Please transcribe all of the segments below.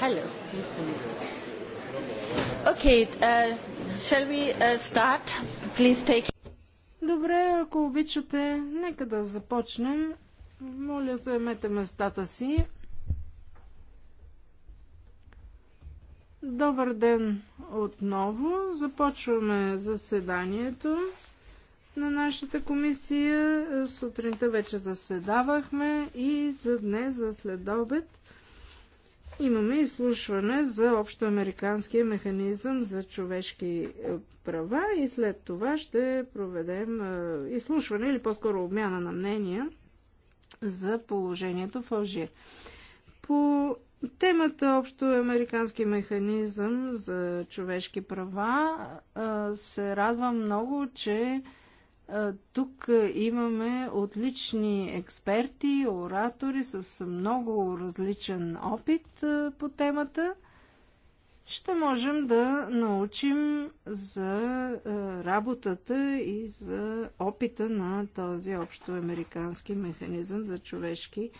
hello, Okay, uh, shall we uh, start? Please take. Добре, ако обичате, нека да започнем. Моля, заемете местата си. Добър ден отново. Започваме заседанието на нашата комисия. Е, сутринта вече заседавахме и за днес, за следобед, имаме изслушване за общоамериканския механизъм за човешки е, права и след това ще проведем е, изслушване или по-скоро обмяна на мнения за положението в Алжир. По темата общо американски механизъм за човешки права се радвам много, че е, тук имаме отлични експерти, оратори с много различен опит е, по темата. Ще можем да научим за е, работата и за опита на този общо американски механизъм за човешки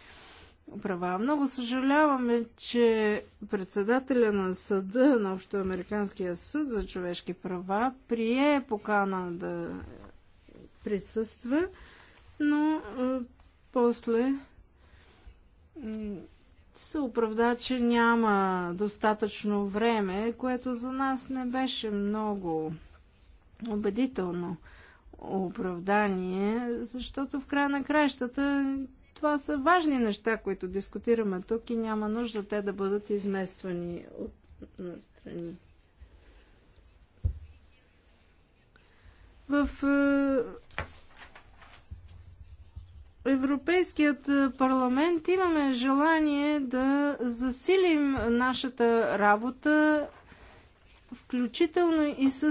права. Много съжаляваме, че председателя на съда, на Общоамериканския съд за човешки права, прие покана да присъства, но а, после се оправда, че няма достатъчно време, което за нас не беше много убедително оправдание, защото в края на краищата това са важни неща, които дискутираме тук и няма нужда те да бъдат измествани от настрани. В Европейският парламент имаме желание да засилим нашата работа, включително и с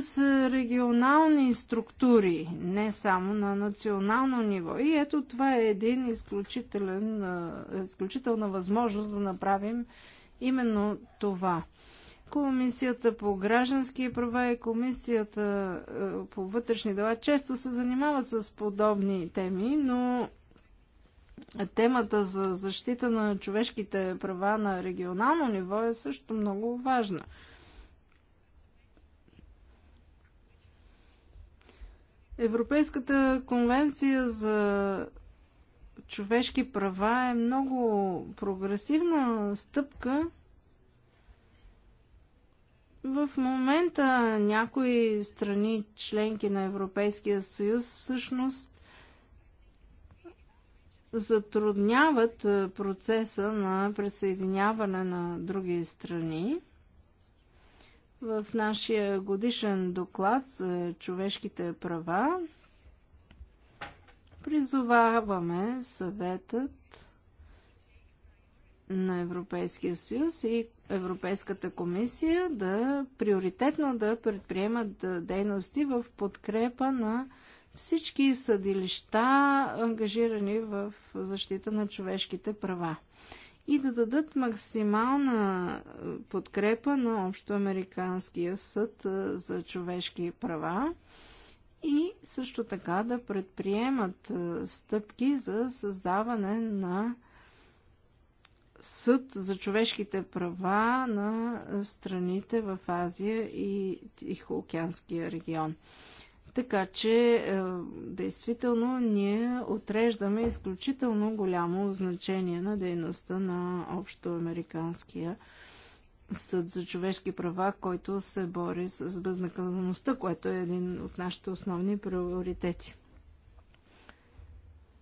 регионални структури, не само на национално ниво. И ето това е един изключителен, изключителна възможност да направим именно това. Комисията по граждански права и Комисията по вътрешни дела често се занимават с подобни теми, но темата за защита на човешките права на регионално ниво е също много важна. Европейската конвенция за човешки права е много прогресивна стъпка. В момента някои страни, членки на Европейския съюз, всъщност затрудняват е, процеса на присъединяване на други страни. В нашия годишен доклад за човешките права призоваваме съветът на Европейския съюз и Европейската комисия да приоритетно да предприемат дейности в подкрепа на всички съдилища, ангажирани в защита на човешките права и да дадат максимална е, подкрепа на Общоамериканския съд е, за човешки права и също така да предприемат е, стъпки за създаване на съд за човешките права на страните в Азия и Тихоокеанския регион. Така че, е, действително, ние отреждаме изключително голямо значение на дейността на общоамериканския съд за човешки права, който се бори с безнаказаността, което е един от нашите основни приоритети.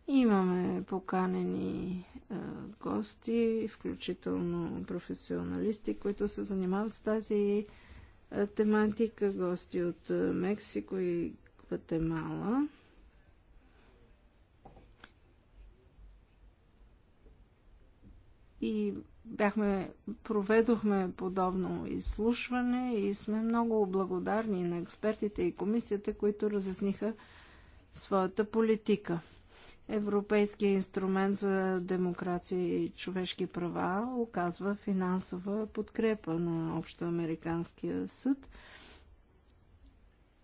Имаме поканени е, гости, включително професионалисти, които се занимават с тази е, тематика, гости от е, Мексико и Гватемала. И бяхме, проведохме подобно изслушване и сме много благодарни на експертите и комисията, които разясниха своята политика. Европейския инструмент за демокрация и човешки права оказва финансова подкрепа на Общоамериканския съд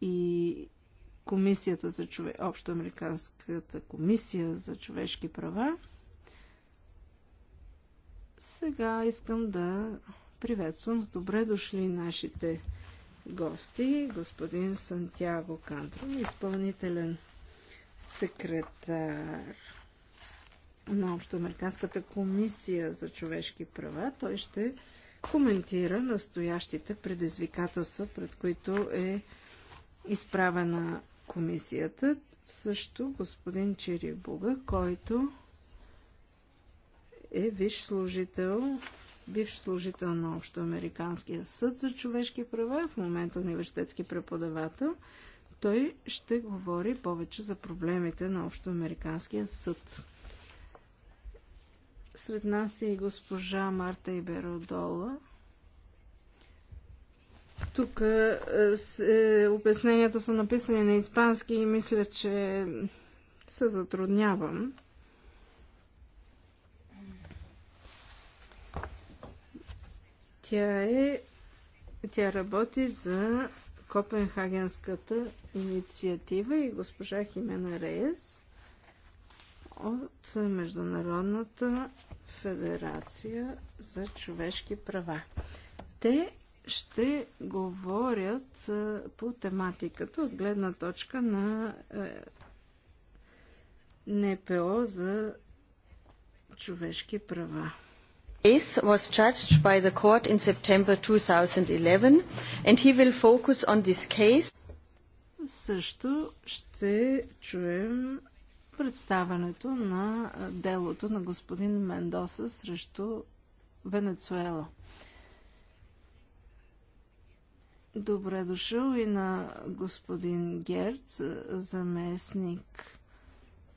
и Комисията за чове... Общоамериканската комисия за човешки права. Сега искам да приветствам с добре дошли нашите гости, господин Сантьяго Кантрон, изпълнителен секретар на Общоамериканската комисия за човешки права. Той ще коментира настоящите предизвикателства, пред които е изправена комисията. Също господин Черибуга, който е виш служител, бивш служител на Общоамериканския съд за човешки права, в момента университетски преподавател той ще говори повече за проблемите на Общоамериканския съд. Сред нас е и госпожа Марта Иберодола. Тук е, е обясненията са написани на испански и мисля, че се затруднявам. Тя е. Тя работи за Копенхагенската инициатива и госпожа Химена Рейс от Международната федерация за човешки права. Те ще говорят по тематиката от гледна точка на НПО за човешки права case was judged by the court in September 2011 and he will focus on this case. Също ще чуем представянето на делото на господин Мендоса срещу Венецуела. Добре дошъл и на господин Герц, заместник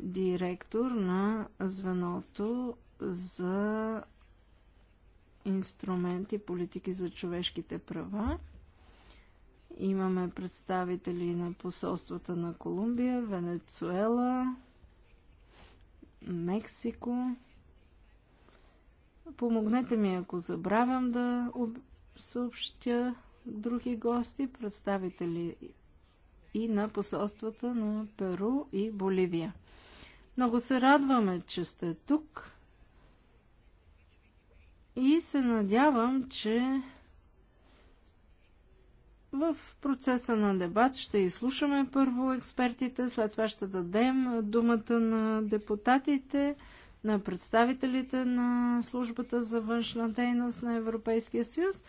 директор на звеното за инструмент и политики за човешките права. Имаме представители на посолствата на Колумбия, Венецуела, Мексико. Помогнете ми, ако забравям да съобщя други гости, представители и на посолствата на Перу и Боливия. Много се радваме, че сте тук. И се надявам, че в процеса на дебат ще изслушаме първо експертите, след това ще дадем думата на депутатите, на представителите на службата за външна дейност на Европейския съюз.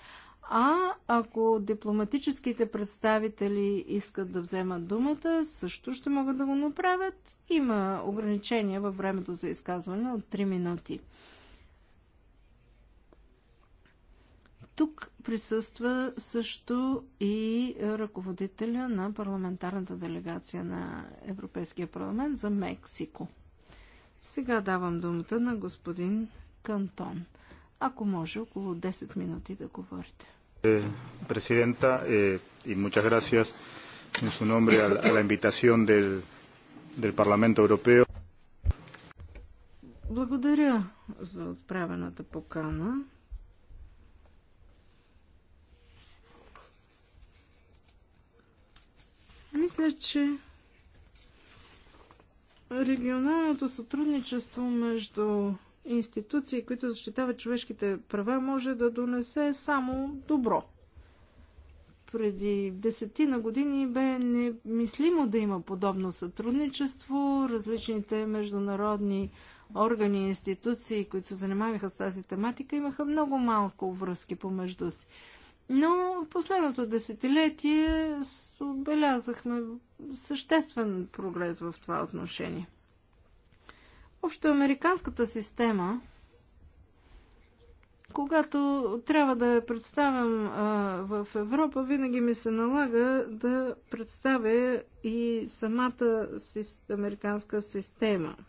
А ако дипломатическите представители искат да вземат думата, също ще могат да го направят. Има ограничения във времето за изказване от 3 минути. Тук присъства също и ръководителя на парламентарната делегация на Европейския парламент за Мексико. Сега давам думата на господин Кантон. Ако може, около 10 минути да говорите. Е, президента, е, и muchas gracias en su nombre a la invitación del, del Parlamento Europeo. Благодаря за отправената покана. Мисля, че регионалното сътрудничество между институции, които защитават човешките права, може да донесе само добро. Преди десетина години бе немислимо да има подобно сътрудничество. Различните международни органи и институции, които се занимаваха с тази тематика, имаха много малко връзки помежду си. Но в последното десетилетие отбелязахме съществен прогрес в това отношение. Общо, американската система, когато трябва да я представям а, в Европа, винаги ми се налага да представя и самата си, американска система –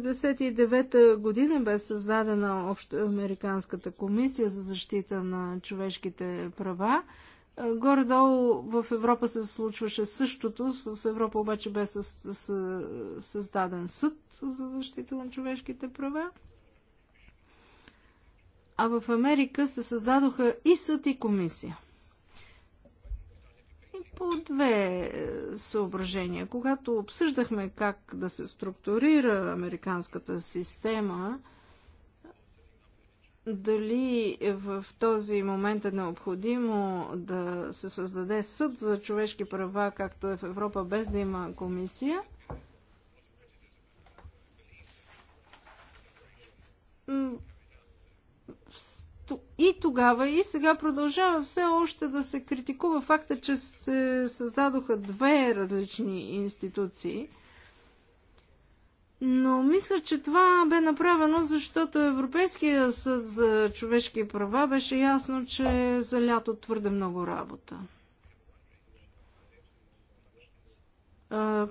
1959 година бе създадена Общо Американската комисия за защита на човешките права. Горе-долу в Европа се случваше същото, в Европа обаче бе създаден съд за защита на човешките права. А в Америка се създадоха и съд и комисия по две е, съображения. Когато обсъждахме как да се структурира американската система, дали в този момент е необходимо да се създаде съд за човешки права, както е в Европа, без да има комисия и тогава, и сега продължава все още да се критикува факта, че се създадоха две различни институции. Но мисля, че това бе направено, защото Европейския съд за човешки права беше ясно, че за лято твърде много работа.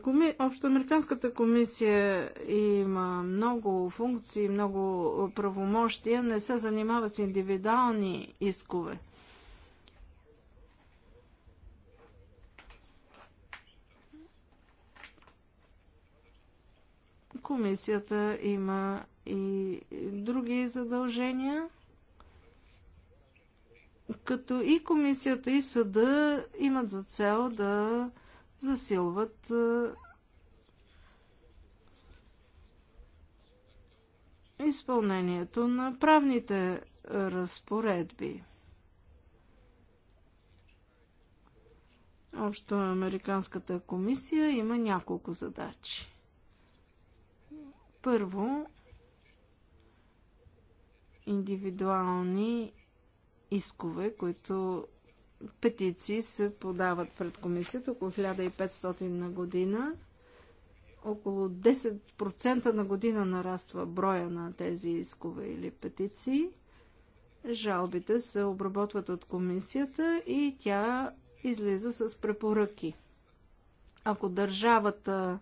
Коми... Общоамериканската комисия има много функции, много правомощия, не се занимава с индивидуални искове. Комисията има и други задължения като и комисията и съда имат за цел да засилват е, изпълнението на правните разпоредби. Общо Американската комисия има няколко задачи. Първо, индивидуални искове, които петиции се подават пред комисията, около 1500 на година. Около 10% на година нараства броя на тези искове или петиции. Жалбите се обработват от комисията и тя излиза с препоръки. Ако държавата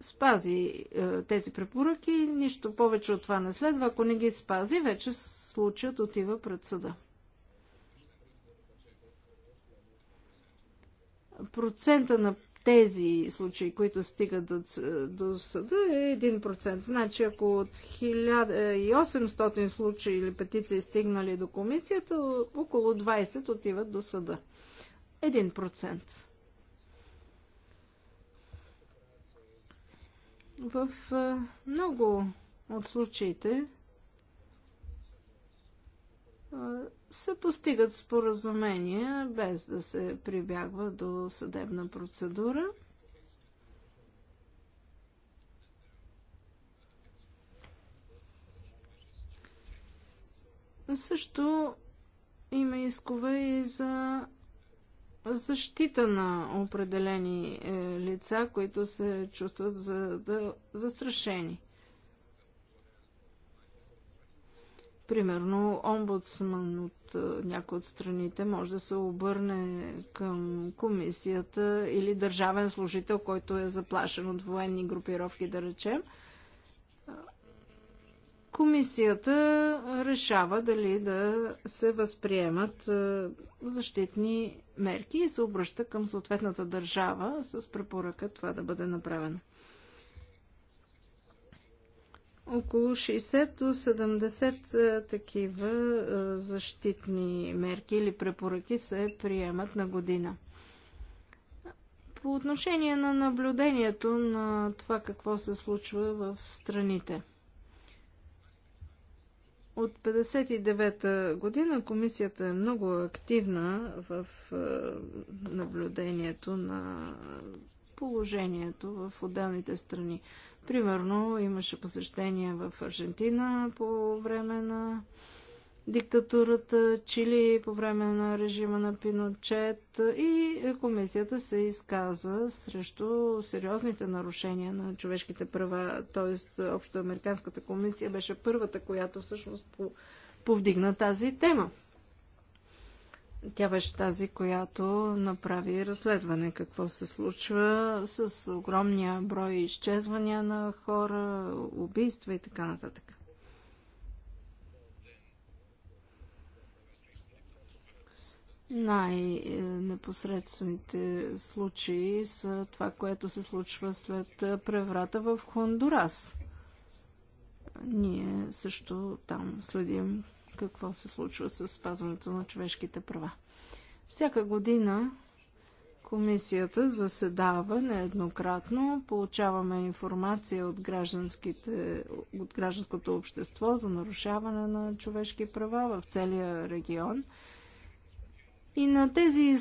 спази е, тези препоръки, нищо повече от това не следва. Ако не ги спази, вече случаят отива пред съда. процента на тези случаи, които стигат до, до съда е 1%. Значи ако от 1800 случаи или петиции стигнали до комисията, около 20 отиват до съда. 1%. В много от случаите се постигат споразумения, без да се прибягва до съдебна процедура. Също има искове и за защита на определени е, лица, които се чувстват за да застрашени. Примерно, омбудсман от някои от страните може да се обърне към комисията или държавен служител, който е заплашен от военни групировки, да речем. Комисията решава дали да се възприемат защитни мерки и се обръща към съответната държава с препоръка това да бъде направено около 60 до 70 е, такива е, защитни мерки или препоръки се приемат на година. По отношение на наблюдението на това какво се случва в страните. От 59-та година комисията е много активна в е, наблюдението на положението в отделните страни. Примерно имаше посещение в Аржентина по време на диктатурата, Чили по време на режима на Пиночет и комисията се изказа срещу сериозните нарушения на човешките права, т.е. Общоамериканската комисия беше първата, която всъщност повдигна тази тема. Тя беше тази, която направи разследване какво се случва с огромния брой изчезвания на хора, убийства и така нататък. Най-непосредствените случаи са това, което се случва след преврата в Хондурас. Ние също там следим какво се случва с спазването на човешките права. Всяка година комисията заседава нееднократно, получаваме информация от, гражданските, от гражданското общество за нарушаване на човешки права в целия регион. И на тези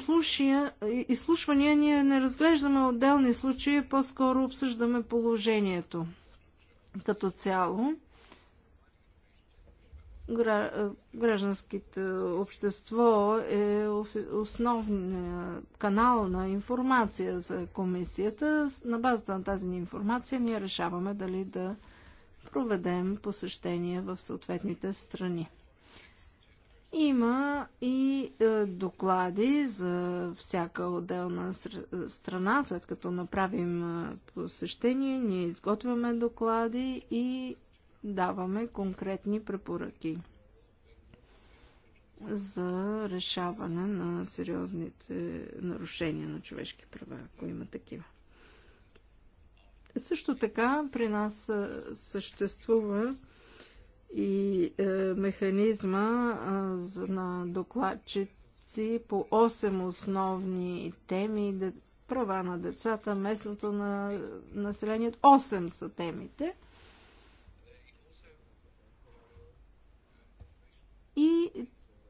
изслушвания ние не разглеждаме отделни случаи, по-скоро обсъждаме положението като цяло гражданското общество е основния канал на информация за комисията. На базата на тази информация ние решаваме дали да проведем посещение в съответните страни. Има и е, доклади за всяка отделна страна. След като направим е, посещение, ние изготвяме доклади и даваме конкретни препоръки за решаване на сериозните нарушения на човешки права, ако има такива. Също така при нас съществува и е, механизма на докладчици по 8 основни теми права на децата, местното на населението. 8 са темите –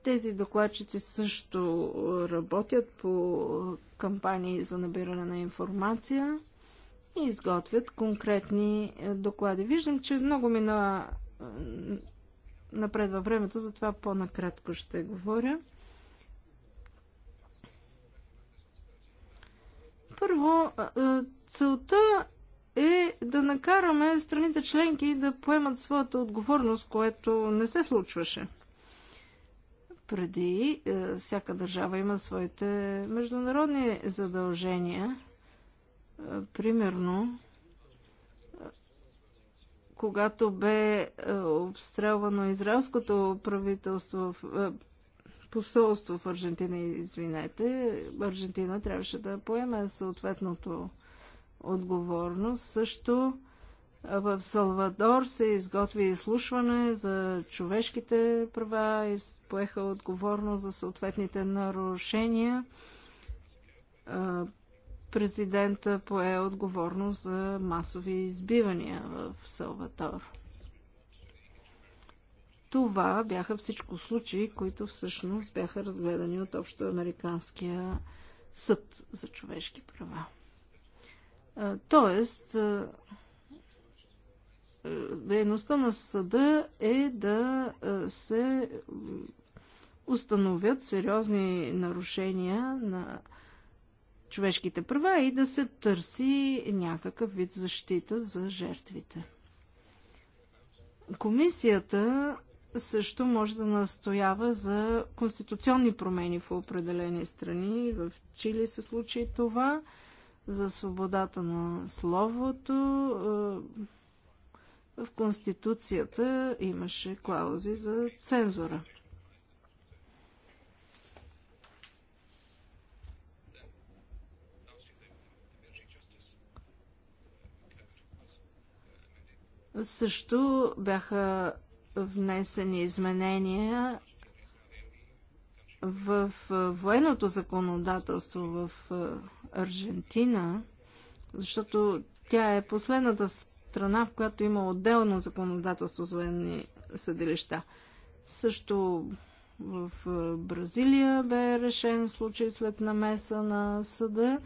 Тези докладчици също работят по кампании за набиране на информация и изготвят конкретни доклади. Виждам, че много мина напред във времето, затова по-накратко ще говоря. Първо, целта е да накараме страните членки да поемат своята отговорност, което не се случваше преди е, всяка държава има своите международни задължения. Е, примерно, е, когато бе обстрелвано израелското правителство в посолство в Аржентина, извинете, Аржентина трябваше да поеме съответното отговорност. Също в Салвадор се изготви изслушване за човешките права, и поеха отговорност за съответните нарушения. Президента пое отговорност за масови избивания в Салватор. Това бяха всичко случаи, които всъщност бяха разгледани от Общо Американския съд за човешки права. Тоест, дейността на съда е да е, се установят сериозни нарушения на човешките права и да се търси някакъв вид защита за жертвите. Комисията също може да настоява за конституционни промени в определени страни. В Чили се случи това за свободата на словото, е, в Конституцията имаше клаузи за цензура. Също бяха внесени изменения в военното законодателство в Аржентина, защото тя е последната страна, в която има отделно законодателство за военни съдилища. Също в е, Бразилия бе решен случай след намеса на съда е,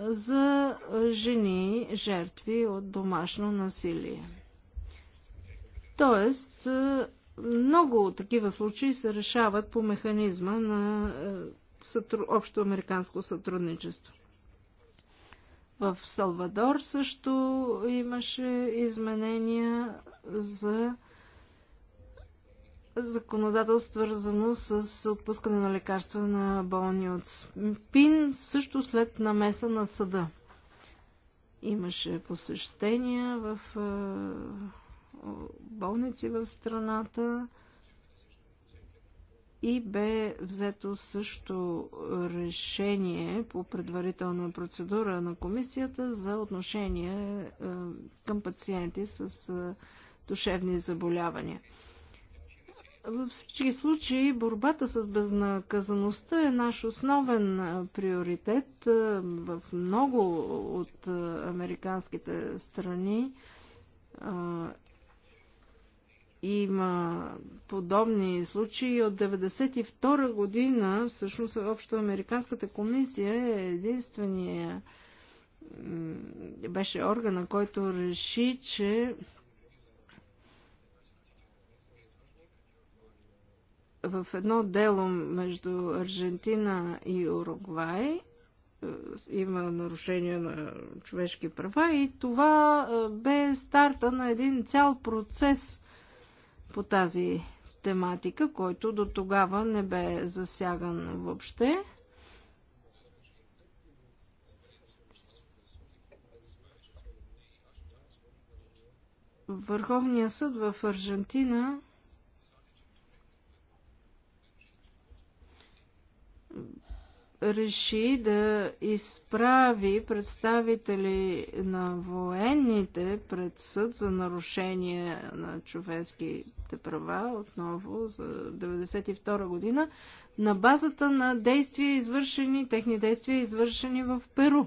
за жени, жертви от домашно насилие. Тоест, е, много такива случаи се решават по механизма на общо американско сътрудничество. В Салвадор също имаше изменения за законодателство, свързано с отпускане на лекарства на болни от СПИН, също след намеса на съда. Имаше посещения в е, болници в страната и бе взето също решение по предварителна процедура на комисията за отношение е, към пациенти с е, душевни заболявания. Във всички случаи борбата с безнаказаността е наш основен е, приоритет в много от американските страни има подобни случаи от 1992 година, всъщност общо Американската комисия е единствения беше органа, който реши, че в едно дело между Аржентина и Уругвай е, има нарушение на човешки права и това е, бе старта на един цял процес по тази тематика, който до тогава не бе засяган въобще. Върховният съд в Аржентина реши да изправи представители на военните пред съд за нарушение на човешките права отново за 1992 година на базата на действия извършени, техни действия извършени в Перу.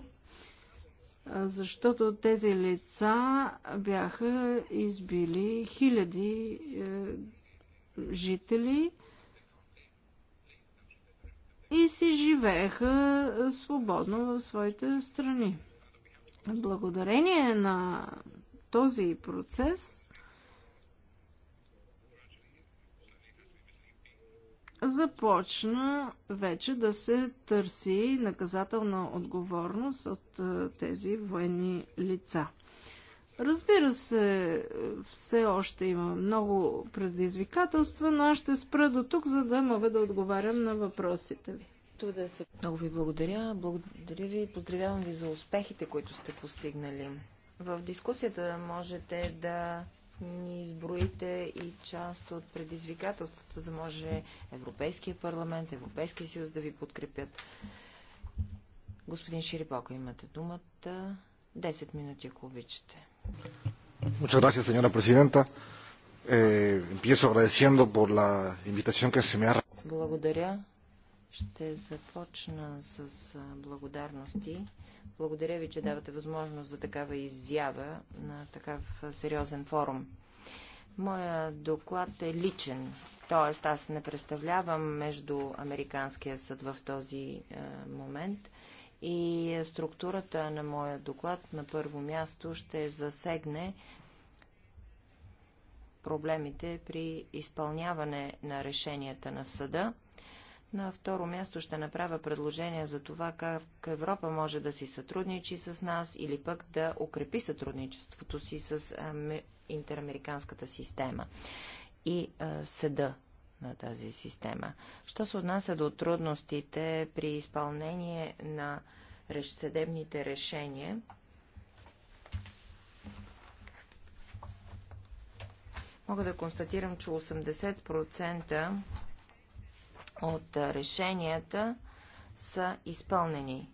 Защото тези лица бяха избили хиляди е, жители и си живееха свободно в своите страни. Благодарение на този процес започна вече да се търси наказателна отговорност от тези военни лица. Разбира се, все още има много предизвикателства, но аз ще спра до тук, за да мога да отговарям на въпросите ви. Много ви благодаря. Благодаря ви. и Поздравявам ви за успехите, които сте постигнали. В дискусията можете да ни изброите и част от предизвикателствата, за може Европейския парламент, Европейския съюз да ви подкрепят. Господин Ширипока, имате думата. 10 минути, ако обичате. Muchas gracias, señora presidenta. Eh, empiezo agradeciendo por la invitación que se me ha... Благодаря. Ще започна с благодарности. Благодаря ви, че давате възможност за такава изява на такъв сериозен форум. Моя доклад е личен, т.е. аз не представлявам между Американския съд в този е, момент и структурата на моя доклад на първо място ще засегне проблемите при изпълняване на решенията на съда. На второ място ще направя предложение за това как Европа може да си сътрудничи с нас или пък да укрепи сътрудничеството си с ами- интерамериканската система и а, съда на тази система. Що се отнася до трудностите при изпълнение на съдебните решения, мога да констатирам, че 80% от решенията са изпълнени.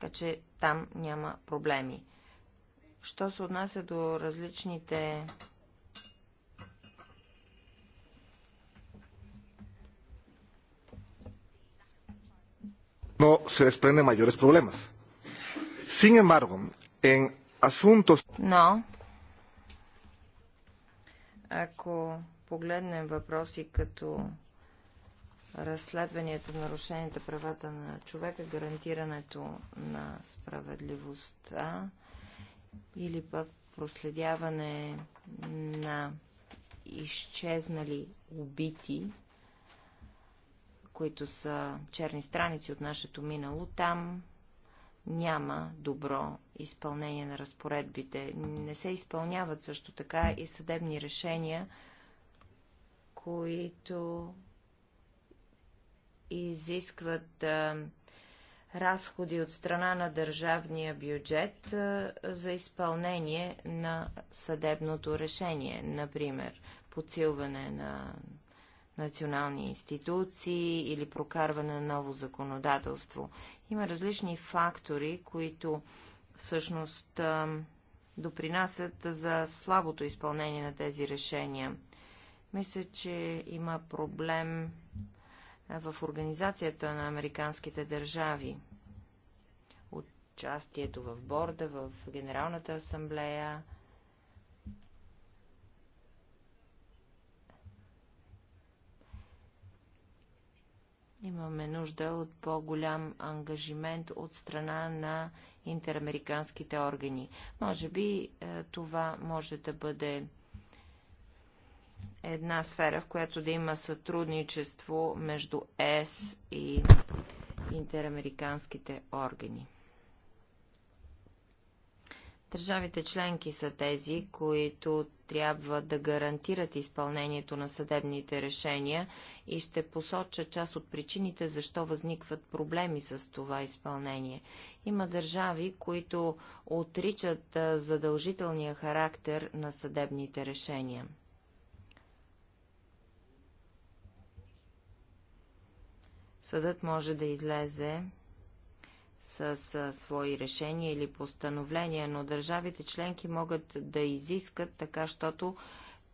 Така че там няма проблеми. Що се отнася до различните no se desprenden mayores problemas. Sin embargo, en asuntos. No. Ако погледнем въпроси като разследванията на нарушенията правата на човека, гарантирането на справедливостта или пък проследяване на изчезнали убити които са черни страници от нашето минало, там няма добро изпълнение на разпоредбите. Не се изпълняват също така и съдебни решения, които изискват а, разходи от страна на държавния бюджет а, за изпълнение на съдебното решение, например, подсилване на национални институции или прокарване на ново законодателство. Има различни фактори, които всъщност допринасят за слабото изпълнение на тези решения. Мисля, че има проблем в организацията на американските държави. Участието в борда, в Генералната асамблея, Имаме нужда от по-голям ангажимент от страна на интерамериканските органи. Може би е, това може да бъде една сфера, в която да има сътрудничество между ЕС и интерамериканските органи. Държавите членки са тези, които трябва да гарантират изпълнението на съдебните решения и ще посоча част от причините, защо възникват проблеми с това изпълнение. Има държави, които отричат задължителния характер на съдебните решения. Съдът може да излезе с свои решения или постановления, но държавите членки могат да изискат така, щото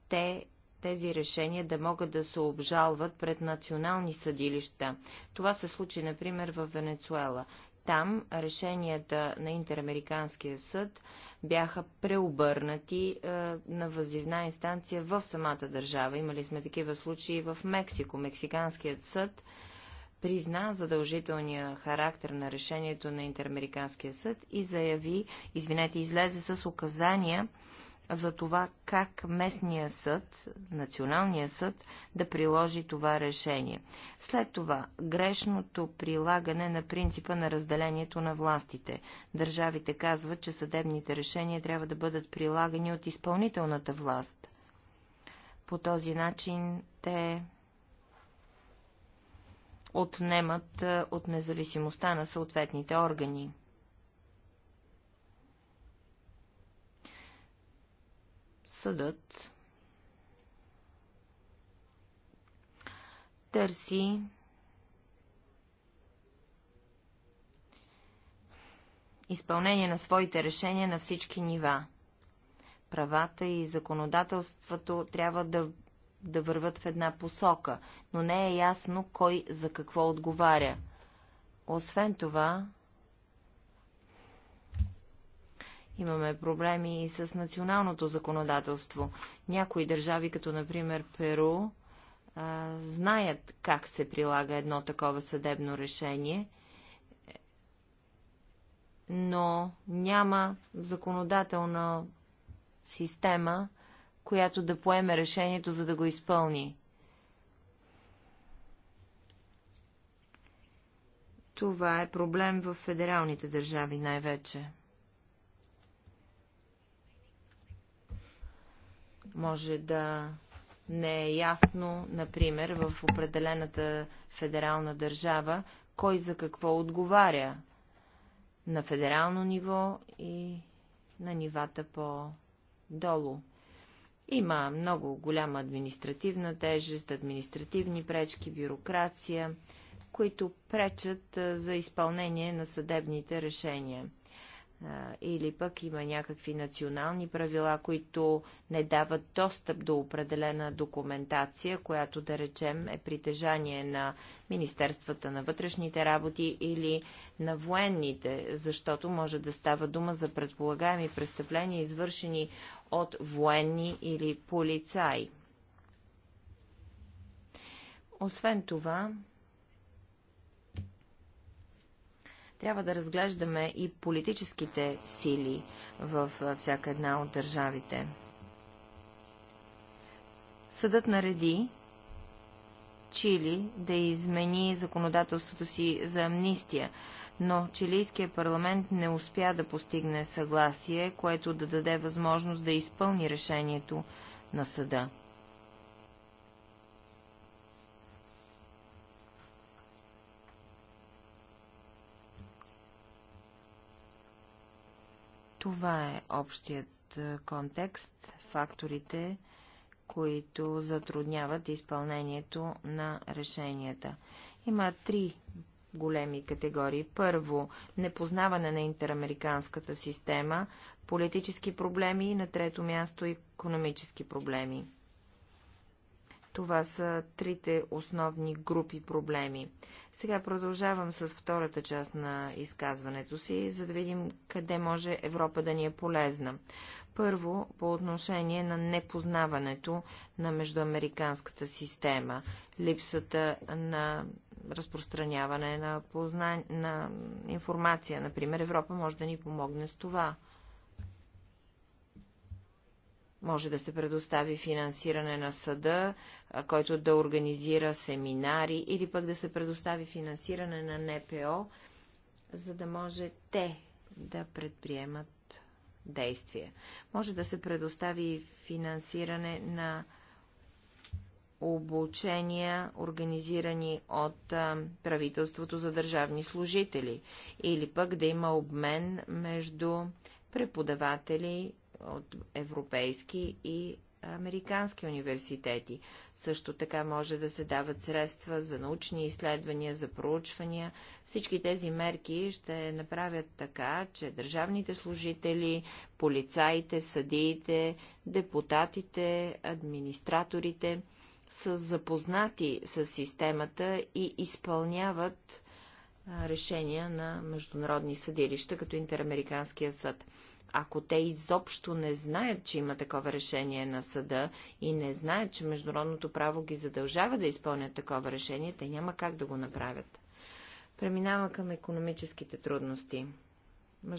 те тези решения да могат да се обжалват пред национални съдилища. Това се случи, например, в Венецуела. Там решенията на Интерамериканския съд бяха преобърнати е, на възивна инстанция в самата държава. Имали сме такива случаи в Мексико. Мексиканският съд призна задължителния характер на решението на Интерамериканския съд и заяви, извинете, излезе с указания за това как местния съд, националния съд, да приложи това решение. След това грешното прилагане на принципа на разделението на властите. Държавите казват, че съдебните решения трябва да бъдат прилагани от изпълнителната власт. По този начин те отнемат е, от независимостта на съответните органи. Съдът търси изпълнение на своите решения на всички нива. Правата и законодателството трябва да да върват в една посока, но не е ясно кой за какво отговаря. Освен това, имаме проблеми и с националното законодателство. Някои държави, като например Перу, знаят как се прилага едно такова съдебно решение, но няма законодателна система, която да поеме решението, за да го изпълни. Това е проблем в федералните държави най-вече. Може да не е ясно, например, в определената федерална държава, кой за какво отговаря на федерално ниво и на нивата по-долу. Има много голяма административна тежест, административни пречки, бюрокрация, които пречат за изпълнение на съдебните решения или пък има някакви национални правила, които не дават достъп до определена документация, която да речем е притежание на Министерствата на вътрешните работи или на военните, защото може да става дума за предполагаеми престъпления, извършени от военни или полицаи. Освен това, трябва да разглеждаме и политическите сили в всяка една от държавите. Съдът нареди Чили да измени законодателството си за амнистия, но чилийския парламент не успя да постигне съгласие, което да даде възможност да изпълни решението на съда. Това е общият е, контекст, факторите, които затрудняват изпълнението на решенията. Има три големи категории. Първо, непознаване на интерамериканската система, политически проблеми и на трето място економически проблеми. Това са трите основни групи проблеми. Сега продължавам с втората част на изказването си, за да видим къде може Европа да ни е полезна. Първо, по отношение на непознаването на междуамериканската система, липсата на разпространяване на, позна... на информация. Например, Европа може да ни помогне с това. Може да се предостави финансиране на съда, който да организира семинари или пък да се предостави финансиране на НПО, за да може те да предприемат действия. Може да се предостави финансиране на обучения, организирани от правителството за държавни служители, или пък да има обмен между преподаватели от европейски и американски университети. Също така може да се дават средства за научни изследвания, за проучвания. Всички тези мерки ще направят така, че държавните служители, полицаите, съдиите, депутатите, администраторите, са запознати с системата и изпълняват решения на международни съдилища, като Интерамериканския съд. Ако те изобщо не знаят, че има такова решение на съда и не знаят, че международното право ги задължава да изпълнят такова решение, те няма как да го направят. Преминава към економическите трудности.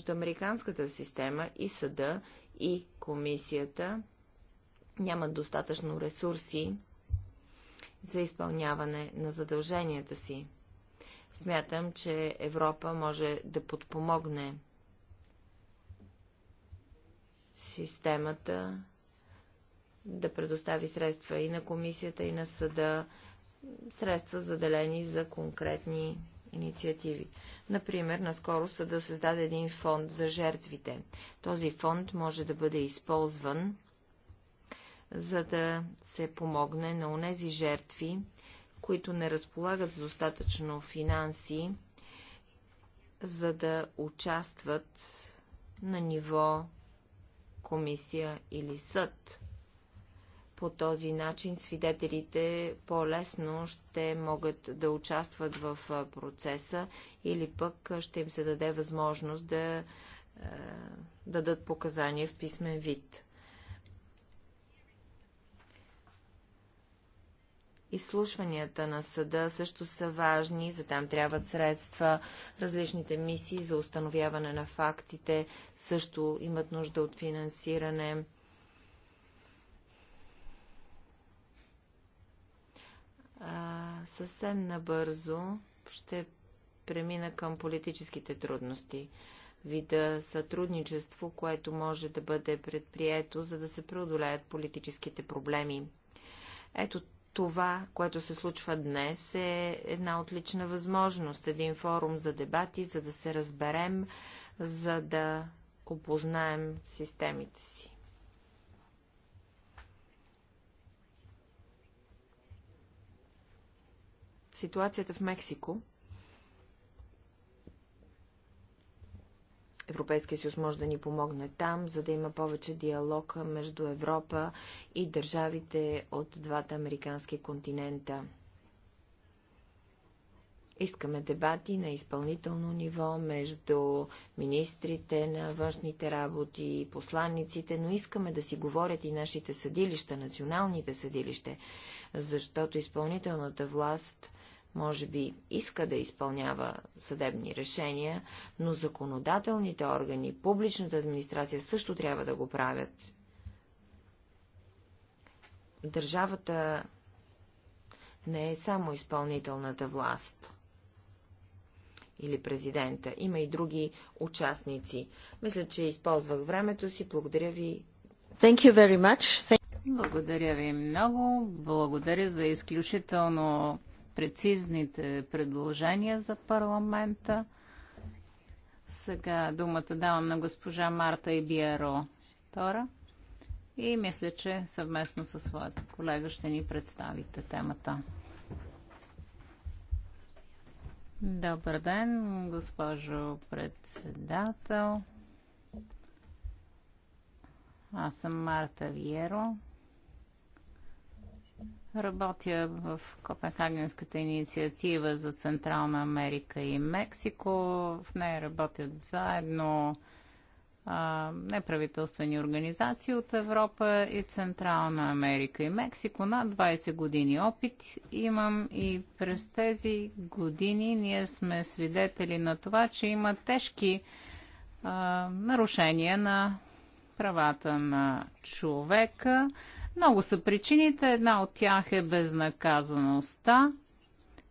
американската система и съда и комисията нямат достатъчно ресурси за изпълняване на задълженията си. Смятам, че Европа може да подпомогне системата, да предостави средства и на комисията, и на съда, средства заделени за конкретни инициативи. Например, наскоро съда създаде един фонд за жертвите. Този фонд може да бъде използван за да се помогне на онези жертви, които не разполагат с достатъчно финанси, за да участват на ниво комисия или съд. По този начин свидетелите по-лесно ще могат да участват в процеса или пък ще им се даде възможност да, да дадат показания в писмен вид. Изслушванията на съда също са важни, за там трябват средства. Различните мисии за установяване на фактите също имат нужда от финансиране. А, съвсем набързо ще премина към политическите трудности вида сътрудничество, което може да бъде предприето, за да се преодолеят политическите проблеми. Ето това, което се случва днес, е една отлична възможност, един форум за дебати, за да се разберем, за да опознаем системите си. Ситуацията в Мексико Европейския съюз може да ни помогне там, за да има повече диалог между Европа и държавите от двата американски континента. Искаме дебати на изпълнително ниво между министрите на външните работи и посланниците, но искаме да си говорят и нашите съдилища, националните съдилища, защото изпълнителната власт може би иска да изпълнява съдебни решения, но законодателните органи, публичната администрация също трябва да го правят. Държавата не е само изпълнителната власт или президента. Има и други участници. Мисля, че използвах времето си. Благодаря ви. Thank you very much. Thank... Благодаря ви много. Благодаря за изключително прецизните предложения за парламента. Сега думата давам на госпожа Марта Ибиеро. Тора и мисля, че съвместно със своята колега ще ни представите темата. Добър ден, госпожо председател. Аз съм Марта Виеро. Работя в Копенхагенската инициатива за Централна Америка и Мексико. В нея работят заедно а, неправителствени организации от Европа и Централна Америка и Мексико. Над 20 години опит имам и през тези години ние сме свидетели на това, че има тежки а, нарушения на правата на човека. Много са причините. Една от тях е безнаказаността.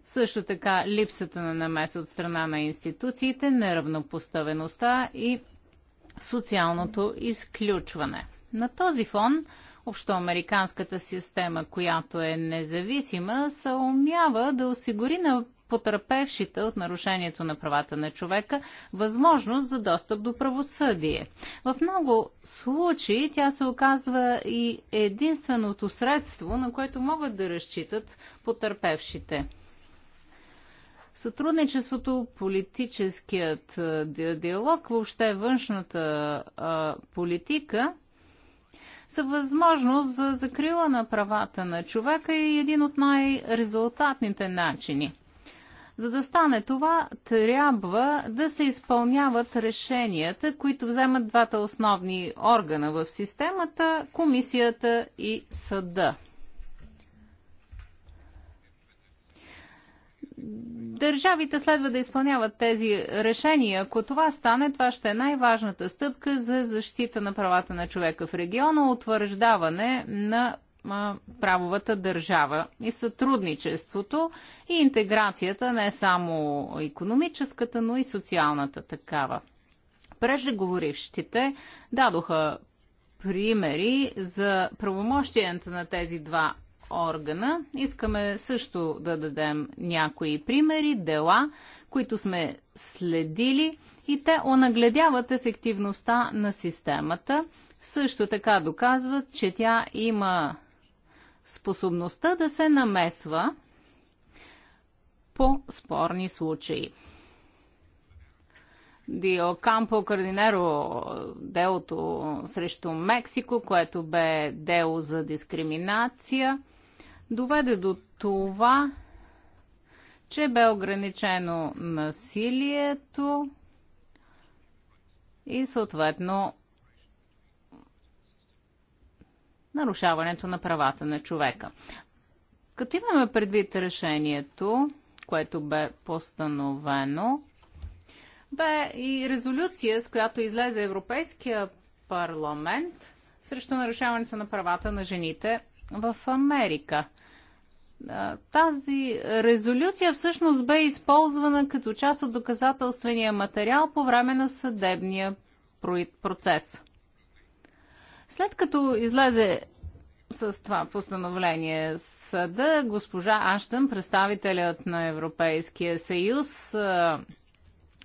Също така липсата на намеса от страна на институциите, неравнопоставеността и социалното изключване. На този фон общоамериканската система, която е независима, се умява да осигури на потърпевшите от нарушението на правата на човека възможност за достъп до правосъдие. В много случаи тя се оказва и единственото средство, на което могат да разчитат потърпевшите. Сътрудничеството, политическият диалог, въобще външната а, политика са възможност за закрила на правата на човека и един от най-резултатните начини – за да стане това, трябва да се изпълняват решенията, които вземат двата основни органа в системата комисията и съда. държавите следва да изпълняват тези решения. Ако това стане, това ще е най-важната стъпка за защита на правата на човека в региона, утвърждаване на правовата държава и сътрудничеството и интеграцията не само економическата, но и социалната такава. Преждеговорившите дадоха примери за правомощията на тези два органа. Искаме също да дадем някои примери, дела, които сме следили и те онагледяват ефективността на системата. Също така доказват, че тя има способността да се намесва по спорни случаи. Дио Кампо Кардинеро, делото срещу Мексико, което бе дело за дискриминация, доведе до това, че бе ограничено насилието и съответно нарушаването на правата на човека. Като имаме предвид решението, което бе постановено, бе и резолюция, с която излезе Европейския парламент срещу нарушаването на правата на жените в Америка. Тази резолюция всъщност бе използвана като част от доказателствения материал по време на съдебния процес. След като излезе с това постановление съда, госпожа Аштън, представителят на Европейския съюз,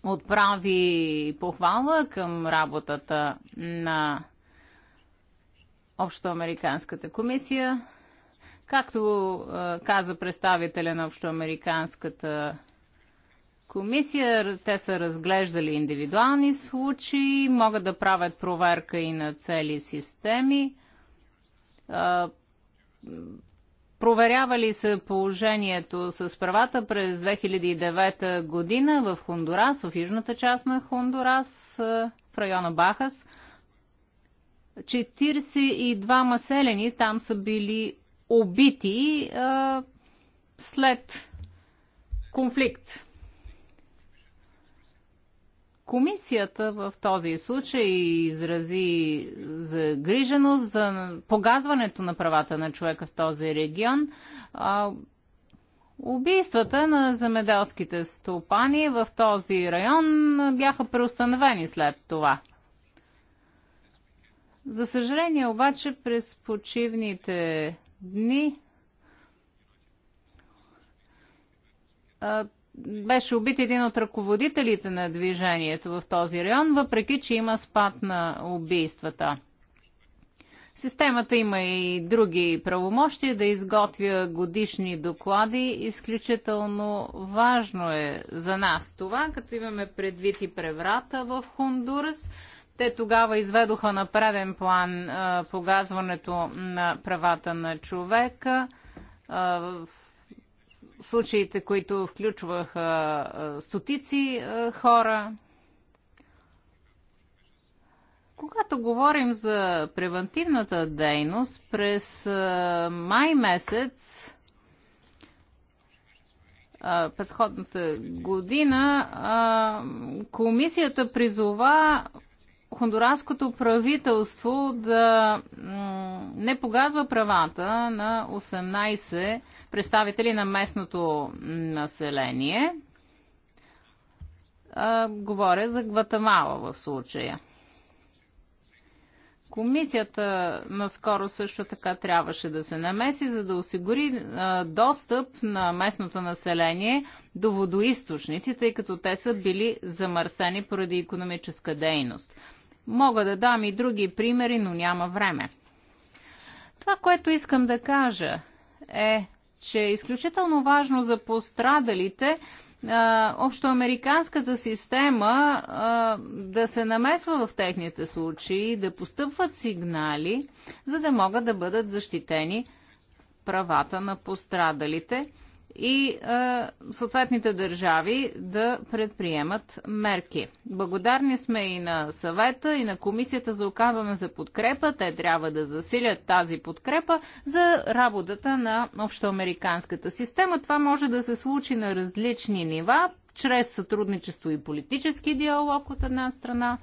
отправи похвала към работата на Общоамериканската комисия. Както каза представителя на Общоамериканската комисия. Те са разглеждали индивидуални случаи, могат да правят проверка и на цели системи. Проверявали се положението с правата през 2009 година в Хондурас, в южната част на Хондурас, в района Бахас. 42 селени там са били убити а, след конфликт. Комисията в този случай изрази загриженост за погазването на правата на човека в този регион. Убийствата на земеделските стопани в този район бяха преустановени след това. За съжаление обаче през почивните дни беше убит един от ръководителите на движението в този район, въпреки че има спад на убийствата. Системата има и други правомощи да изготвя годишни доклади. Изключително важно е за нас това, като имаме предвид и преврата в Хондурас. Те тогава изведоха на преден план а, погазването на правата на човека. А, в случаите, които включваха стотици хора. Когато говорим за превентивната дейност, през май месец предходната година комисията призова хондураското правителство да не погазва правата на 18 представители на местното население. говоря за Гватамала в случая. Комисията наскоро също така трябваше да се намеси, за да осигури а, достъп на местното население до водоисточници, тъй като те са били замърсени поради економическа дейност. Мога да дам и други примери, но няма време. Това, което искам да кажа е, че е изключително важно за пострадалите общоамериканската система а, да се намесва в техните случаи, да постъпват сигнали, за да могат да бъдат защитени правата на пострадалите и а, съответните държави да предприемат мерки. Благодарни сме и на съвета, и на комисията за оказане за подкрепа. Те трябва да засилят тази подкрепа за работата на общоамериканската система. Това може да се случи на различни нива, чрез сътрудничество и политически диалог от една страна,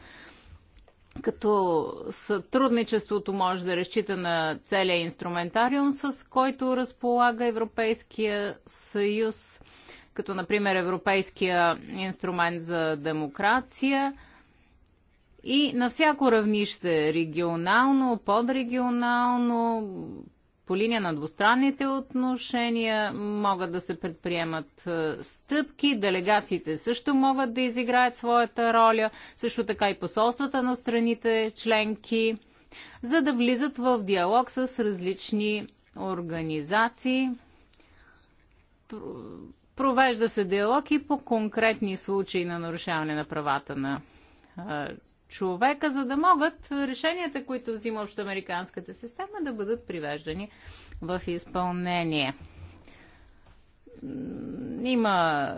като сътрудничеството може да разчита на целия инструментариум, с който разполага Европейския съюз, като например Европейския инструмент за демокрация и на всяко равнище регионално, подрегионално, по линия на двустранните отношения могат да се предприемат е, стъпки, делегациите също могат да изиграят своята роля, също така и посолствата на страните членки, за да влизат в диалог с различни организации. Провежда се диалог и по конкретни случаи на нарушаване на правата на е, човека, за да могат решенията, които взима общоамериканската система, да бъдат привеждани в изпълнение. Има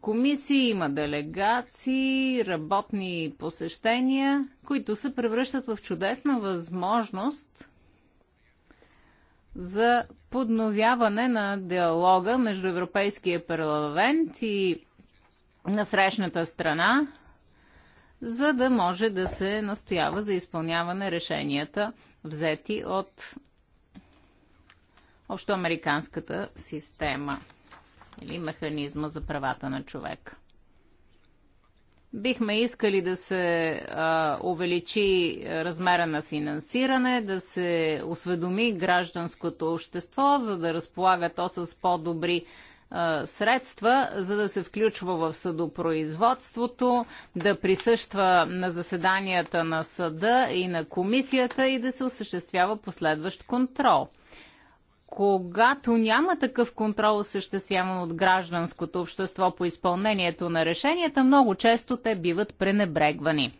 комисии, има делегации, работни посещения, които се превръщат в чудесна възможност за подновяване на диалога между Европейския парламент и насрещната страна, за да може да се настоява за изпълняване решенията, взети от общоамериканската система или механизма за правата на човека. Бихме искали да се а, увеличи размера на финансиране, да се осведоми гражданското общество, за да разполага то с по-добри средства, за да се включва в съдопроизводството, да присъства на заседанията на съда и на комисията и да се осъществява последващ контрол. Когато няма такъв контрол, осъществяван от гражданското общество по изпълнението на решенията, много често те биват пренебрегвани.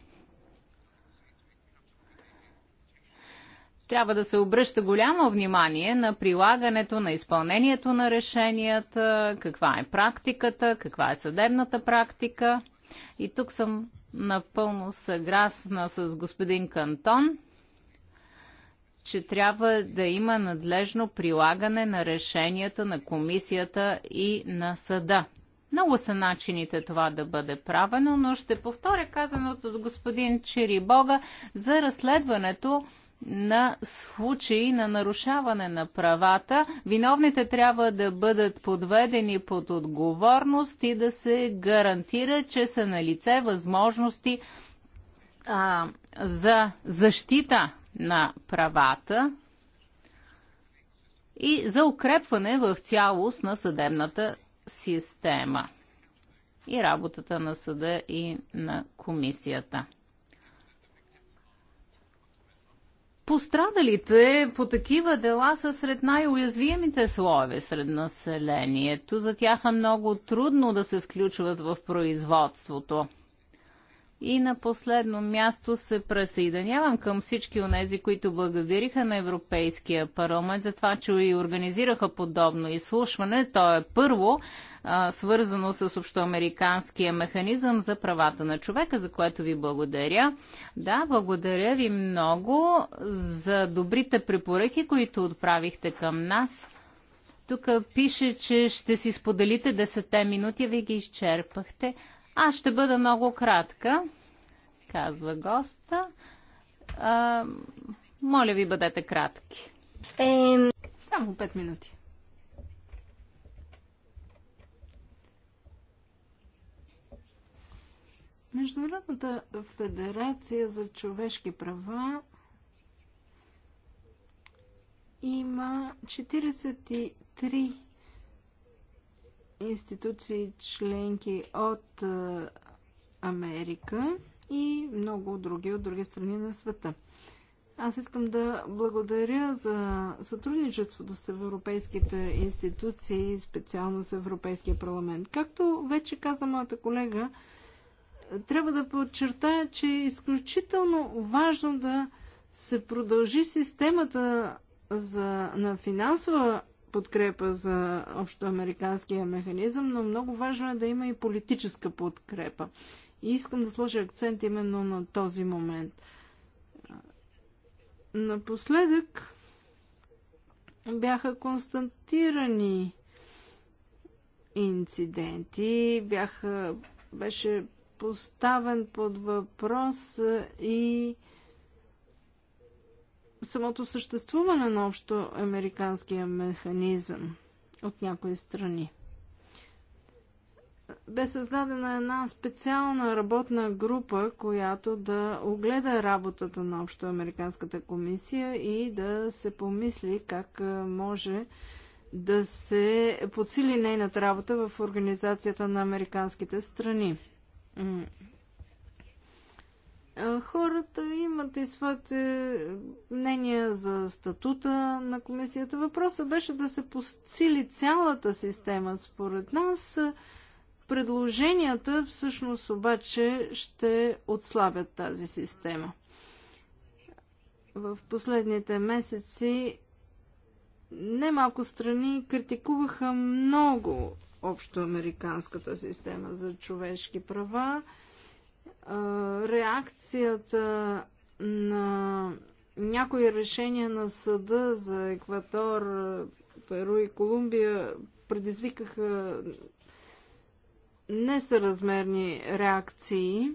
трябва да се обръща голямо внимание на прилагането, на изпълнението на решенията, каква е практиката, каква е съдебната практика. И тук съм напълно съгласна с господин Кантон, че трябва да има надлежно прилагане на решенията на комисията и на съда. Много са начините това да бъде правено, но ще повторя казаното от господин Чирибога за разследването на случаи на нарушаване на правата. Виновните трябва да бъдат подведени под отговорност и да се гарантира, че са на лице възможности а, за защита на правата и за укрепване в цялост на съдебната система и работата на съда и на комисията. Пострадалите по такива дела са сред най-уязвимите слоеве сред населението. За тях е много трудно да се включват в производството. И на последно място се присъединявам към всички онези, които благодариха на Европейския парламент за това, че и организираха подобно изслушване. То е първо а, свързано с общоамериканския механизъм за правата на човека, за което ви благодаря. Да, благодаря ви много за добрите препоръки, които отправихте към нас. Тук пише, че ще си споделите 10 минути, ви ги изчерпахте. Аз ще бъда много кратка, казва госта. А, моля ви, бъдете кратки. Ем... Само 5 минути. Международната федерация за човешки права има 43 институции членки от Америка и много други от други страни на света. Аз искам да благодаря за сътрудничеството с европейските институции, специално с Европейския парламент. Както вече каза моята колега, трябва да подчертая, че е изключително важно да се продължи системата за, на финансова подкрепа за общоамериканския механизъм, но много важно е да има и политическа подкрепа. И искам да сложа акцент именно на този момент. Напоследък бяха констатирани инциденти, бяха, беше поставен под въпрос и самото съществуване на общо американския механизъм от някои страни. Бе създадена една специална работна група, която да огледа работата на Общоамериканската комисия и да се помисли как може да се подсили нейната работа в Организацията на американските страни. Хората имат и своите мнения за статута на комисията. Въпросът беше да се посили цялата система. Според нас предложенията всъщност обаче ще отслабят тази система. В последните месеци немалко страни критикуваха много общоамериканската система за човешки права реакцията на някои решения на съда за Екватор, Перу и Колумбия предизвикаха несъразмерни реакции.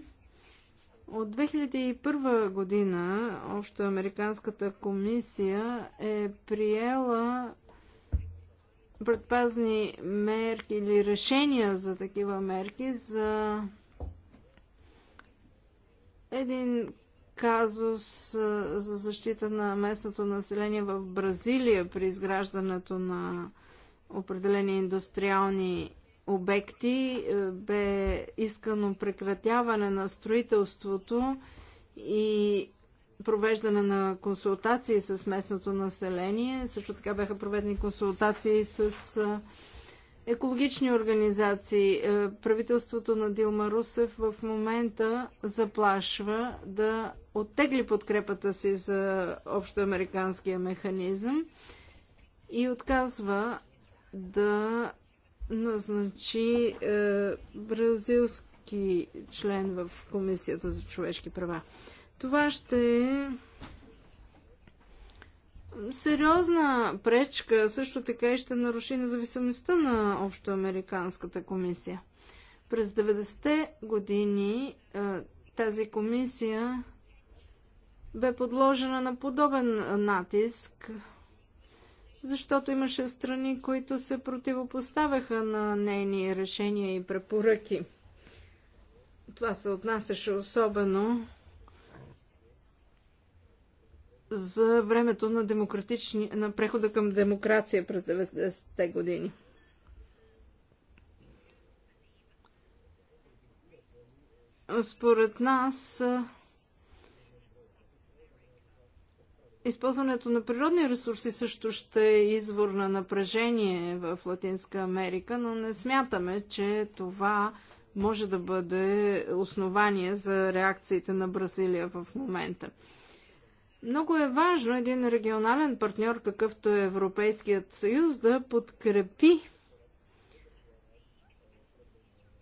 От 2001 година Общо Американската комисия е приела предпазни мерки или решения за такива мерки за един казус за защита на местното население в Бразилия при изграждането на определени индустриални обекти бе искано прекратяване на строителството и провеждане на консултации с местното население. Също така бяха проведени консултации с екологични организации. Е, правителството на Дилма Русев в момента заплашва да оттегли подкрепата си за общоамериканския механизъм и отказва да назначи е, бразилски член в Комисията за човешки права. Това ще е сериозна пречка, също така и ще наруши независимостта на Общоамериканската комисия. През 90-те години е, тази комисия бе подложена на подобен натиск, защото имаше страни, които се противопоставяха на нейни решения и препоръки. Това се отнасяше особено за времето на, демократични, на прехода към демокрация през 90-те години. Според нас използването на природни ресурси също ще е извор на напрежение в Латинска Америка, но не смятаме, че това може да бъде основание за реакциите на Бразилия в момента. Много е важно един регионален партньор, какъвто е Европейският съюз, да подкрепи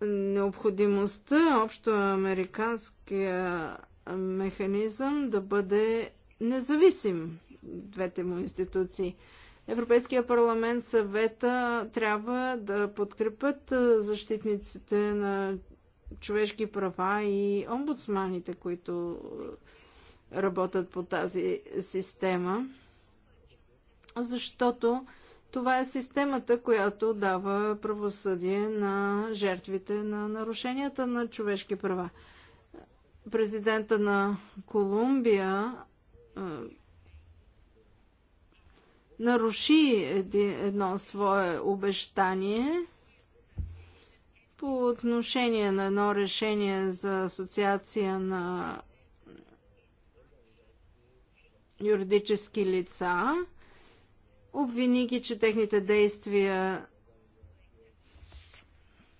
необходимостта общо американския механизъм да бъде независим двете му институции. Европейския парламент, съвета трябва да подкрепят защитниците на човешки права и омбудсманите, които работят по тази система, защото това е системата, която дава правосъдие на жертвите на нарушенията на човешки права. Президента на Колумбия е, наруши едно свое обещание по отношение на едно решение за асоциация на юридически лица. Обвини ги, че техните действия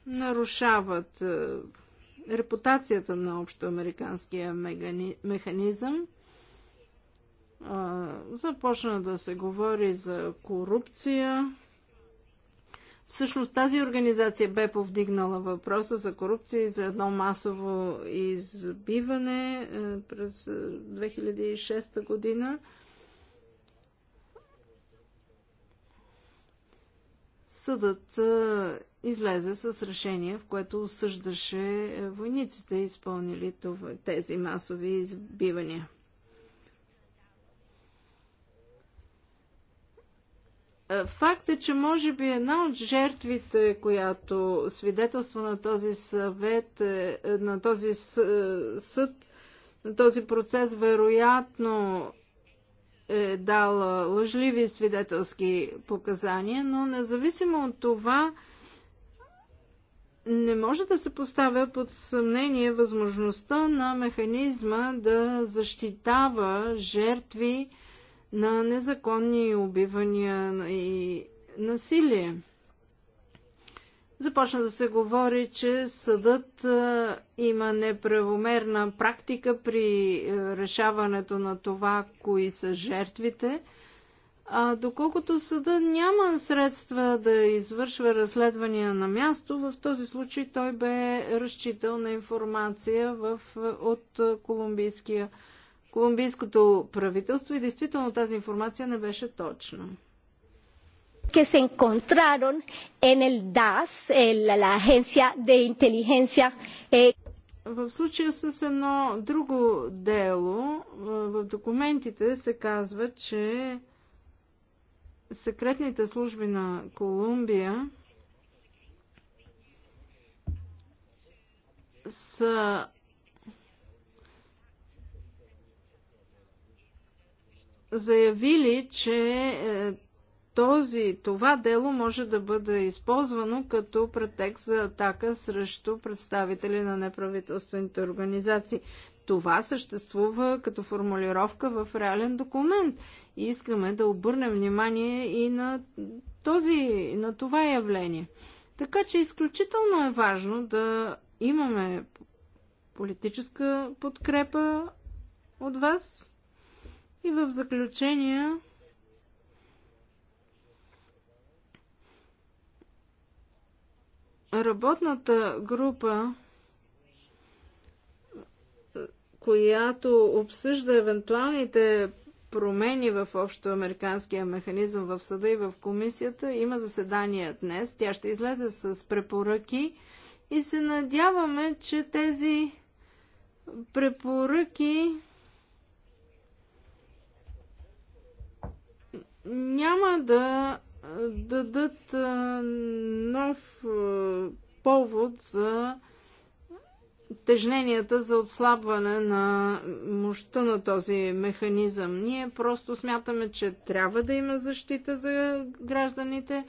нарушават е, репутацията на общоамериканския механизъм. Е, започна да се говори за корупция. Всъщност тази организация бе повдигнала въпроса за корупция и за едно масово избиване е, през 2006 е, година. Съдът е, излезе с решение, в което осъждаше войниците, изпълнили тези масови избивания. Е, факт е, че може би една от жертвите, която свидетелства на този съвет, е, е, на този съд, на този процес, вероятно е дала лъжливи свидетелски показания, но независимо от това, не може да се поставя под съмнение възможността на механизма да защитава жертви, на незаконни убивания и насилие. Започна да се говори, че съдът има неправомерна практика при е, решаването на това, кои са жертвите. А доколкото съда няма средства да извършва разследвания на място, в този случай той бе разчитал на информация в, е, от е, колумбийския колумбийското правителство и действително тази информация не беше точна. que se encontraron en el DAS, el, la agencia de inteligencia. Eh... В случая с едно друго дело, в документите се казва, че секретните служби на Колумбия са заявили, че е, този, това дело може да бъде използвано като претекст за атака срещу представители на неправителствените организации. Това съществува като формулировка в реален документ. И искаме да обърнем внимание и на, този, на това явление. Така че изключително е важно да имаме политическа подкрепа от вас, и в заключение работната група, която обсъжда евентуалните промени в общо американския механизъм в съда и в комисията, има заседание днес. Тя ще излезе с препоръки и се надяваме, че тези препоръки няма да дадат нов повод за тежненията за отслабване на мощта на този механизъм. Ние просто смятаме, че трябва да има защита за гражданите,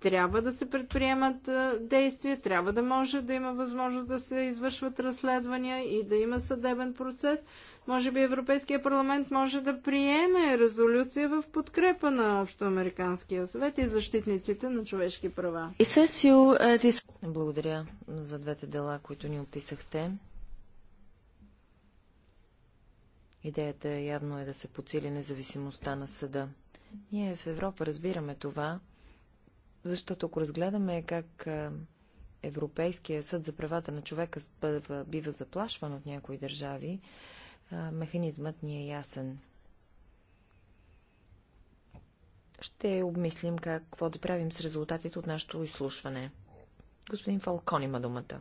трябва да се предприемат действия, трябва да може да има възможност да се извършват разследвания и да има съдебен процес – може би Европейския парламент може да приеме резолюция в подкрепа на Общоамериканския съвет и защитниците на човешки права. Благодаря за двете дела, които ни описахте. Идеята явно е да се подсили независимостта на съда. Ние в Европа разбираме това, защото ако разгледаме как Европейския съд за правата на човека бива заплашван от някои държави, механизмът ни е ясен. Ще обмислим какво да правим с резултатите от нашето изслушване. Господин Фалкон има думата.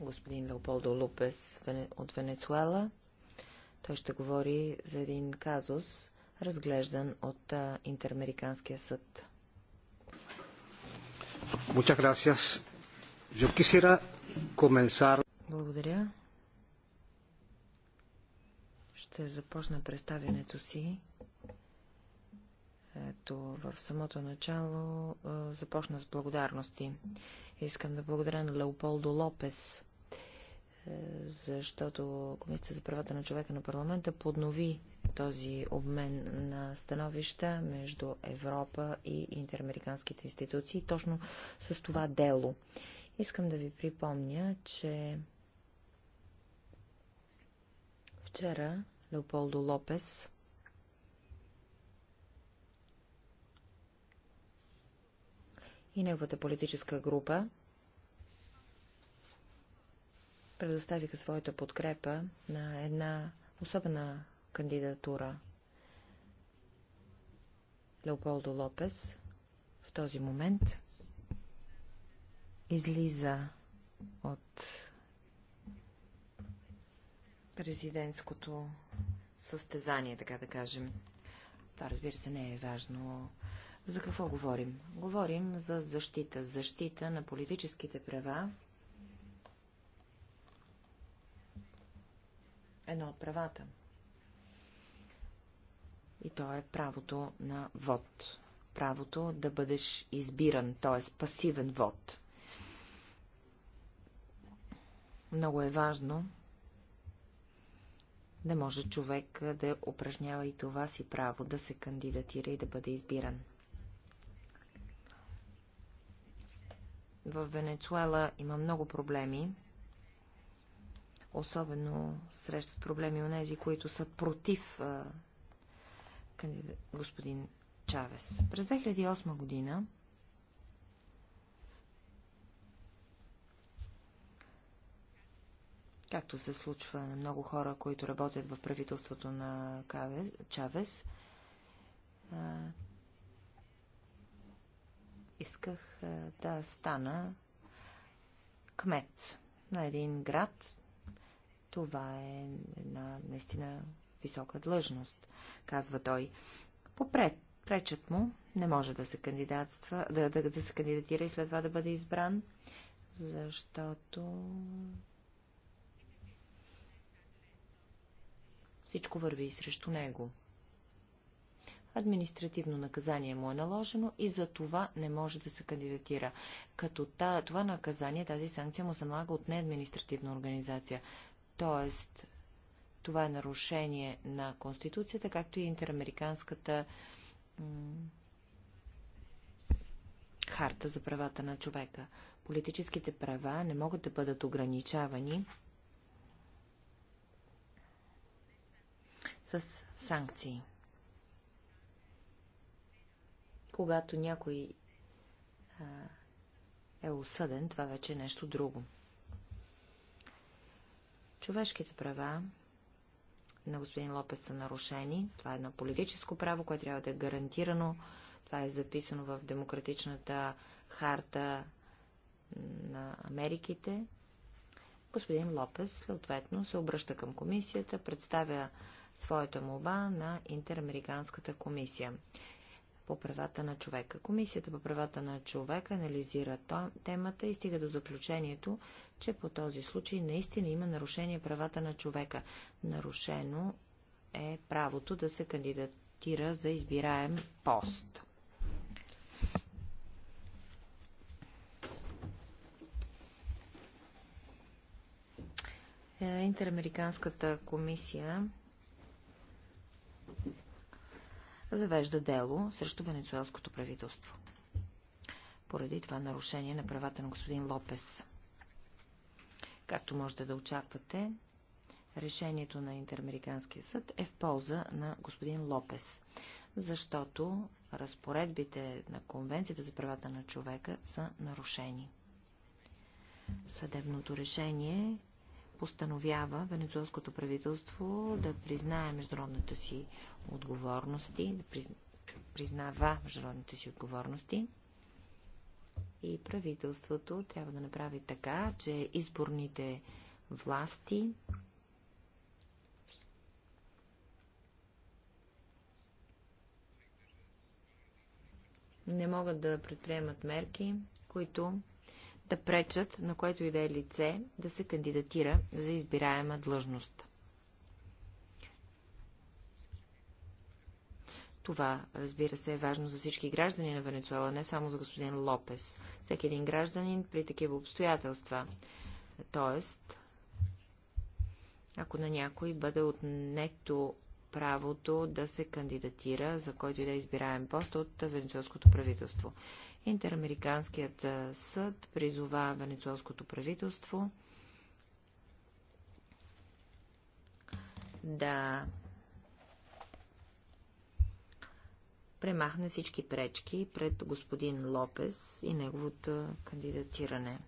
Господин Леополдо Лупес от Венецуела. Той ще говори за един казус, разглеждан от Интерамериканския съд. Благодаря. Ще започна представянето си. Ето, в самото начало започна с благодарности. Искам да благодаря на Леополдо Лопес, защото Комисията за правата на човека на парламента поднови този обмен на становища между Европа и интерамериканските институции, точно с това дело. Искам да ви припомня, че вчера Леополдо Лопес. и неговата политическа група предоставиха своята подкрепа на една особена кандидатура Леополдо Лопес в този момент излиза от президентското състезание, така да кажем. Това, разбира се, не е важно. За какво говорим? Говорим за защита. Защита на политическите права. Едно от правата. И то е правото на вод. Правото да бъдеш избиран, т.е. пасивен вод. Много е важно да може човек да упражнява и това си право да се кандидатира и да бъде избиран. В Венецуела има много проблеми. Особено срещат проблеми у нези, които са против а, господин Чавес. През 2008 година както се случва на много хора, които работят в правителството на Чавес, исках да стана кмет на един град. Това е една наистина висока длъжност, казва той. Попред, пречат му, не може да се кандидатства, да, да, да се кандидатира и след това да бъде избран, защото Всичко върви срещу него. Административно наказание му е наложено и за това не може да се кандидатира. Като това наказание, тази санкция му се налага от неадминистративна организация. Тоест, това е нарушение на Конституцията, както и интерамериканската харта за правата на човека. Политическите права не могат да бъдат ограничавани с санкции. Когато някой а, е осъден, това вече е нещо друго. Човешките права на господин Лопес са нарушени. Това е едно политическо право, което трябва да е гарантирано. Това е записано в демократичната харта на Америките. Господин Лопес, съответно, се обръща към комисията, представя своята молба на Интерамериканската комисия по правата на човека. Комисията по правата на човека анализира темата и стига до заключението, че по този случай наистина има нарушение правата на човека. Нарушено е правото да се кандидатира за избираем пост. Е, Интерамериканската комисия завежда дело срещу венецуелското правителство. Поради това нарушение на правата на господин Лопес. Както можете да очаквате, решението на Интерамериканския съд е в полза на господин Лопес, защото разпоредбите на Конвенцията за правата на човека са нарушени. Съдебното решение постановява венецуелското правителство да признае международната си отговорности, да признава международните си отговорности и правителството трябва да направи така, че изборните власти не могат да предприемат мерки, които да пречат на което и да е лице да се кандидатира за избираема длъжност. Това, разбира се, е важно за всички граждани на Венецуела, не само за господин Лопес. Всеки един гражданин при такива обстоятелства. Тоест, ако на някой бъде отнето правото да се кандидатира, за който и да е избираем пост от венецуелското правителство. Интерамериканският съд призова венецуелското правителство да премахне всички пречки пред господин Лопес и неговото кандидатиране.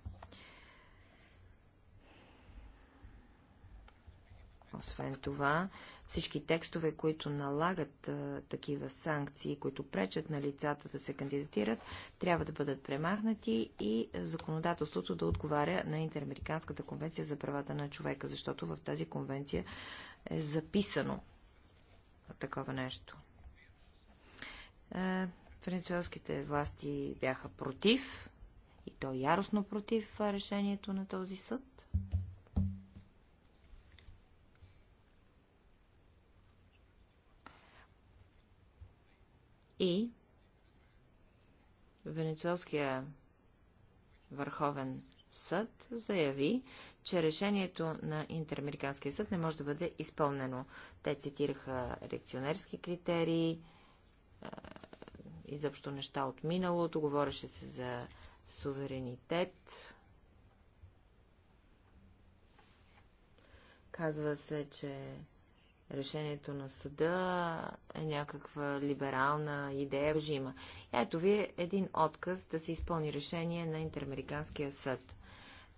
Освен това, всички текстове, които налагат а, такива санкции, които пречат на лицата да се кандидатират, трябва да бъдат премахнати и законодателството да отговаря на Интерамериканската конвенция за правата на човека, защото в тази конвенция е записано такова нещо. Е, Венецуелските власти бяха против, и то яростно против решението на този съд. И Венецуелския върховен съд заяви, че решението на Интерамериканския съд не може да бъде изпълнено. Те цитираха реакционерски критерии, изобщо неща от миналото, говореше се за суверенитет. Казва се, че решението на съда е някаква либерална идея жима. Ето ви е един отказ да се изпълни решение на Интерамериканския съд.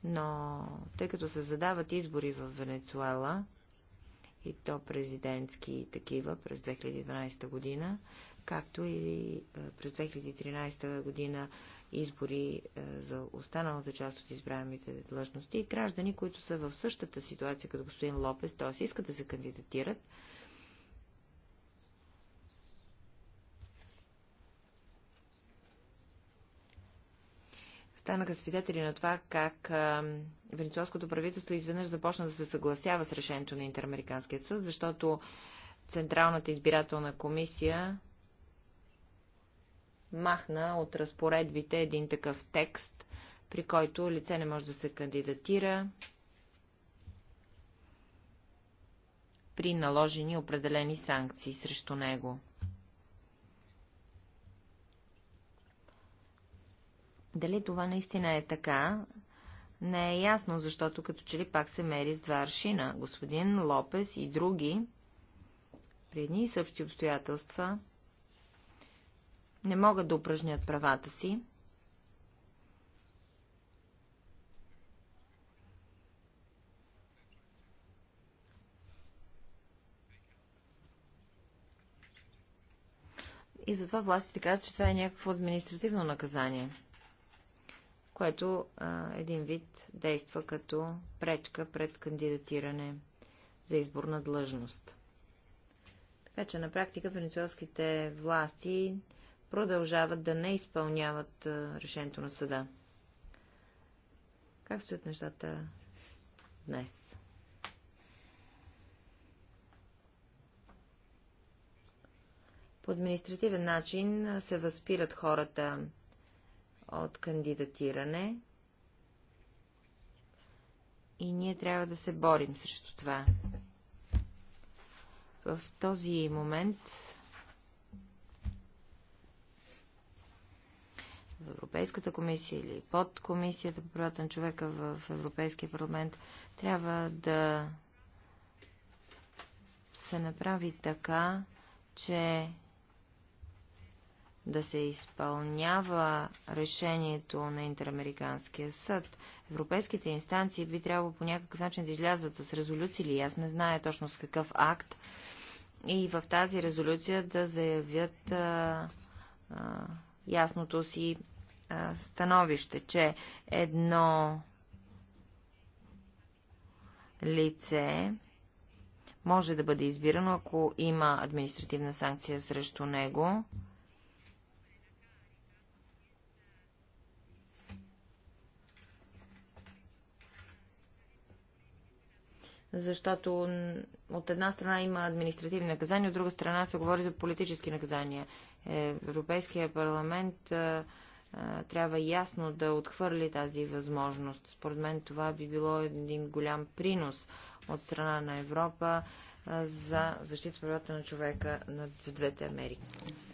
Но тъй като се задават избори в Венецуела, и то президентски такива през 2012 година, както и през 2013 година избори е, за останалата част от избраемите длъжности и граждани, които са в същата ситуация като господин Лопес, т.е. искат да се кандидатират, станаха свидетели на това, как а, е, венецуелското правителство изведнъж започна да се съгласява с решението на Интерамериканския съд, защото Централната избирателна комисия махна от разпоредбите един такъв текст, при който лице не може да се кандидатира при наложени определени санкции срещу него. Дали това наистина е така, не е ясно, защото като че ли пак се мери с два аршина. Господин Лопес и други, при едни и същи обстоятелства, не могат да упражнят правата си. И затова властите казват, че това е някакво административно наказание, което а, един вид действа като пречка пред кандидатиране за изборна длъжност. Така че на практика венецуелските власти продължават да не изпълняват решението на съда. Как стоят нещата днес? По административен начин се възпират хората от кандидатиране и ние трябва да се борим срещу това. В този момент в Европейската комисия или под комисията по правата на човека в Европейския парламент, трябва да се направи така, че да се изпълнява решението на Интерамериканския съд. Европейските инстанции би трябвало по някакъв начин да излязат с резолюции или аз не знае точно с какъв акт и в тази резолюция да заявят а, а, ясното си становище, че едно лице може да бъде избирано, ако има административна санкция срещу него. Защото от една страна има административни наказания, от друга страна се говори за политически наказания. Европейския парламент трябва ясно да отхвърли тази възможност. Според мен това би било един голям принос от страна на Европа за защита правата на човека на двете Америки.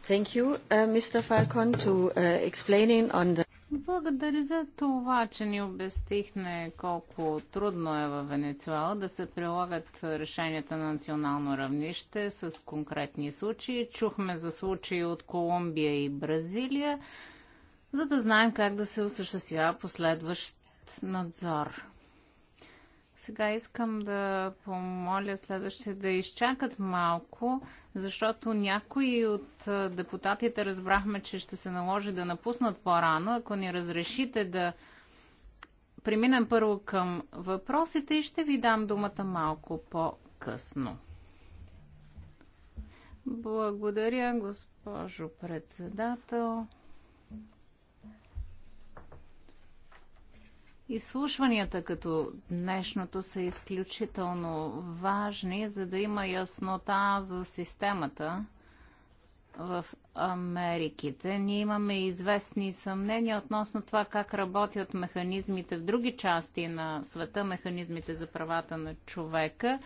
Thank you, uh, Mr. Falcon, to, uh, explaining on the... Благодаря за това, че ни обяснихме колко трудно е в Венецуела да се прилагат решенията на национално равнище с конкретни случаи. Чухме за случаи от Колумбия и Бразилия за да знаем как да се осъществява последващ надзор. Сега искам да помоля следващите да изчакат малко, защото някои от депутатите разбрахме, че ще се наложи да напуснат по-рано. Ако ни разрешите да преминем първо към въпросите и ще ви дам думата малко по-късно. Благодаря, госпожо председател. Изслушванията като днешното са изключително важни, за да има яснота за системата в Америките. Ние имаме известни съмнения относно това как работят механизмите в други части на света, механизмите за правата на човека.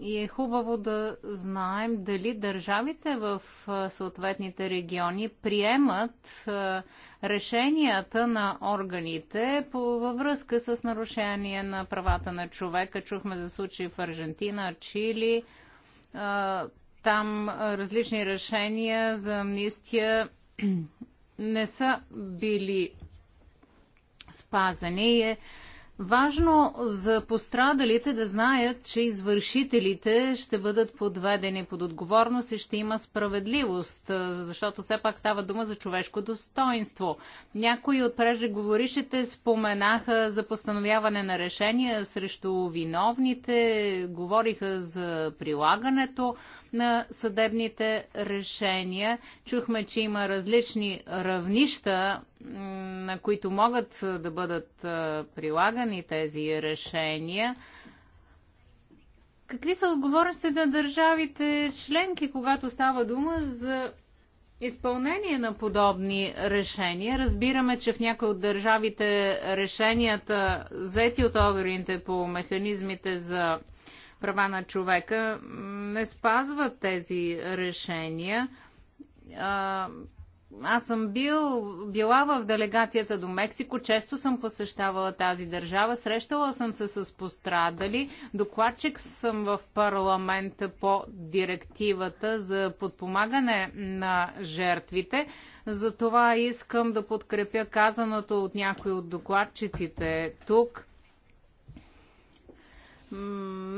И е хубаво да знаем дали държавите в съответните региони приемат решенията на органите по, във връзка с нарушение на правата на човека. Чухме за случаи в Аржентина, Чили. Там различни решения за амнистия не са били спазани. И е Важно за пострадалите да знаят, че извършителите ще бъдат подведени под отговорност и ще има справедливост, защото все пак става дума за човешко достоинство. Някои от преждеговорившите споменаха за постановяване на решения срещу виновните, говориха за прилагането на съдебните решения. Чухме, че има различни равнища, на които могат да бъдат прилагани тези решения. Какви са отговорностите на държавите членки, когато става дума за изпълнение на подобни решения. Разбираме, че в някои от държавите решенията, взети от огрените по механизмите за права на човека не спазва тези решения. Аз съм бил, била в делегацията до Мексико, често съм посещавала тази държава, срещала съм се с пострадали, докладчик съм в парламента по директивата за подпомагане на жертвите. Затова искам да подкрепя казаното от някои от докладчиците тук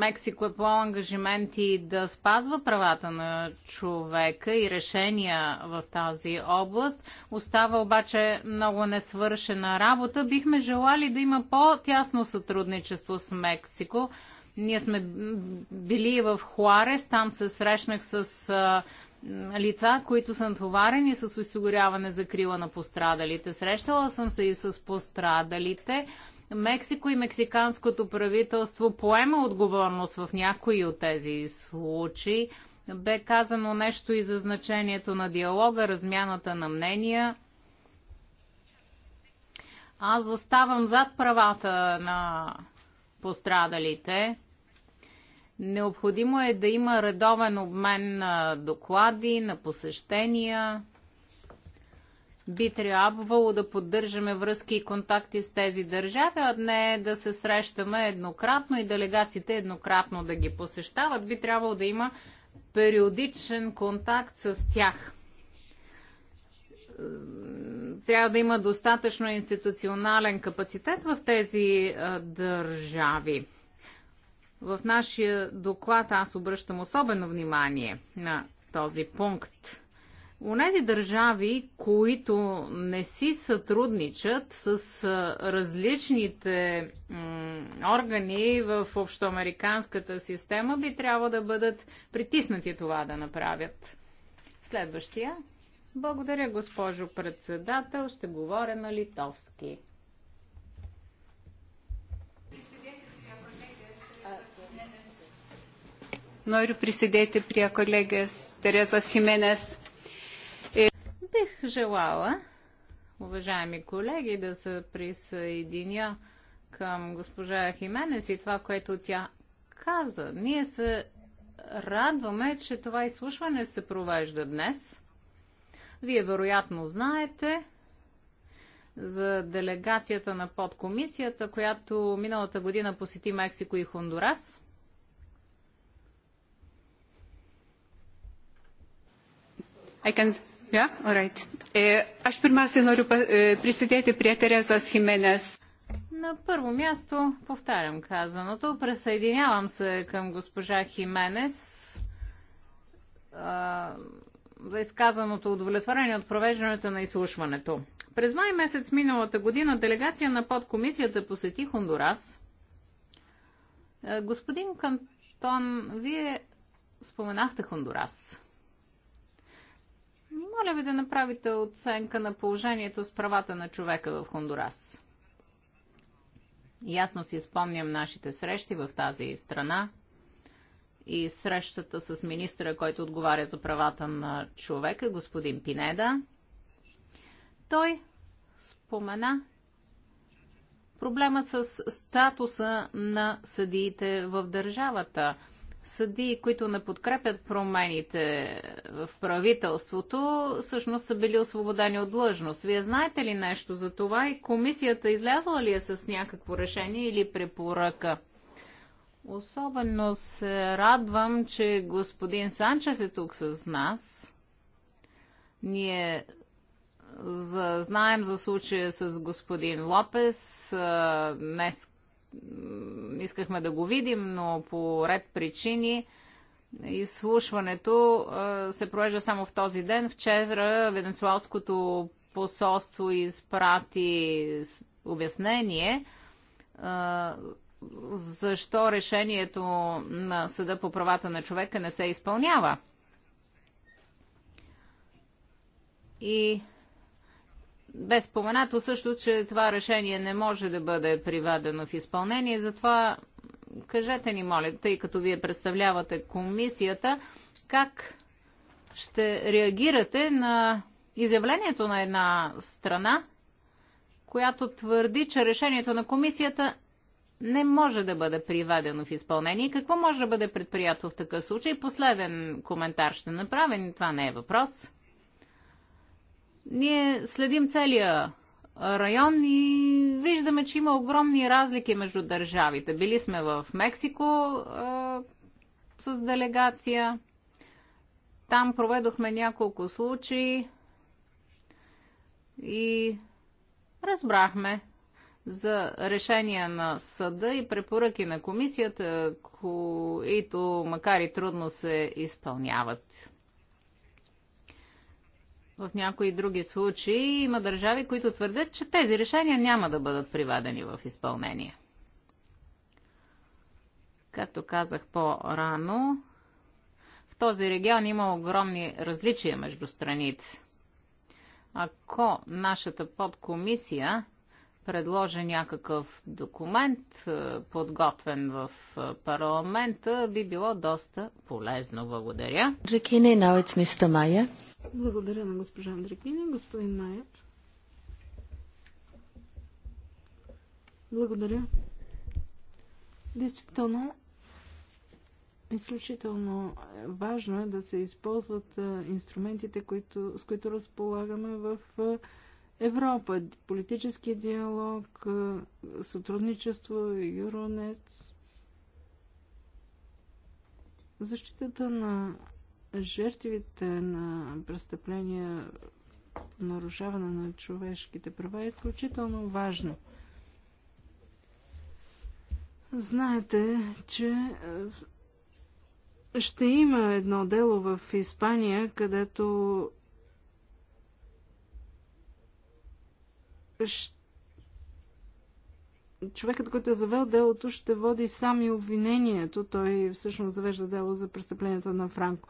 Мексико е по ангажименти да спазва правата на човека и решения в тази област. Остава обаче много несвършена работа. Бихме желали да има по-тясно сътрудничество с Мексико. Ние сме били в Хуарес, там се срещнах с лица, които са натоварени с осигуряване за крила на пострадалите. Срещала съм се и с пострадалите. Мексико и мексиканското правителство поема отговорност в някои от тези случаи. Бе казано нещо и за значението на диалога, размяната на мнения. Аз заставам зад правата на пострадалите. Необходимо е да има редовен обмен на доклади, на посещения би трябвало да поддържаме връзки и контакти с тези държави, а не да се срещаме еднократно и делегациите еднократно да ги посещават. Би трябвало да има периодичен контакт с тях. Трябва да има достатъчно институционален капацитет в тези държави. В нашия доклад аз обръщам особено внимание на този пункт Онези държави, които не си сътрудничат с различните органи в общоамериканската система, би трябва да бъдат притиснати това да направят. Следващия. Благодаря, госпожо председател. Ще говоря на литовски. Noriu prisidėti prie kolegės Terezos Jimenez Бих желала, уважаеми колеги, да се присъединя към госпожа Хименес и това, което тя каза. Ние се радваме, че това изслушване се провежда днес. Вие вероятно знаете за делегацията на подкомисията, която миналата година посети Мексико и Хондурас. I can Ja, alright. Aš pirmiausiai noriu prisidėti prie Terezos Jimenez. На първо място, повтарям казаното, присъединявам се към госпожа Хименес а, за изказаното удовлетворение от провеждането на изслушването. През май месец миналата година делегация на подкомисията посети Хондурас. Е, господин Кантон, вие споменахте Хондурас. Моля ви да направите оценка на положението с правата на човека в Хондурас. Ясно си спомням нашите срещи в тази страна и срещата с министра, който отговаря за правата на човека, господин Пинеда. Той спомена проблема с статуса на съдиите в държавата – съдии, които не подкрепят промените в правителството, всъщност са били освободени от длъжност. Вие знаете ли нещо за това и комисията излязла ли е с някакво решение или препоръка? Особено се радвам, че господин Санчес е тук с нас. Ние знаем за случая с господин Лопес. Днес искахме да го видим, но по ред причини изслушването се провежда само в този ден. Вчера Венецуалското посолство изпрати обяснение защо решението на Съда по правата на човека не се изпълнява. И бе споменато също, че това решение не може да бъде приведено в изпълнение. Затова кажете ни, моля, тъй като вие представлявате комисията, как ще реагирате на изявлението на една страна, която твърди, че решението на комисията не може да бъде приведено в изпълнение. Какво може да бъде предприятел в такъв случай? Последен коментар ще направя, това не е въпрос. Ние следим целия район и виждаме, че има огромни разлики между държавите. Били сме в Мексико е, с делегация. Там проведохме няколко случаи и разбрахме за решения на съда и препоръки на комисията, които макар и трудно се изпълняват в някои други случаи има държави, които твърдят, че тези решения няма да бъдат приведени в изпълнение. Както казах по-рано, в този регион има огромни различия между страните. Ако нашата подкомисия предложи някакъв документ, е, подготвен в е, парламента, би било доста полезно. Благодаря. Дрекине, now it's Mr. Благодаря на госпожа Андрекини. Господин Майер. Благодаря. Действително, изключително важно е да се използват е, инструментите, които, с които разполагаме в Европа, политически диалог, е, сътрудничество, Юронец, защитата на жертвите на престъпления, нарушаване на човешките права е изключително важно. Знаете, че е, ще има едно дело в Испания, където човекът, който е завел делото, ще води сам и обвинението. Той всъщност завежда дело за престъпленията на Франко.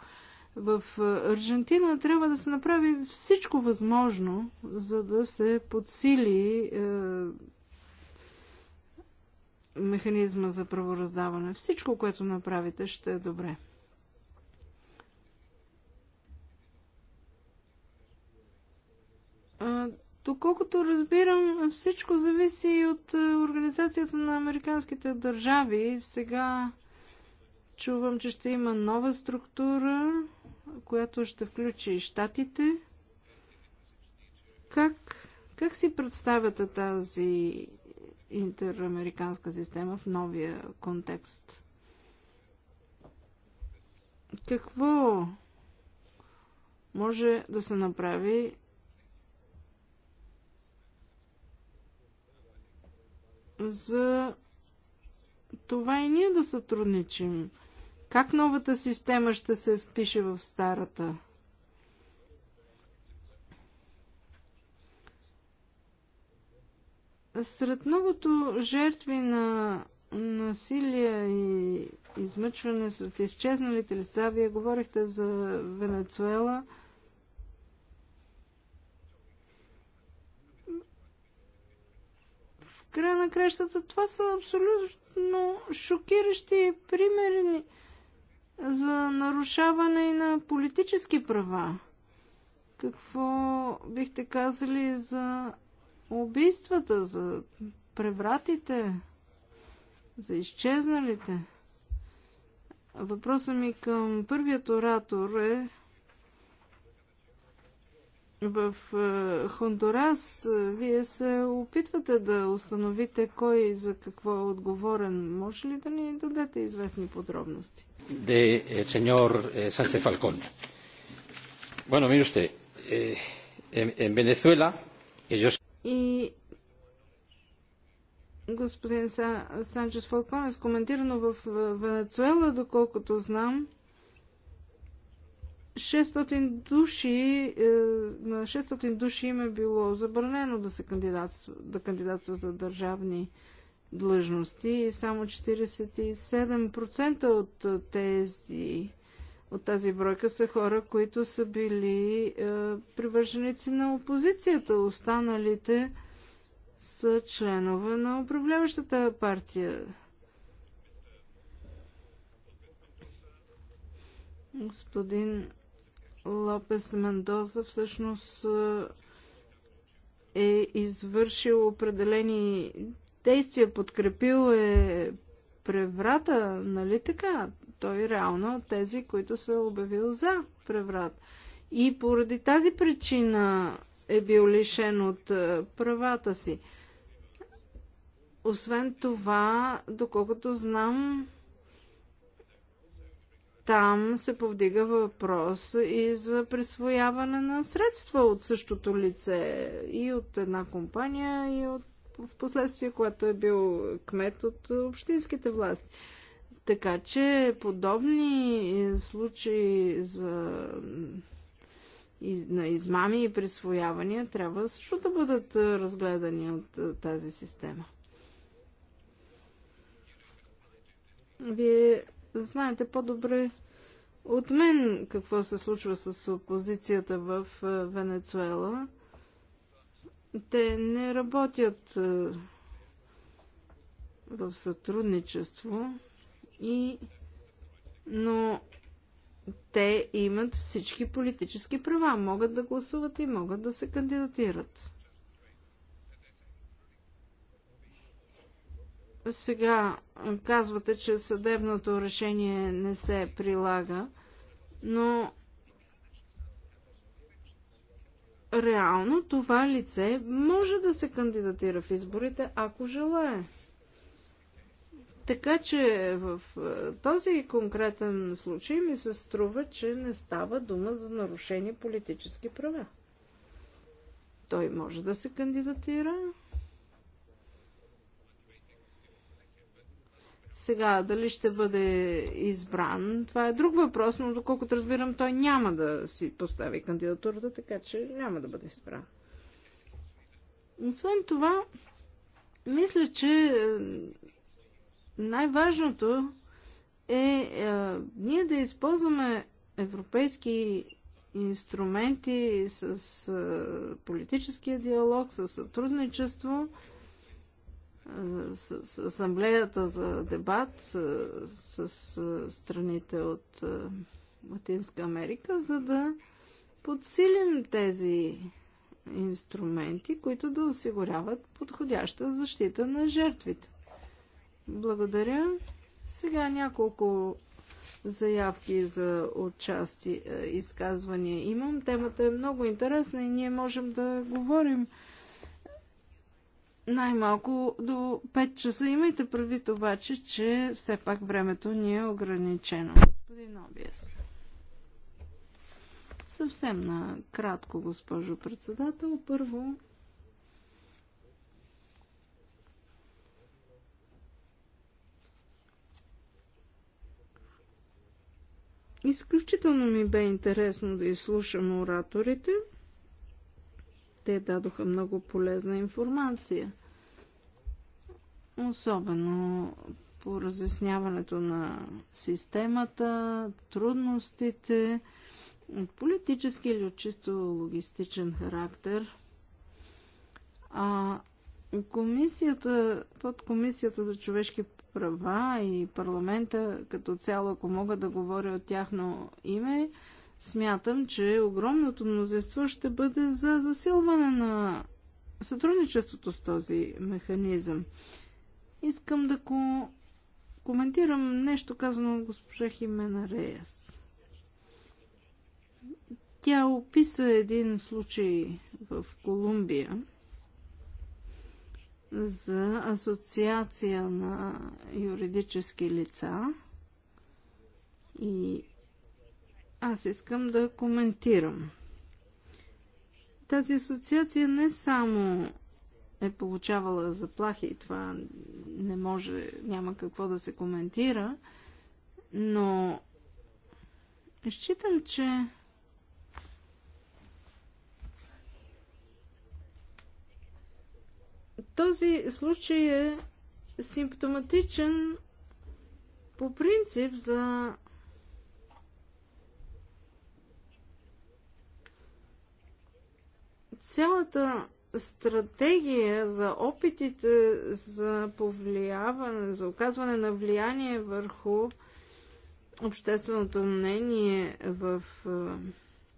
В е, Аржентина трябва да се направи всичко възможно, за да се подсили е, механизма за правораздаване. Всичко, което направите, ще е добре. Доколкото разбирам, всичко зависи и от е, Организацията на Американските държави. Сега чувам, че ще има нова структура, която ще включи и щатите. Как, как си представяте тази интерамериканска система в новия контекст? Какво може да се направи за това и ние да сътрудничим. Как новата система ще се впише в старата? Сред многото жертви на насилие и измъчване сред изчезналите лица, вие говорихте за Венецуела – края на кращата това са абсолютно шокиращи примери за нарушаване и на политически права. Какво бихте казали за убийствата, за превратите, за изчезналите? Въпросът ми към първият оратор е в е, Хондурас е, вие се опитвате да установите кой за какво е отговорен. Може ли да ни дадете известни подробности? Де е, сеньор Санче Фалкон. Bueno, mire usted, eh, en, en Venezuela, que yo... И господин Санчес Фалкон е скоментирано в Венецуела, доколкото знам, 600 души, е, на 600 души им е било забранено да, се кандидатства, да кандидатства за държавни длъжности и само 47% от е, тези от тази бройка са хора, които са били е, привърженици на опозицията. Останалите са членове на управляващата партия. Господин Лопес Мендоза всъщност е извършил определени действия, подкрепил е преврата, нали така? Той реално е тези, които са е обявил за преврат. И поради тази причина е бил лишен от правата си. Освен това, доколкото знам, там се повдига въпрос и за присвояване на средства от същото лице и от една компания и от в последствие, което е бил кмет от общинските власти. Така че подобни случаи за на измами и присвоявания трябва също да бъдат разгледани от тази система. Вие Знаете по-добре от мен какво се случва с опозицията в е, Венецуела. Те не работят е, в сътрудничество и но те имат всички политически права. Могат да гласуват и могат да се кандидатират. Сега казвате, че съдебното решение не се прилага, но реално това лице може да се кандидатира в изборите, ако желае. Така че в е, този конкретен случай ми се струва, че не става дума за нарушени политически права. Той може да се кандидатира, Сега, дали ще бъде избран, това е друг въпрос, но доколкото разбирам, той няма да си постави кандидатурата, така че няма да бъде избран. Освен това, мисля, че най-важното е, е ние да използваме европейски инструменти с е, политическия диалог, с сътрудничество, е, с, асамблеята за дебат с, с, с страните от е, Латинска Америка, за да подсилим тези инструменти, които да осигуряват подходяща защита на жертвите. Благодаря. Сега няколко заявки за участие, е, изказвания имам. Темата е много интересна и ние можем да говорим най-малко до 5 часа. Имайте предвид обаче, че все пак времето ни е ограничено. Господин Обиес. Съвсем на кратко, госпожо председател. Първо, Изключително ми бе интересно да изслушам ораторите – те дадоха много полезна информация. Особено по разясняването на системата, трудностите, от политически или от чисто логистичен характер. А комисията, под комисията за човешки права и парламента като цяло, ако мога да говоря от тяхно име, Смятам, че огромното мнозинство ще бъде за засилване на сътрудничеството с този механизъм. Искам да ко... коментирам нещо казано от госпожа Химена Реяс. Тя описа един случай в Колумбия за асоциация на юридически лица и аз искам да коментирам. Тази асоциация не само е получавала заплахи и това не може, няма какво да се коментира, но считам, че този случай е симптоматичен по принцип за Цялата стратегия за опитите за повлияване, за оказване на влияние върху общественото мнение в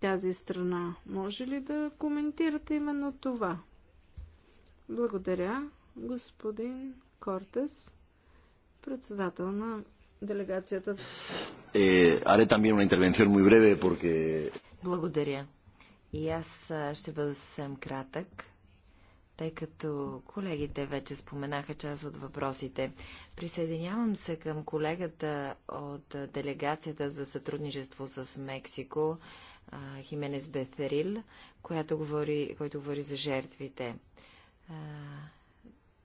тази страна. Може ли да коментирате именно това? Благодаря, господин Кортес, председател на делегацията. аре también una intervención muy breve porque... Благодаря. И аз ще бъда съвсем кратък, тъй като колегите вече споменаха част от въпросите. Присъединявам се към колегата от делегацията за сътрудничество с Мексико, Хименес Бетерил, която говори, който говори за жертвите.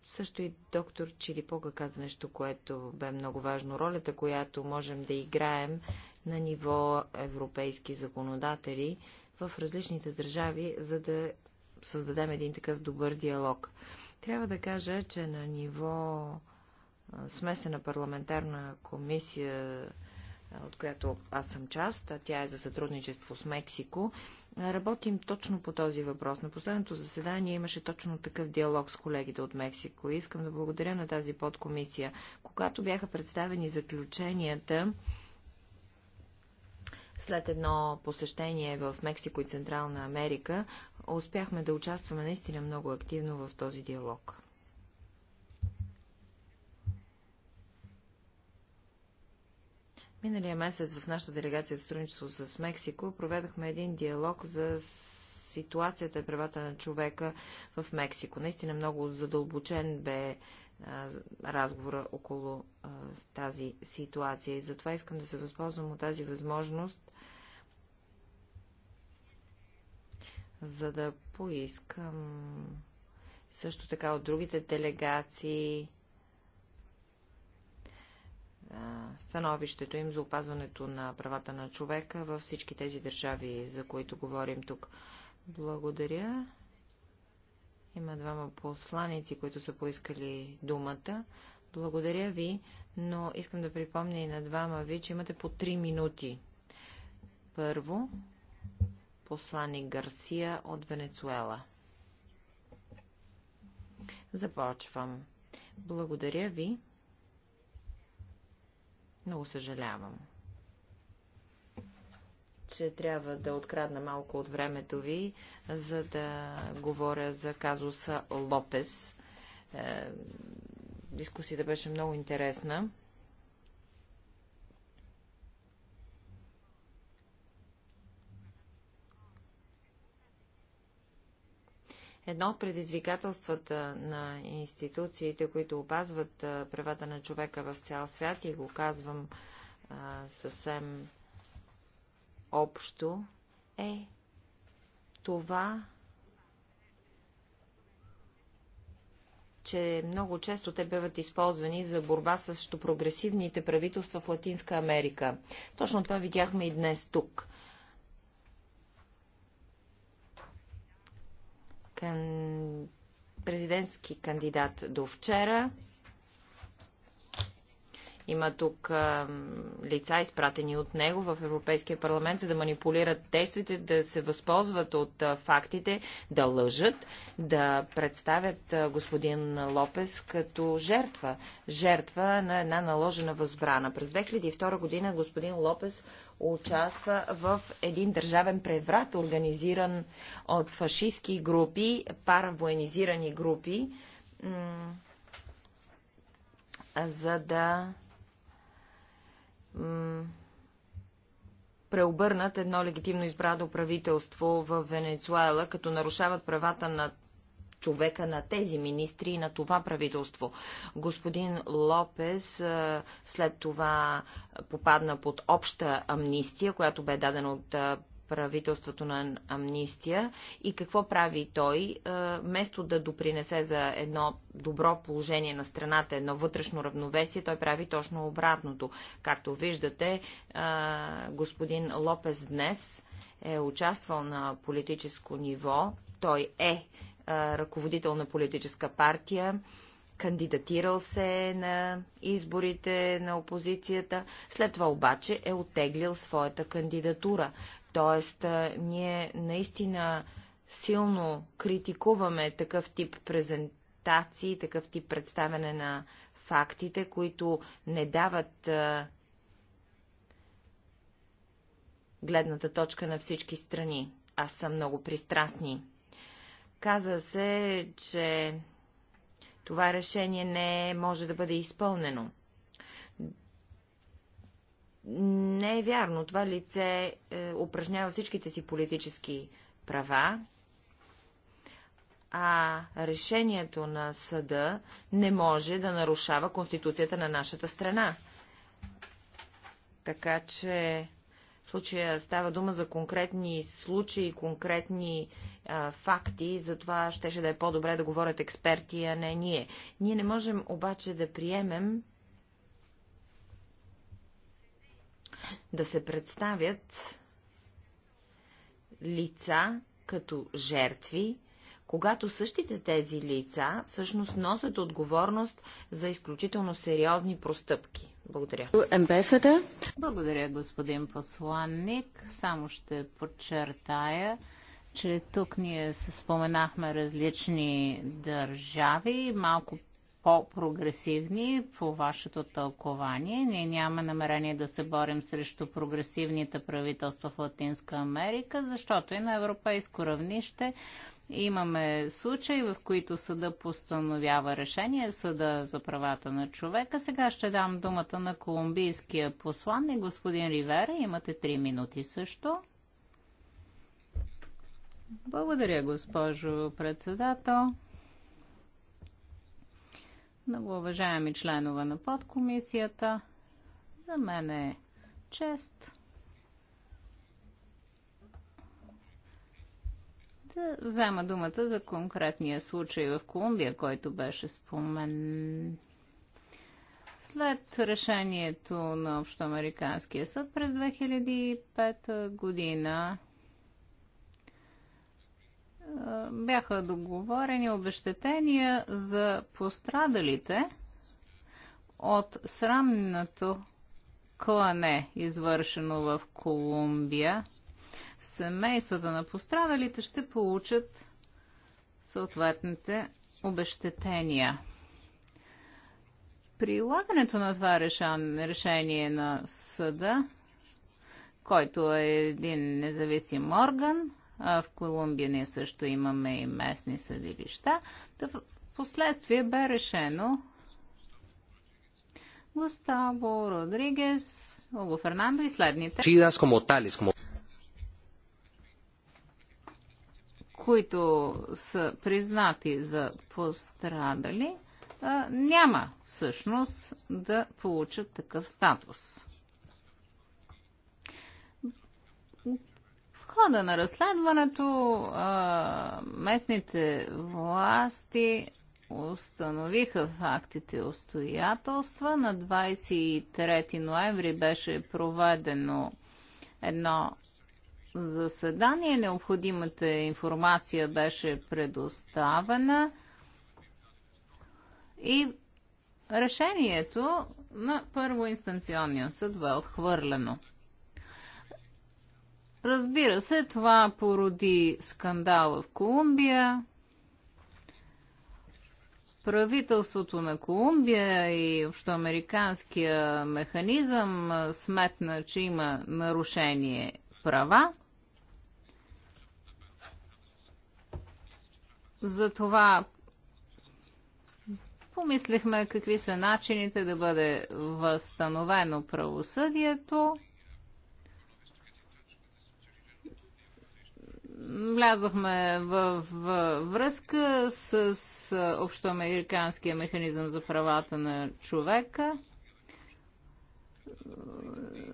също и доктор Чилипока каза нещо, което бе много важно. Ролята, която можем да играем на ниво европейски законодатели – в различните държави, за да създадем един такъв добър диалог. Трябва да кажа, че на ниво смесена парламентарна комисия, от която аз съм част, а тя е за сътрудничество с Мексико, работим точно по този въпрос. На последното заседание имаше точно такъв диалог с колегите от Мексико. Искам да благодаря на тази подкомисия. Когато бяха представени заключенията, след едно посещение в Мексико и Централна Америка успяхме да участваме наистина много активно в този диалог. Миналия месец в нашата делегация за сътрудничество с Мексико проведахме един диалог за ситуацията и правата на човека в Мексико. Наистина много задълбочен бе разговора около а, тази ситуация и затова искам да се възползвам от тази възможност за да поискам също така от другите делегации становището им за опазването на правата на човека във всички тези държави, за които говорим тук. Благодаря. Има двама посланици, които са поискали думата. Благодаря ви, но искам да припомня и на двама ви, че имате по три минути. Първо, посланик Гарсия от Венецуела. Започвам. Благодаря ви. Много съжалявам, че трябва да открадна малко от времето ви, за да говоря за казуса Лопес. Е, дискусията беше много интересна. Едно от предизвикателствата на институциите, които опазват правата на човека в цял свят, и го казвам а, съвсем общо, е това, че много често те биват използвани за борба срещу прогресивните правителства в Латинска Америка. Точно това видяхме и днес тук. президентски кандидат до вчера. Има тук а, лица, изпратени от него в Европейския парламент, за да манипулират действите, да се възползват от а, фактите, да лъжат, да представят а, господин Лопес като жертва. Жертва на една наложена възбрана. През 2002 година господин Лопес участва в един държавен преврат, организиран от фашистски групи, паравоенизирани групи за да преобърнат едно легитимно избрано правителство в Венецуела, като нарушават правата на човека на тези министри и на това правителство. Господин Лопес след това попадна под обща амнистия, която бе дадена от правителството на амнистия и какво прави той, е, вместо да допринесе за едно добро положение на страната, едно вътрешно равновесие, той прави точно обратното. Както виждате, е, господин Лопес днес е участвал на политическо ниво. Той е, е ръководител на политическа партия кандидатирал се на изборите на опозицията, след това обаче е оттеглил своята кандидатура. Тоест, ние наистина силно критикуваме такъв тип презентации, такъв тип представяне на фактите, които не дават гледната точка на всички страни. Аз съм много пристрастни. Каза се, че това решение не може да бъде изпълнено. Не е вярно. Това лице е, упражнява всичките си политически права, а решението на съда не може да нарушава конституцията на нашата страна. Така че в случая става дума за конкретни случаи, конкретни а, факти, затова щеше да е по-добре да говорят експерти, а не ние. Ние не можем обаче да приемем да се представят лица като жертви, когато същите тези лица всъщност носят отговорност за изключително сериозни простъпки. Благодаря. Благодаря, господин посланник. Само ще подчертая, че тук ние споменахме различни държави. Малко по-прогресивни по вашето тълкование. Ние няма намерение да се борим срещу прогресивните правителства в Латинска Америка, защото и на европейско равнище Имаме случаи, в които съда постановява решение, съда за правата на човека. Сега ще дам думата на колумбийския посланник, господин Ривера. Имате три минути също. Благодаря, госпожо председател много уважаеми членове на подкомисията. За мен е чест да взема думата за конкретния случай в Колумбия, който беше спомен. След решението на Общоамериканския съд през 2005 година бяха договорени обещетения за пострадалите от срамното клане, извършено в Колумбия. Семействата на пострадалите ще получат съответните обещетения. Прилагането на това решение на съда, който е един независим орган, в Колумбия ние също имаме и местни съдилища. В последствие бе решено Густаво Родригес, Ого Фернандо и следните. които са признати за пострадали, няма всъщност да получат такъв статус. хода на разследването местните власти установиха фактите и обстоятелства. На 23 ноември беше проведено едно заседание. Необходимата информация беше предоставена и решението на първоинстанционния съд бе отхвърлено. Разбира се, това породи скандала в Колумбия. Правителството на Колумбия и общоамериканския механизъм сметна, че има нарушение права. Затова помислихме какви са начините да бъде възстановено правосъдието. влязохме в, в връзка с, с общоамериканския механизъм за правата на човека,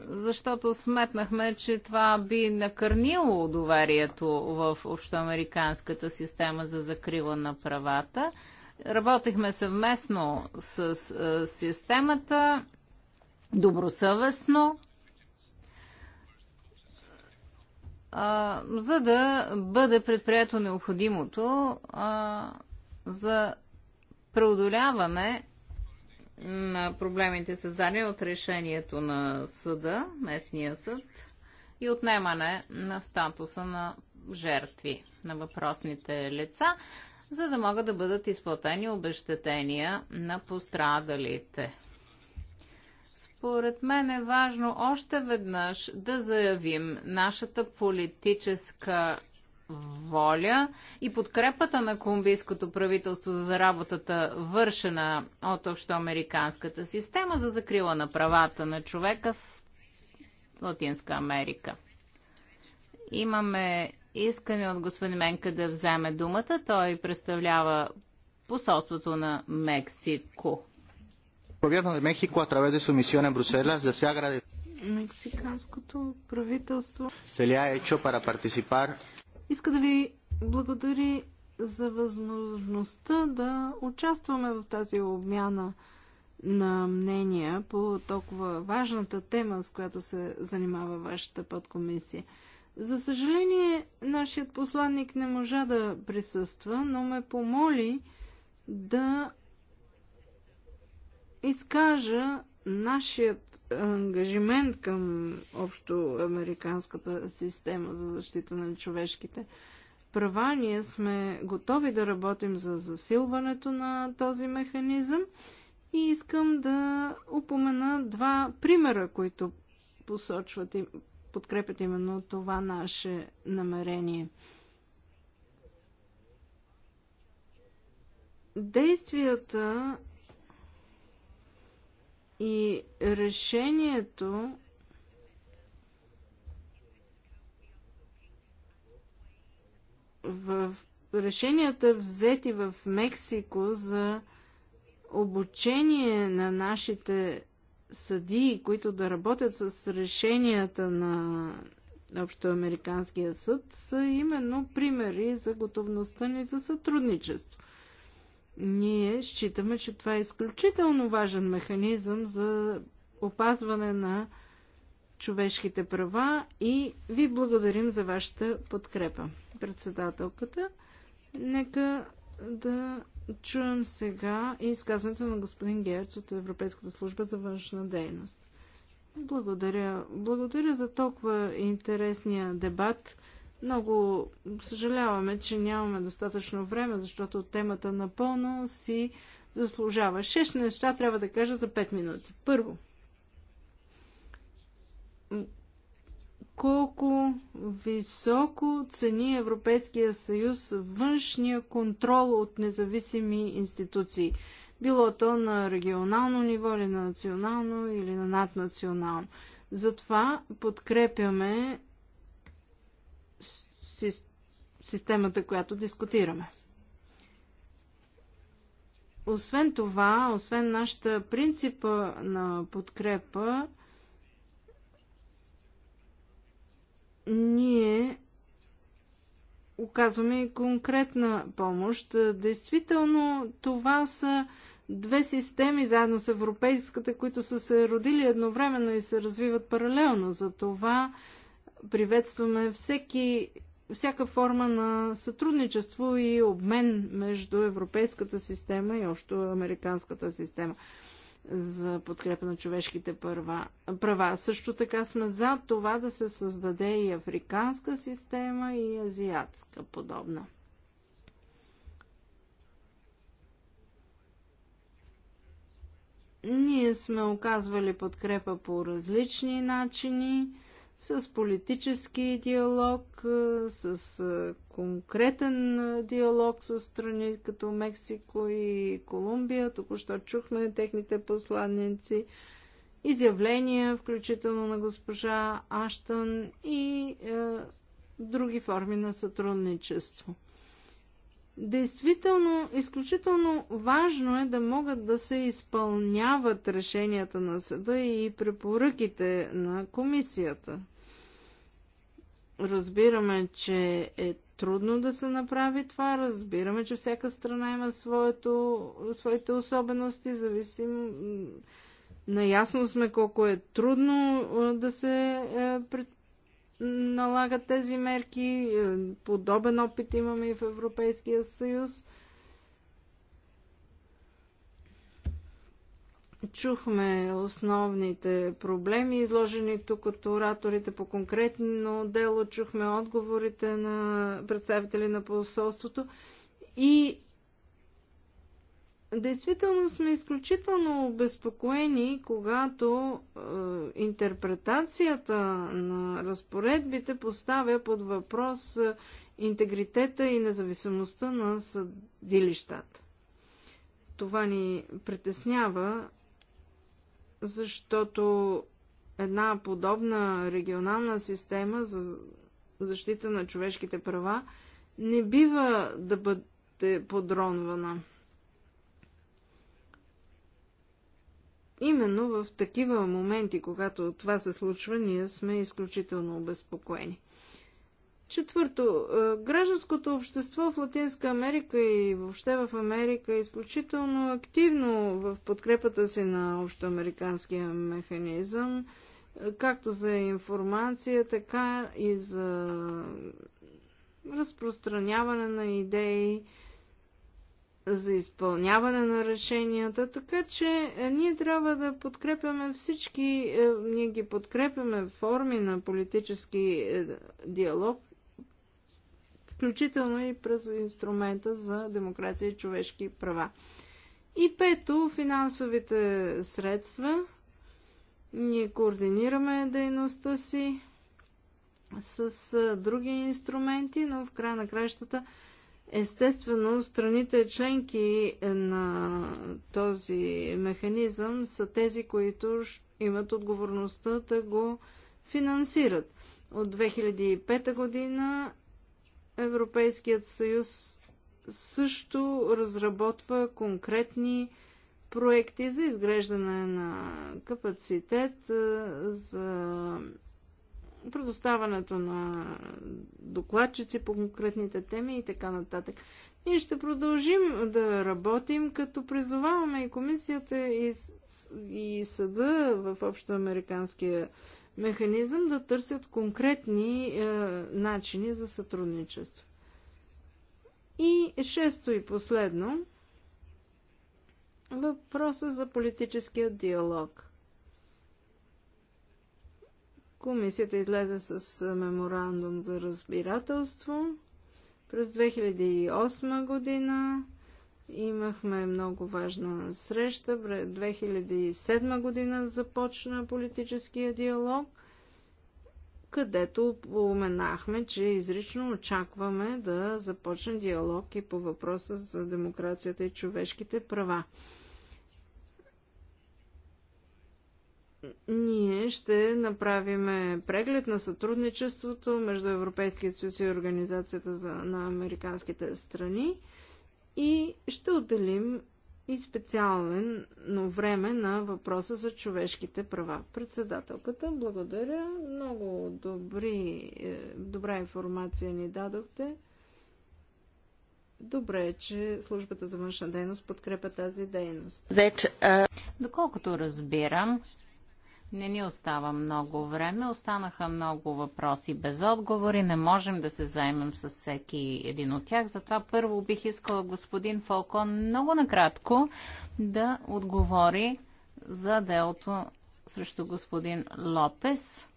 защото сметнахме, че това би накърнило доверието в общоамериканската система за закрива на правата. Работихме съвместно с, с системата добросъвестно а, за да бъде предприето необходимото а, за преодоляване на проблемите създадени от решението на съда, местния съд и отнемане на статуса на жертви на въпросните лица, за да могат да бъдат изплатени обещетения на пострадалите. Според мен е важно още веднъж да заявим нашата политическа воля и подкрепата на колумбийското правителство за работата, вършена от общоамериканската система за закрила на правата на човека в Латинска Америка. Имаме искане от господин Менка да вземе думата. Той представлява посолството на Мексико gobierno de México a través de su misión en Bruselas desea agradecer мексиканското правителство се ли е para participar иска да ви благодари за възможността да участваме в тази обмяна на мнения по толкова важната тема, с която се занимава вашата подкомисия. За съжаление, нашият посланник не можа да присъства, но ме помоли да изкажа нашият ангажимент към общо американската система за защита на човешките права. Ние сме готови да работим за засилването на този механизъм и искам да упомена два примера, които посочват и подкрепят именно това наше намерение. Действията и решението в решенията взети в Мексико за обучение на нашите съдии, които да работят с решенията на Общоамериканския съд, са именно примери за готовността ни за сътрудничество. Ние считаме, че това е изключително важен механизъм за опазване на човешките права и ви благодарим за вашата подкрепа. Председателката, нека да чуем сега изказването на господин Герц от Европейската служба за външна дейност. Благодаря. Благодаря за толкова интересния дебат. Много съжаляваме, че нямаме достатъчно време, защото темата напълно си заслужава. Шест неща трябва да кажа за 5 минути. Първо, колко високо цени Европейския съюз външния контрол от независими институции. Било то на регионално ниво или на национално или на наднационално. Затова подкрепяме системата, която дискутираме. Освен това, освен нашата принципа на подкрепа, ние оказваме и конкретна помощ. Действително, това са две системи заедно с европейската, които са се родили едновременно и се развиват паралелно. За това приветстваме всеки всяка форма на сътрудничество и обмен между европейската система и още американската система за подкрепа на човешките права. права. Също така сме за това да се създаде и африканска система и азиатска подобна. Ние сме оказвали подкрепа по различни начини с политически диалог, с конкретен диалог с страни като Мексико и Колумбия. Току-що чухме техните посланници, изявления, включително на госпожа Аштън и е, други форми на сътрудничество. Действително, изключително важно е да могат да се изпълняват решенията на съда и препоръките на комисията. Разбираме, че е трудно да се направи това, разбираме, че всяка страна има своето, своите особености, зависим Наясно сме колко е трудно да се е, предприемат налагат тези мерки. Е, подобен опит имаме и в Европейския съюз. Чухме основните проблеми, изложени тук от ораторите по конкретно дело, чухме отговорите на представители на посолството и Действително сме изключително обезпокоени, когато е, интерпретацията на разпоредбите поставя под въпрос е, интегритета и независимостта на съдилищата. Това ни притеснява, защото една подобна регионална система за защита на човешките права не бива да бъде подронвана. Именно в такива моменти, когато това се случва, ние сме изключително обезпокоени. Четвърто, е, гражданското общество в Латинска Америка и въобще в Америка е изключително активно в подкрепата си на общоамериканския механизъм, е, както за информация, така и за разпространяване на идеи, за изпълняване на решенията, така че е, ние трябва да подкрепяме всички, е, ние ги подкрепяме в форми на политически е, диалог, включително и през инструмента за демокрация и човешки права. И пето, финансовите средства. Ние координираме дейността си с други инструменти, но в края на кращата – Естествено, страните членки на този механизъм са тези, които имат отговорността да го финансират. От 2005 година Европейският съюз също разработва конкретни проекти за изграждане на капацитет, за предоставянето на докладчици по конкретните теми и така нататък. Ние ще продължим да работим, като призоваваме и комисията и, и съда в общоамериканския механизъм да търсят конкретни е, начини за сътрудничество. И шесто и последно, въпроса за политическия диалог – Комисията излезе с меморандум за разбирателство. През 2008 година имахме много важна среща. В 2007 година започна политическия диалог, където поменахме, че изрично очакваме да започне диалог и по въпроса за демокрацията и човешките права. ние ще направим преглед на сътрудничеството между Европейския съюз и Организацията за, на американските страни и ще отделим и специално време на въпроса за човешките права. Председателката, благодаря. Много добри, е, добра информация ни дадохте. Добре е, че службата за външна дейност подкрепя тази дейност. uh... Доколкото разбирам, не ни остава много време, останаха много въпроси без отговори, не можем да се займем с всеки един от тях. Затова първо бих искала господин Фалкон много накратко да отговори за делото срещу господин Лопес.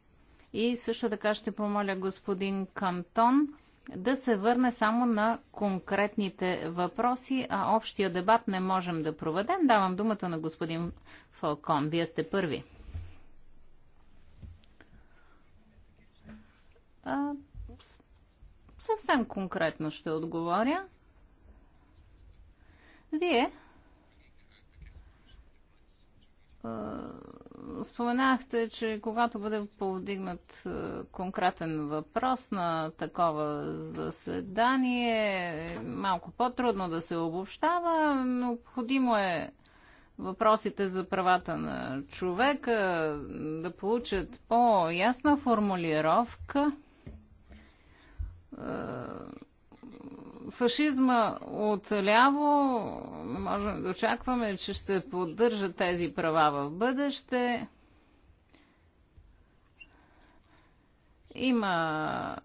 И също така ще помоля господин Кантон да се върне само на конкретните въпроси, а общия дебат не можем да проведем. Давам думата на господин Фалкон. Вие сте първи. А, съвсем конкретно ще отговоря. Вие споменахте, че когато бъде повдигнат конкретен въпрос на такова заседание, малко по-трудно да се обобщава. Необходимо е въпросите за правата на човека да получат по-ясна формулировка. Е, фашизма отляво, можем да очакваме, че ще поддържа тези права в бъдеще. Има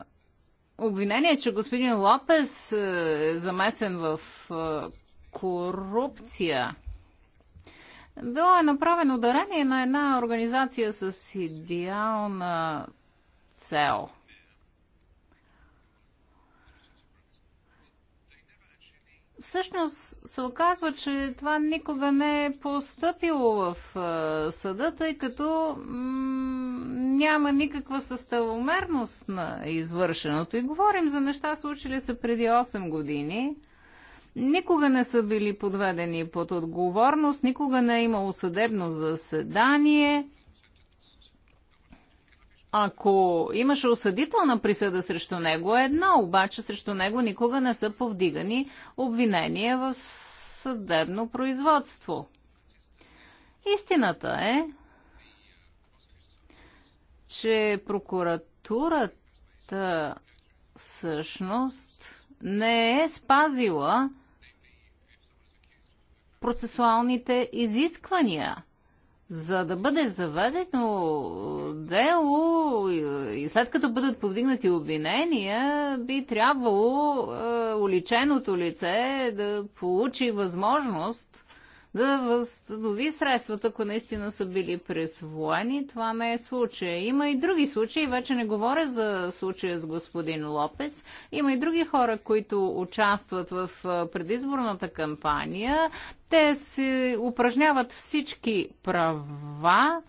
обвинение, че господин Лопес е замесен в е, корупция. Било е направено дарение на една организация с идеална цел – всъщност се оказва, че това никога не е постъпило в съда, тъй като няма никаква съставомерност на извършеното. И говорим за неща, случили се преди 8 години. Никога не са били подведени под отговорност, никога не е имало съдебно заседание ако имаше осъдителна присъда срещу него, е едно, обаче срещу него никога не са повдигани обвинения в съдебно производство. Истината е, че прокуратурата всъщност не е спазила процесуалните изисквания за да бъде заведено дело и след като бъдат повдигнати обвинения, би трябвало е, уличеното лице да получи възможност да възстанови средствата, ако наистина са били присвоени. Това не е случая. Има и други случаи, вече не говоря за случая с господин Лопес. Има и други хора, които участват в предизборната кампания. Те се упражняват всички права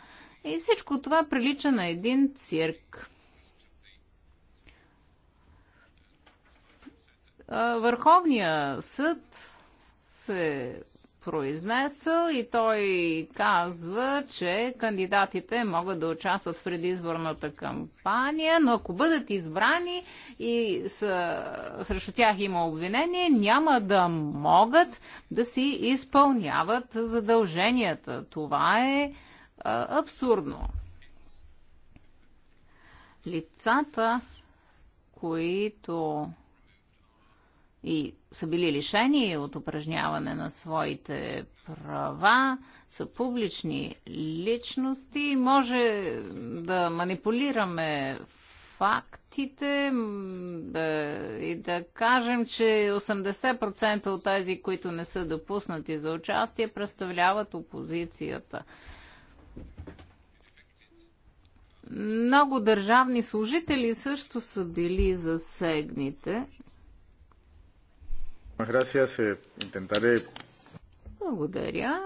и всичко това прилича на един цирк. Върховния съд се произнесъл и той казва, че кандидатите могат да участват в предизборната кампания, но ако бъдат избрани и са, срещу тях има обвинение, няма да могат да си изпълняват задълженията. Това е а, абсурдно. Лицата, които и са били лишени от упражняване на своите права, са публични личности. Може да манипулираме фактите да, и да кажем, че 80% от тези, които не са допуснати за участие, представляват опозицията. Много държавни служители също са били засегните, Eh, Благодаря.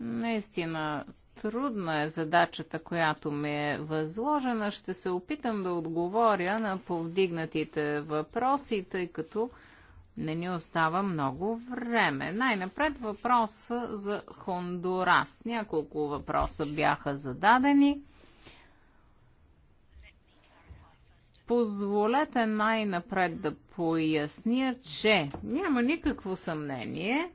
Наистина трудна е задачата, която ми е възложена. Ще се опитам да отговоря на повдигнатите въпроси, тъй като не ни остава много време. Най-напред въпроса за Хондурас. Няколко въпроса бяха зададени. Позволете най-напред да поясня, че няма никакво съмнение,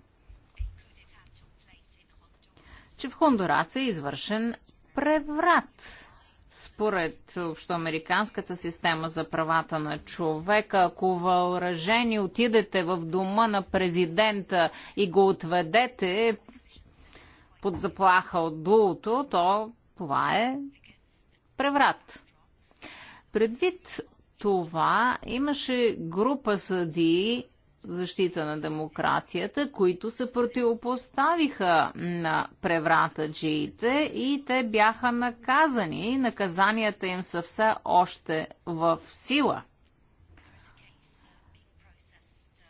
че в Хондурас е извършен преврат според общоамериканската система за правата на човека, ако въоръжени отидете в дома на президента и го отведете под заплаха от дулото, то това е преврат. Предвид това, имаше група съдии в защита на демокрацията, които се противопоставиха на преврата джиите и те бяха наказани. Наказанията им са все още в сила.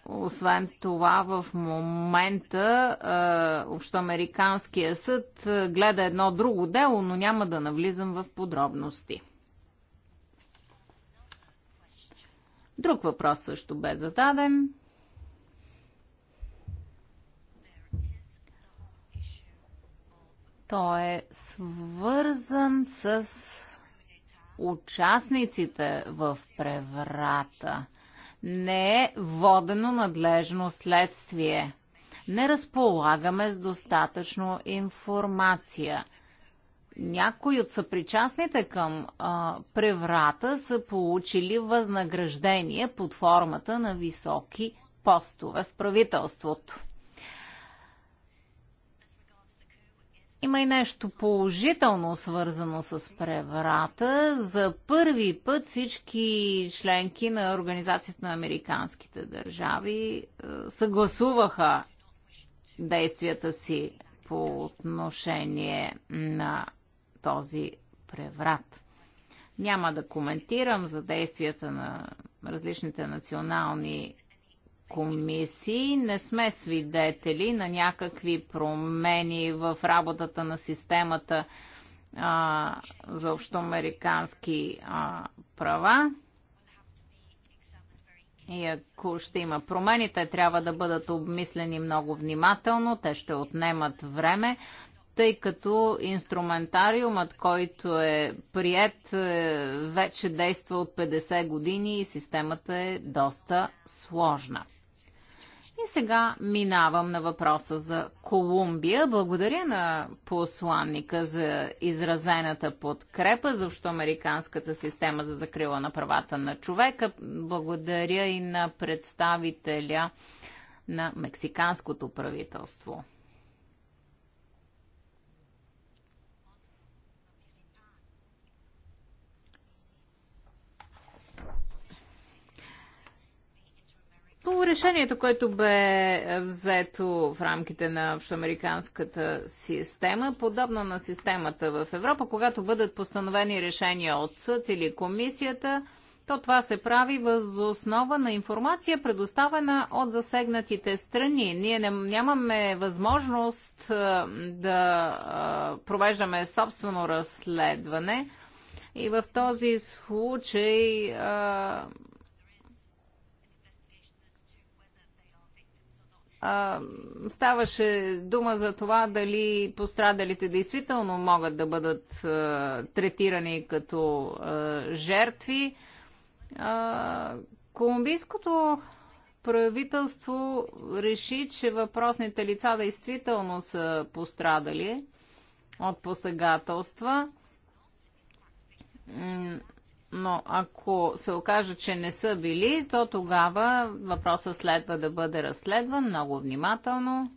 Освен това, в момента е, Общоамериканския съд гледа едно друго дело, но няма да навлизам в подробности. Друг въпрос също бе зададен. Той е свързан с участниците в преврата. Не е водено надлежно следствие. Не разполагаме с достатъчно информация – някои от съпричастните към а, преврата са получили възнаграждение под формата на високи постове в правителството. Има и нещо положително свързано с преврата. За първи път всички членки на Организацията на американските държави е, съгласуваха действията си по отношение на този преврат. Няма да коментирам за действията на различните национални комисии. Не сме свидетели на някакви промени в работата на системата а, за общоамерикански а, права. И ако ще има промени, те трябва да бъдат обмислени много внимателно, те ще отнемат време, тъй като инструментариумът, който е прият, е, вече действа от 50 години и системата е доста сложна. И сега минавам на въпроса за Колумбия. Благодаря на посланника за изразената подкрепа, защо Американската система за закрила на правата на човека. Благодаря и на представителя на мексиканското правителство. По решението, което бе е, взето в рамките на общоамериканската система, подобно на системата в Европа, когато бъдат постановени решения от съд или комисията, то това се прави въз основа на информация, предоставена от засегнатите страни. Ние не, нямаме възможност е, да е, провеждаме собствено разследване и в този случай ставаше дума за това дали пострадалите действително могат да бъдат а, третирани като а, жертви. А, колумбийското правителство реши, че въпросните лица действително са пострадали от посегателства но ако се окаже, че не са били, то тогава въпросът следва да бъде разследван много внимателно,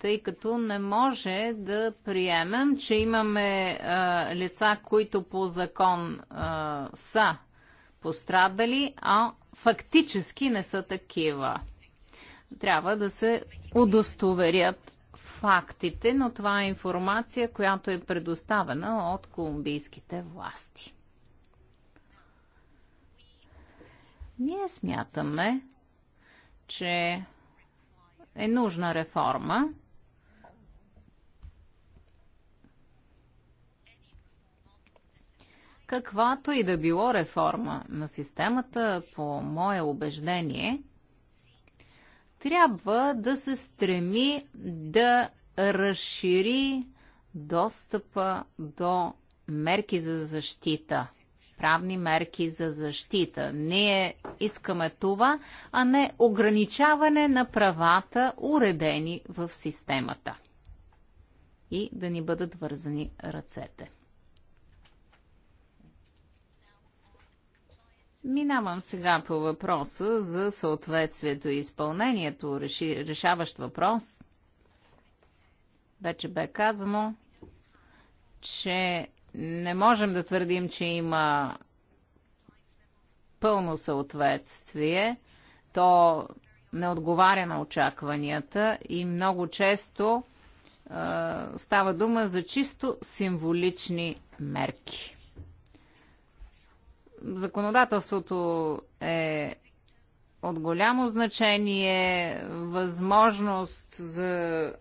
тъй като не може да приемем, че имаме а, лица, които по закон а, са пострадали, а фактически не са такива. Трябва да се удостоверят фактите, но това е информация, която е предоставена от колумбийските власти. Ние смятаме, че е нужна реформа. Каквато и да било реформа на системата, по мое убеждение, трябва да се стреми да разшири достъпа до мерки за защита правни мерки за защита. Ние искаме това, а не ограничаване на правата, уредени в системата. И да ни бъдат вързани ръцете. Минавам сега по въпроса за съответствието и изпълнението, решаващ въпрос. Вече бе казано, че не можем да твърдим, че има пълно съответствие. То не отговаря на очакванията и много често е, става дума за чисто символични мерки. Законодателството е от голямо значение, възможност за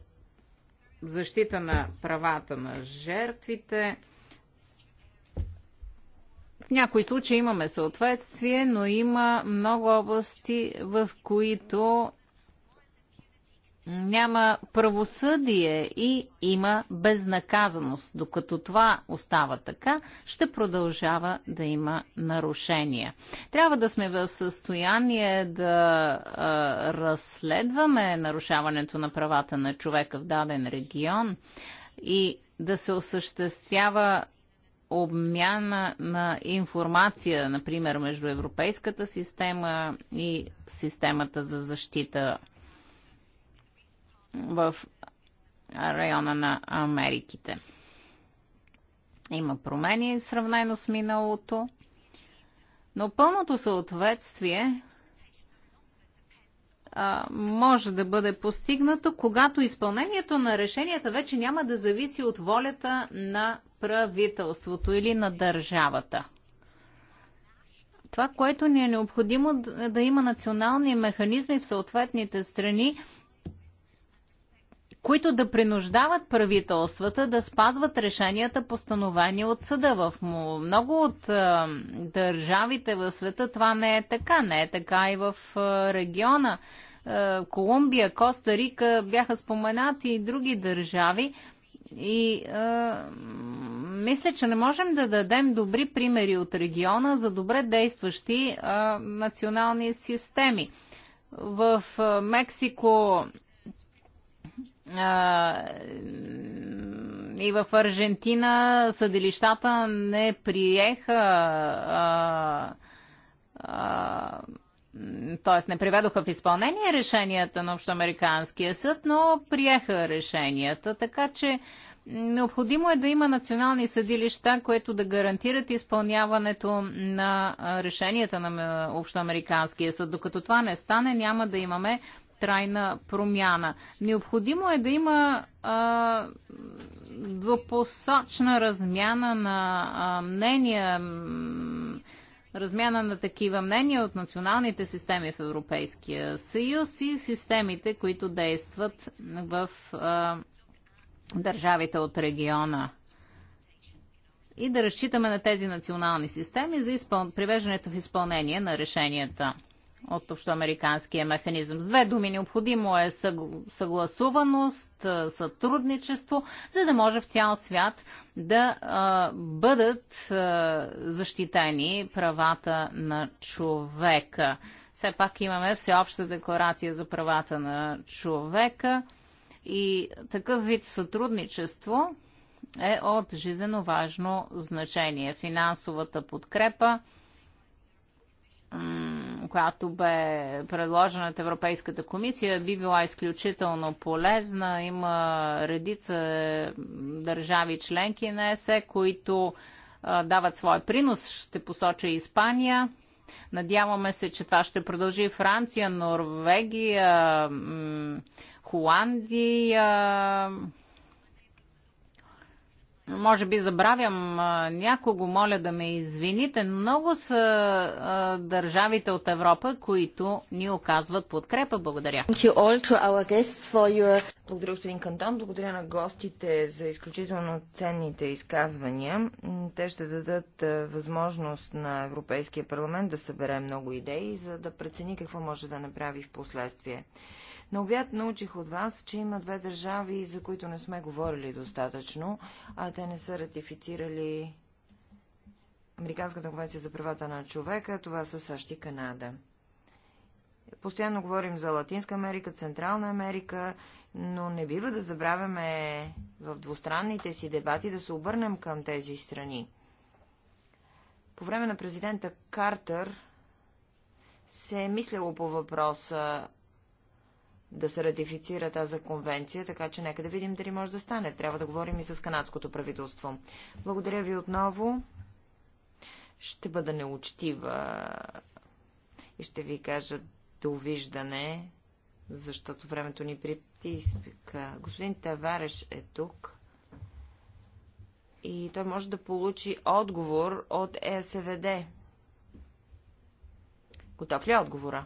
защита на правата на жертвите – в някои случаи имаме съответствие, но има много области, в които няма правосъдие и има безнаказаност. Докато това остава така, ще продължава да има нарушения. Трябва да сме в състояние да а, разследваме нарушаването на правата на човека в даден регион и да се осъществява обмяна на информация, например, между европейската система и системата за защита в района на Америките. Има промени сравнено с миналото, но пълното съответствие а, може да бъде постигнато, когато изпълнението на решенията вече няма да зависи от волята на правителството или на държавата. Това, което ни е необходимо е да има национални механизми в съответните страни, които да принуждават правителствата да спазват решенията постановени от съда. В много от държавите в света това не е така. Не е така и в региона. Колумбия, Коста Рика бяха споменати и други държави. И а, мисля, че не можем да дадем добри примери от региона за добре действащи а, национални системи. В а, Мексико а, и в Аржентина съдилищата не приеха а, а, т.е. не приведоха в изпълнение решенията на Общоамериканския съд, но приеха решенията. Така че необходимо е да има национални съдилища, което да гарантират изпълняването на решенията на Общоамериканския съд. Докато това не стане, няма да имаме трайна промяна. Необходимо е да има а, двупосочна размяна на а, мнения размяна на такива мнения от националните системи в Европейския съюз и системите, които действат в а, държавите от региона. И да разчитаме на тези национални системи за изпъл... привеждането в изпълнение на решенията от общоамериканския механизъм. С две думи, необходимо е съгласуваност, сътрудничество, за да може в цял свят да а, бъдат а, защитени правата на човека. Все пак имаме всеобща декларация за правата на човека и такъв вид сътрудничество е от жизнено важно значение. Финансовата подкрепа която бе предложена от Европейската комисия, би била изключително полезна. Има редица държави членки на ЕСЕ, които дават своя принос. Ще посоча Испания. Надяваме се, че това ще продължи Франция, Норвегия, Холандия. Може би забравям някого, моля да ме извините. Много са държавите от Европа, които ни оказват подкрепа. Благодаря. Your... Благодаря, господин Кантон. Благодаря на гостите за изключително ценните изказвания. Те ще дадат възможност на Европейския парламент да събере много идеи, за да прецени какво може да направи в последствие. На обяд научих от вас, че има две държави, за които не сме говорили достатъчно, а те не са ратифицирали Американската конвенция за правата на човека. Това са САЩ и Канада. Постоянно говорим за Латинска Америка, Централна Америка, но не бива да забравяме в двустранните си дебати да се обърнем към тези страни. По време на президента Картер се е мислило по въпроса да се ратифицира тази конвенция, така че нека да видим дали може да стане. Трябва да говорим и с канадското правителство. Благодаря ви отново. Ще бъда неучтива и ще ви кажа довиждане, защото времето ни притиска. Господин Тавареш е тук и той може да получи отговор от ЕСВД. Готов ли е отговора?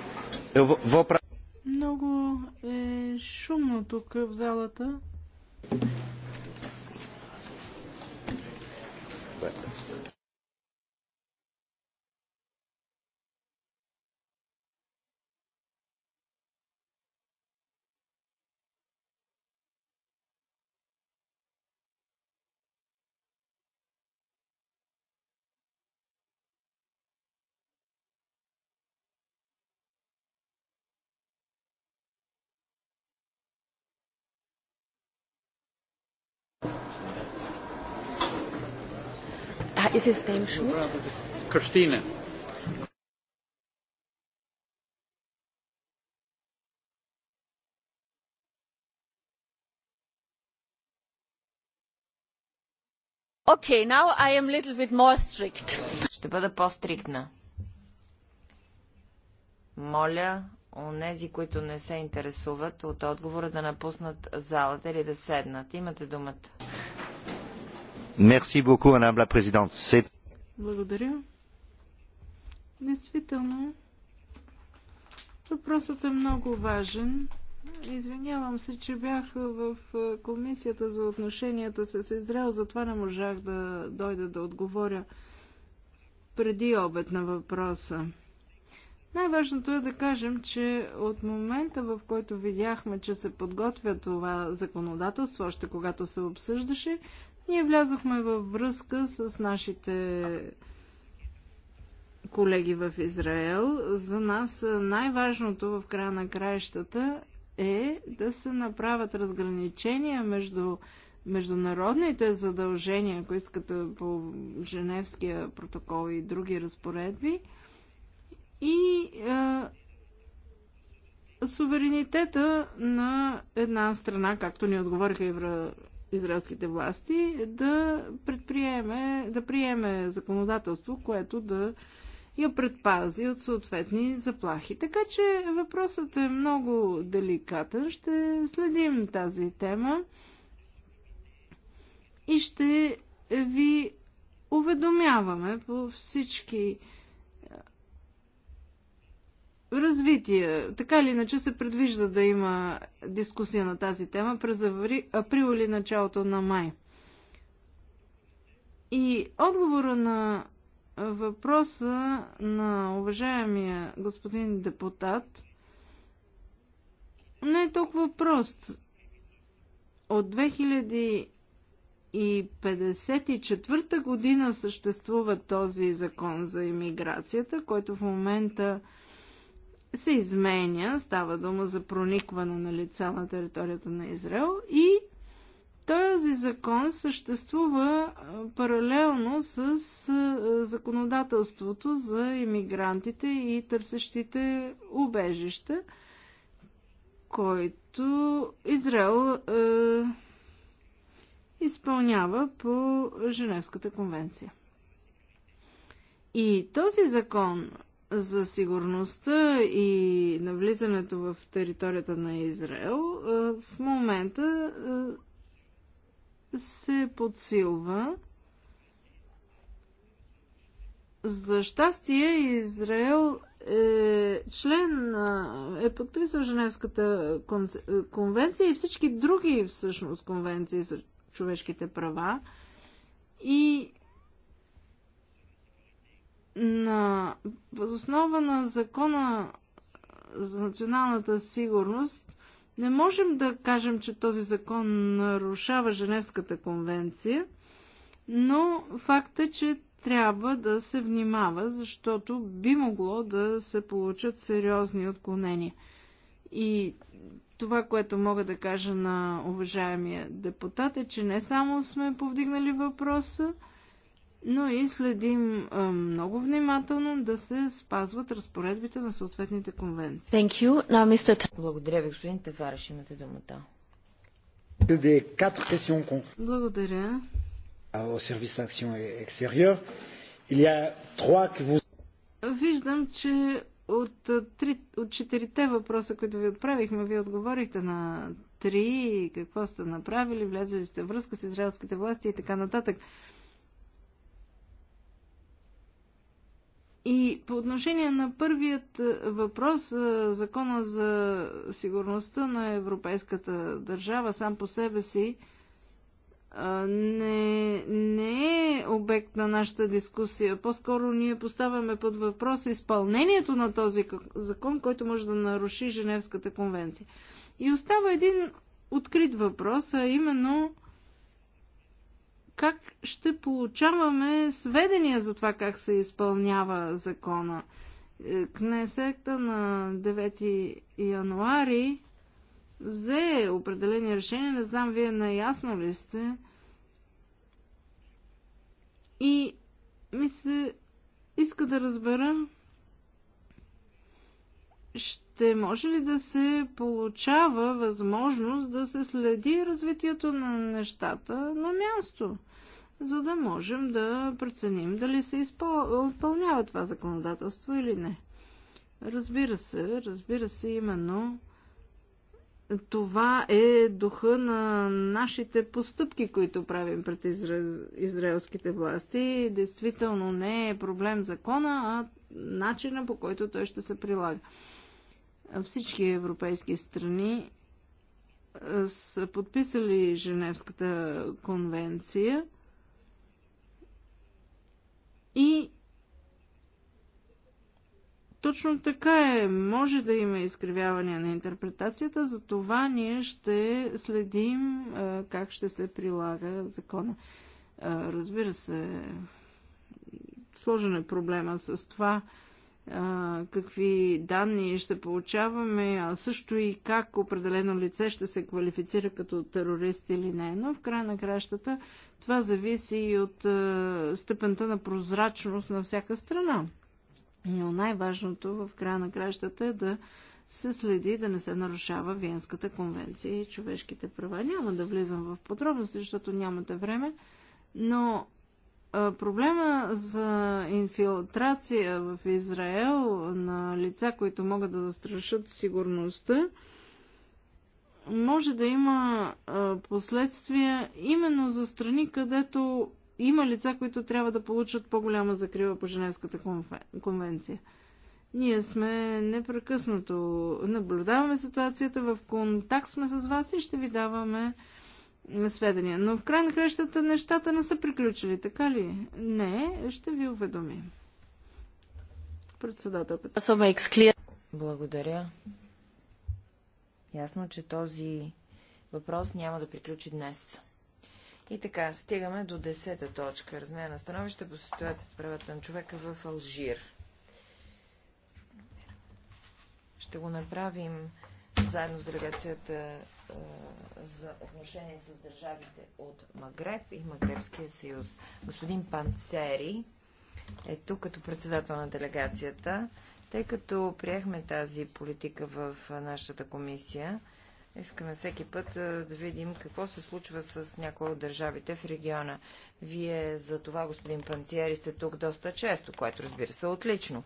Е, Много е шумно тук в залата. Da ist es beim Schmidt. Christine. Okay, now I am little bit more strict. Ще бъда по-стриктна. Моля, онези, които не се интересуват от отговора, да напуснат залата или да седнат. Имате думата. Мерси боку, анабла президент. Благодаря. Действително, въпросът е много важен. Извинявам се, че бях в комисията за отношенията с Израел, затова не можах да дойда да отговоря преди обед на въпроса. Най-важното е да кажем, че от момента, в който видяхме, че се подготвя това законодателство, още когато се обсъждаше, ние влязохме във връзка с нашите колеги в Израел. За нас най-важното в края на краищата е да се направят разграничения между международните задължения, ако искате по Женевския протокол и други разпоредби – и а, е, суверенитета на една страна, както ни отговориха евро, израелските власти, да предприеме, да приеме законодателство, което да я предпази от съответни заплахи. Така че въпросът е много деликатен. Ще следим тази тема и ще ви уведомяваме по всички развитие. Така или иначе се предвижда да има дискусия на тази тема през април или началото на май. И отговора на въпроса на уважаемия господин депутат не е толкова прост. От 2054 година съществува този закон за иммиграцията, който в момента се изменя, става дума за проникване на лица на територията на Израел и този закон съществува паралелно с законодателството за иммигрантите и търсещите убежища, който Израел е, изпълнява по Женевската конвенция. И този закон за сигурността и навлизането в територията на Израел в момента се подсилва. За щастие Израел е член, е подписал Женевската конвенция и всички други всъщност конвенции за човешките права и на възоснова на закона за националната сигурност не можем да кажем, че този закон нарушава Женевската конвенция, но факт е, че трябва да се внимава, защото би могло да се получат сериозни отклонения. И това, което мога да кажа на уважаемия депутат е, че не само сме повдигнали въпроса, но и следим много внимателно да се спазват разпоредбите на съответните конвенции. Thank you. Now, Mr. Благодаря ви, господин Тавареш, имате думата. Благодаря. Ah, au service d'action extérieure, il y a trois que vous... Виждам, че от, три, от четирите въпроса, които ви отправихме, вие отговорихте на три, какво сте направили, влезли сте връзка с израелските власти и така нататък. И по отношение на първият е, въпрос, е, закона за сигурността на европейската държава сам по себе си е, не, не е обект на нашата дискусия. По-скоро ние поставяме под въпрос изпълнението на този закон, който може да наруши Женевската конвенция. И остава един открит въпрос, а именно как ще получаваме сведения за това как се изпълнява закона. Е, Кнесекта на 9 януари взе определени решения, не знам вие наясно ли сте. И ми се иска да разбера, ще ще може ли да се получава възможност да се следи развитието на нещата на място, за да можем да преценим дали се изпълнява това законодателство или не. Разбира се, разбира се, именно това е духа на нашите постъпки, които правим пред изра... израелските власти. Действително не е проблем закона, а начина по който той ще се прилага. Всички европейски страни са подписали Женевската конвенция и точно така е. Може да има изкривяване на интерпретацията, за това ние ще следим как ще се прилага закона. Разбира се, сложен е проблема с това какви данни ще получаваме, а също и как определено лице ще се квалифицира като терорист или не. Но в края на кращата това зависи и от степента на прозрачност на всяка страна. Но най-важното в края на кращата е да се следи да не се нарушава Виенската конвенция и човешките права. Няма да влизам в подробности, защото нямате време, но Проблема за инфилтрация в Израел на лица, които могат да застрашат сигурността, може да има последствия именно за страни, където има лица, които трябва да получат по-голяма закрива по Женевската конвенция. Ние сме непрекъснато наблюдаваме ситуацията, в контакт сме с вас и ще ви даваме сведения. Но в край на кращата нещата не са приключили, така ли? Не, ще ви уведоми. Председателката. Благодаря. Ясно, че този въпрос няма да приключи днес. И така, стигаме до десета точка. Размея на становище по ситуацията правата на човека в Алжир. Ще го направим заедно с делегацията за отношение с държавите от Магреб и Магребския съюз. Господин Панцери е тук като председател на делегацията. Тъй като приехме тази политика в нашата комисия, искаме всеки път да видим какво се случва с някои от държавите в региона. Вие за това, господин Панциери, сте тук доста често, което разбира се е отлично.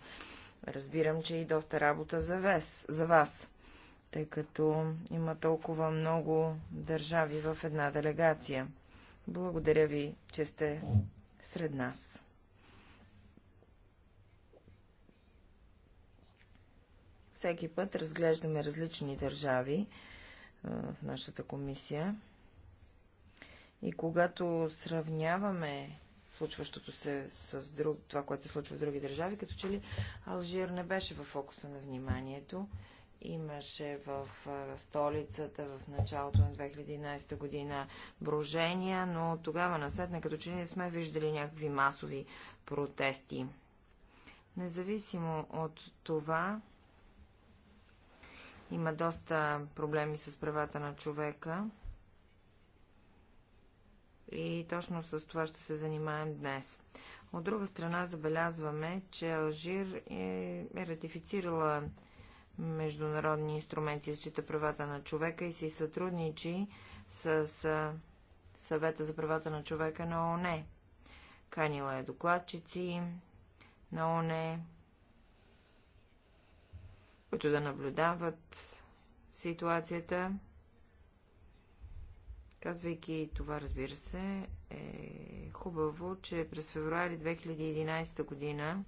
Разбирам, че и доста работа за вас тъй като има толкова много държави в една делегация. Благодаря ви, че сте сред нас. Всеки път разглеждаме различни държави в нашата комисия. И когато сравняваме случващото се с друг, това, което се случва в други държави, като че ли Алжир не беше в фокуса на вниманието. Имаше в столицата в началото на 2011 година брожения, но тогава насетне като че не сме виждали някакви масови протести. Независимо от това, има доста проблеми с правата на човека. И точно с това ще се занимаем днес. От друга страна забелязваме, че Алжир е, е ратифицирала международни инструменти за защита правата на човека и си сътрудничи с, с Съвета за правата на човека на ООН. Канила е докладчици на ООН, които да наблюдават ситуацията. Казвайки това, разбира се, е хубаво, че през февруари 2011 година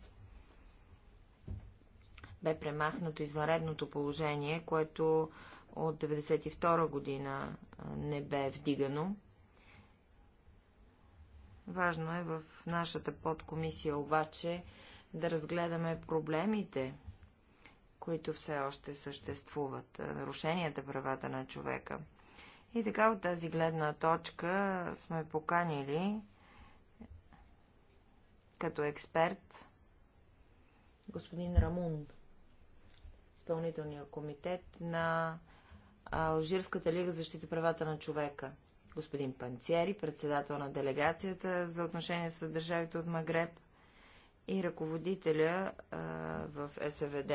бе премахнато извънредното положение, което от 1992 година не бе вдигано. Важно е в нашата подкомисия обаче да разгледаме проблемите, които все още съществуват, нарушенията правата на човека. И така от тази гледна точка сме поканили като експерт господин Рамун изпълнителния комитет на Алжирската лига за защита правата на човека. Господин Панциери, председател на делегацията за отношение с държавите от Магреб и ръководителя а, в СВД,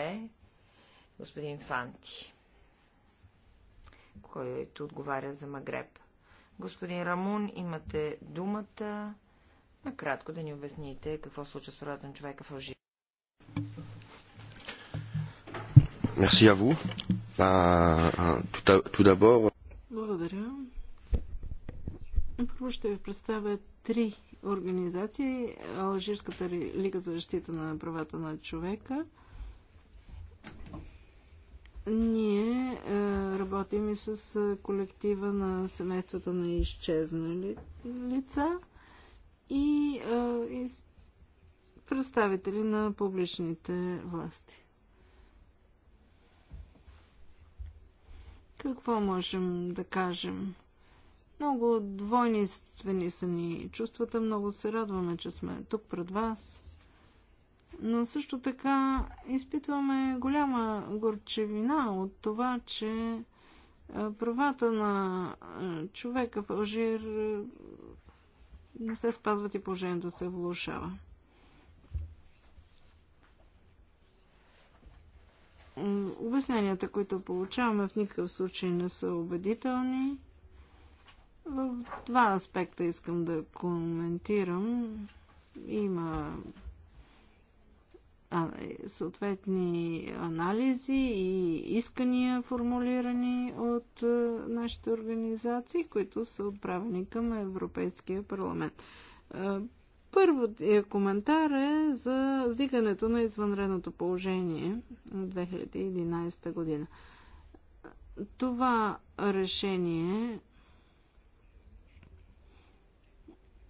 господин Фанти, който отговаря за Магреб. Господин Рамун, имате думата накратко да ни обясните какво случва с правата на човека в Алжир. Merci à vous. Euh, tout d'abord. Благодаря. Първо ще ви представя три организации. Алжирската лига за защита на правата на човека. Ние е, работим и с е, колектива на семействата на изчезнали лица и, е, и представители на публичните власти. Какво можем да кажем? Много двойниствени са ни чувствата, много се радваме, че сме тук пред вас. Но също така изпитваме голяма горчевина от това, че правата на човека в Алжир не се спазват и положението се влушава. Обясненията, които получаваме, в никакъв случай не са убедителни. В два аспекта искам да коментирам. Има е, съответни анализи и искания формулирани от е, нашите организации, които са отправени към Европейския парламент. Е, Първият е коментар е за вдигането на извънредното положение от 2011 година. Това решение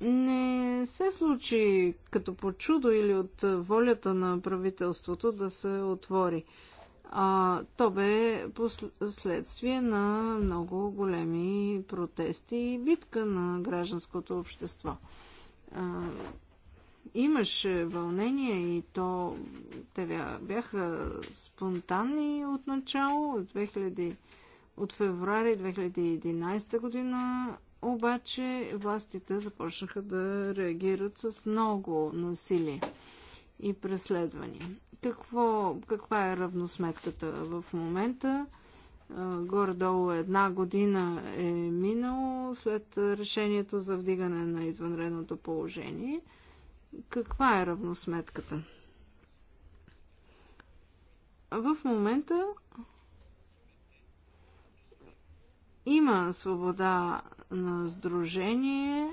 не се случи като по чудо или от волята на правителството да се отвори. А, то бе последствие на много големи протести и битка на гражданското общество а, имаше вълнение и то те бяха спонтанни от начало, от 2000 от феврари 2011 година обаче властите започнаха да реагират с много насилие и преследвания. Какво, каква е равносметката в момента? Горе-долу една година е минало след решението за вдигане на извънредното положение. Каква е равносметката? В момента има свобода на сдружение,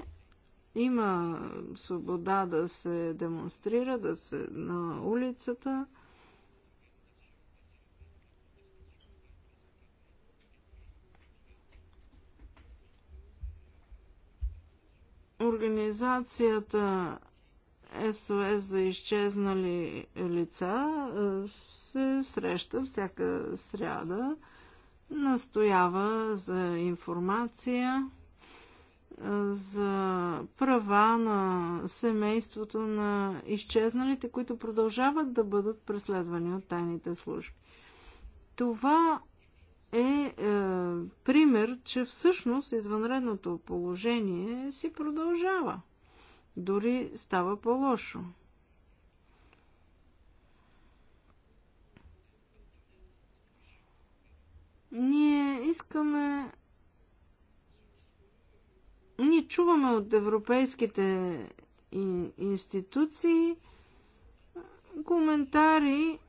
има свобода да се демонстрира, да се на улицата – Организацията СОС за изчезнали лица е, се среща всяка сряда, настоява за информация, е, за права на семейството на изчезналите, които продължават да бъдат преследвани от тайните служби. Това е, е пример, че всъщност извънредното положение си продължава. Дори става по-лошо. Ние искаме. Ние чуваме от европейските институции коментари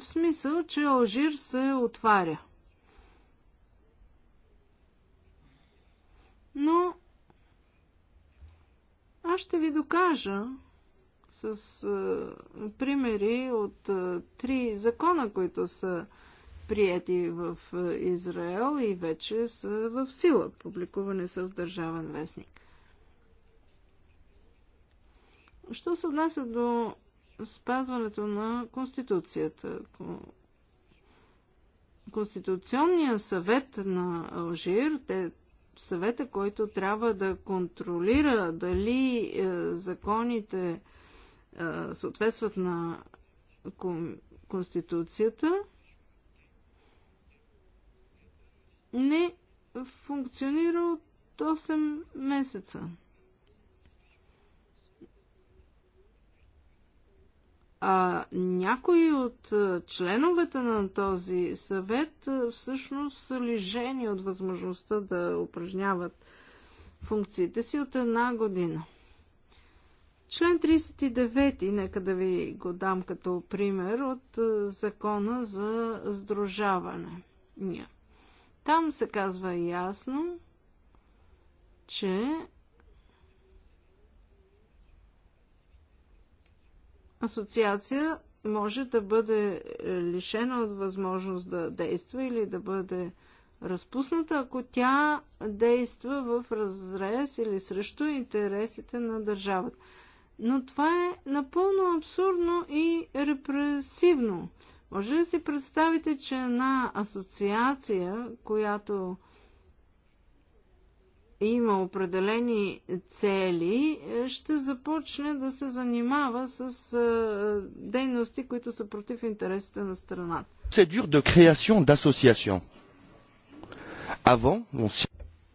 в смисъл, че Алжир се отваря. Но аз ще ви докажа с е, примери от е, три закона, които са прияти в е, Израел и вече са в сила. Публикувани са в Държавен вестник. Що се отнася до спазването на Конституцията. Конституционният съвет на Алжир, те, съвета, който трябва да контролира дали е, законите е, съответстват на Конституцията, не функционира от 8 месеца. А някои от членовете на този съвет всъщност са лишени от възможността да упражняват функциите си от една година. Член 39, нека да ви го дам като пример от закона за сдружаване. Там се казва ясно, че асоциация може да бъде лишена от възможност да действа или да бъде разпусната, ако тя действа в разрез или срещу интересите на държавата. Но това е напълно абсурдно и репресивно. Може да си представите, че една асоциация, която има определени цели, е, ще започне да се занимава с е, дейности, които са против интересите на страната. Процедура за création d'association. Avant,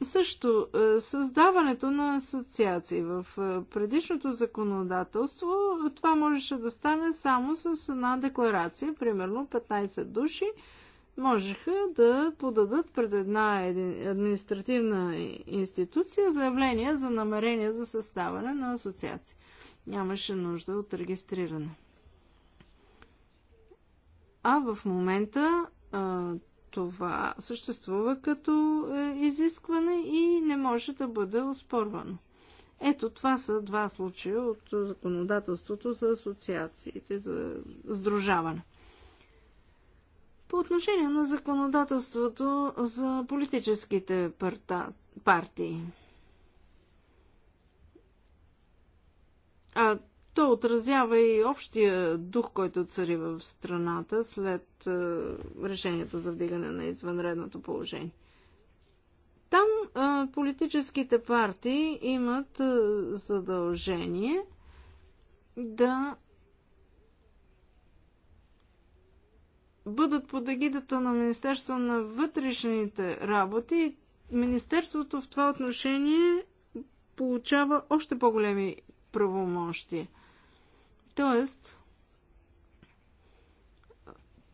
Също, е, създаването на асоциации в предишното законодателство, това можеше да стане само с една декларация, примерно 15 души, можеха да подадат пред една административна институция заявление за намерение за съставане на асоциация. Нямаше нужда от регистриране. А в момента а, това съществува като е, изискване и не може да бъде оспорвано. Ето, това са два случая от законодателството за асоциациите, за сдружаване. По отношение на законодателството за политическите парта, партии. А то отразява и общия дух, който цари в страната след е, решението за вдигане на извънредното положение. Там е, политическите партии имат е, задължение да бъдат под егидата на Министерство на вътрешните работи. Министерството в това отношение получава още по-големи правомощия. Тоест,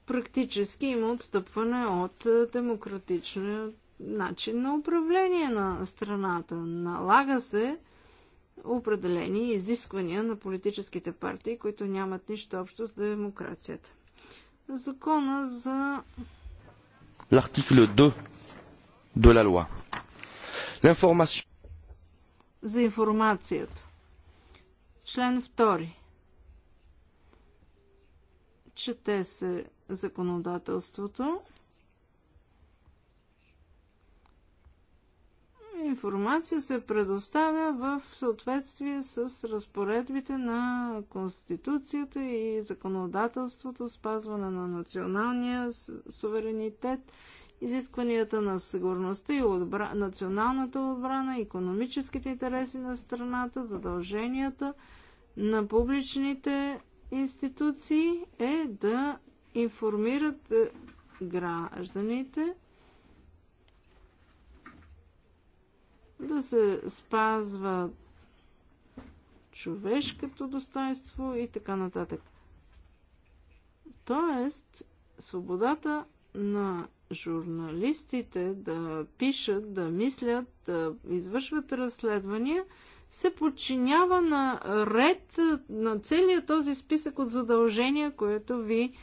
практически има отстъпване от е, демократичния начин на управление на страната. Налага се определени изисквания на политическите партии, които нямат нищо общо с демокрацията. Закона за... L'article 2 de la loi. L'information... За информацията. Член 2. Чете се законодателството. информация се предоставя в съответствие с разпоредбите на Конституцията и законодателството, спазване на националния суверенитет, изискванията на сигурността и отбра... националната отбрана, економическите интереси на страната, задълженията на публичните институции е да информират е, гражданите да се спазва човешкото достоинство и така нататък. Тоест, свободата на журналистите да пишат, да мислят, да извършват разследвания, се подчинява на ред на целия този списък от задължения, което ви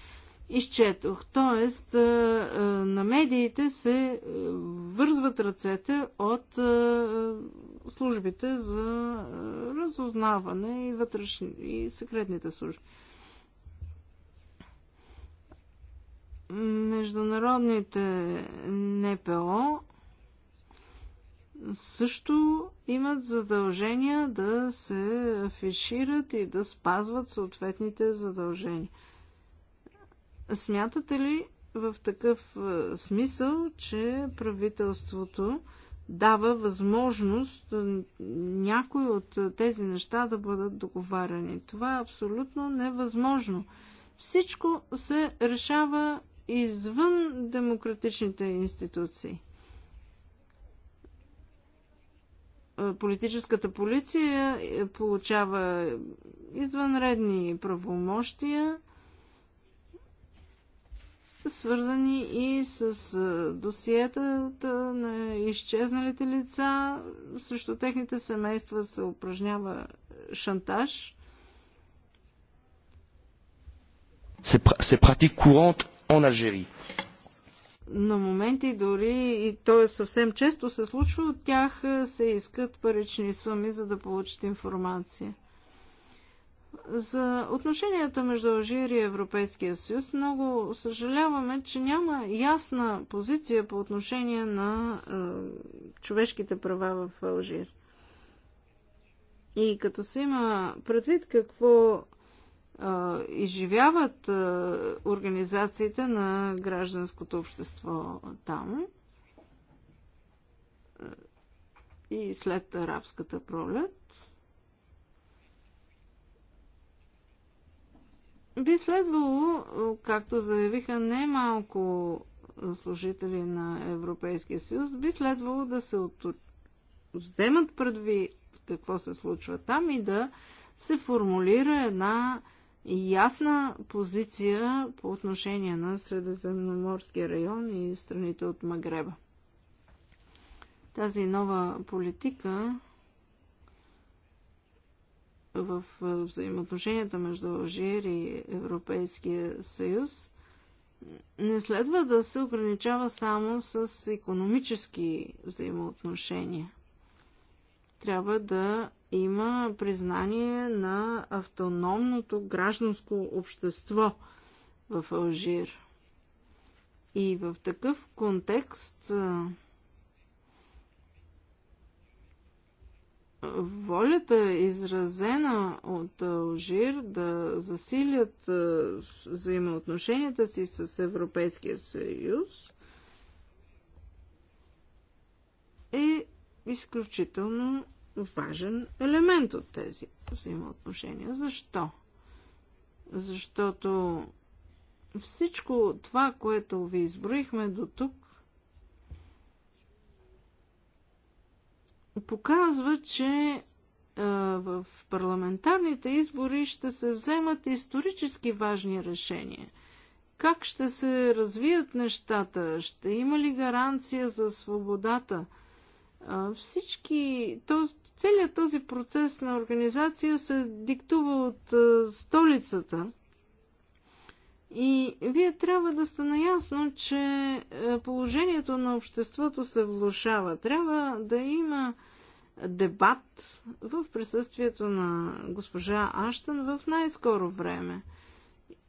изчетох. Тоест, на медиите се вързват ръцете от службите за разузнаване и вътрешни и секретните служби. Международните НПО също имат задължения да се афишират и да спазват съответните задължения. Смятате ли в такъв е, смисъл, че правителството дава възможност е, някои от е, тези неща да бъдат договаряни? Това е абсолютно невъзможно. Всичко се решава извън демократичните институции. Политическата полиция получава извънредни правомощия свързани и с досиетата на изчезналите лица. Срещу техните семейства се упражнява шантаж. Се прати курант в Algérie. На моменти дори, и то е съвсем често се случва, от тях се искат парични суми, за да получат информация. За отношенията между Алжир и Европейския съюз много съжаляваме, че няма ясна позиция по отношение на е, човешките права в Алжир. И като се има предвид какво е, изживяват е, организациите на гражданското общество там е, и след арабската пролет, Би следвало, както заявиха немалко служители на Европейския съюз, би следвало да се от... вземат предвид какво се случва там и да се формулира една ясна позиция по отношение на Средиземноморския район и страните от Магреба. Тази нова политика в взаимоотношенията между Алжир и Европейския съюз не следва да се ограничава само с економически взаимоотношения. Трябва да има признание на автономното гражданско общество в Алжир. И в такъв контекст волята изразена от Алжир да засилят е, взаимоотношенията си с Европейския съюз е изключително важен елемент от тези взаимоотношения. Защо? Защото всичко това, което ви изброихме до тук, показва, че в парламентарните избори ще се вземат исторически важни решения. Как ще се развият нещата? Ще има ли гаранция за свободата? Всички, този, целият този процес на организация се диктува от столицата. И вие трябва да сте наясно, че положението на обществото се влушава. Трябва да има дебат в присъствието на госпожа Аштън в най-скоро време.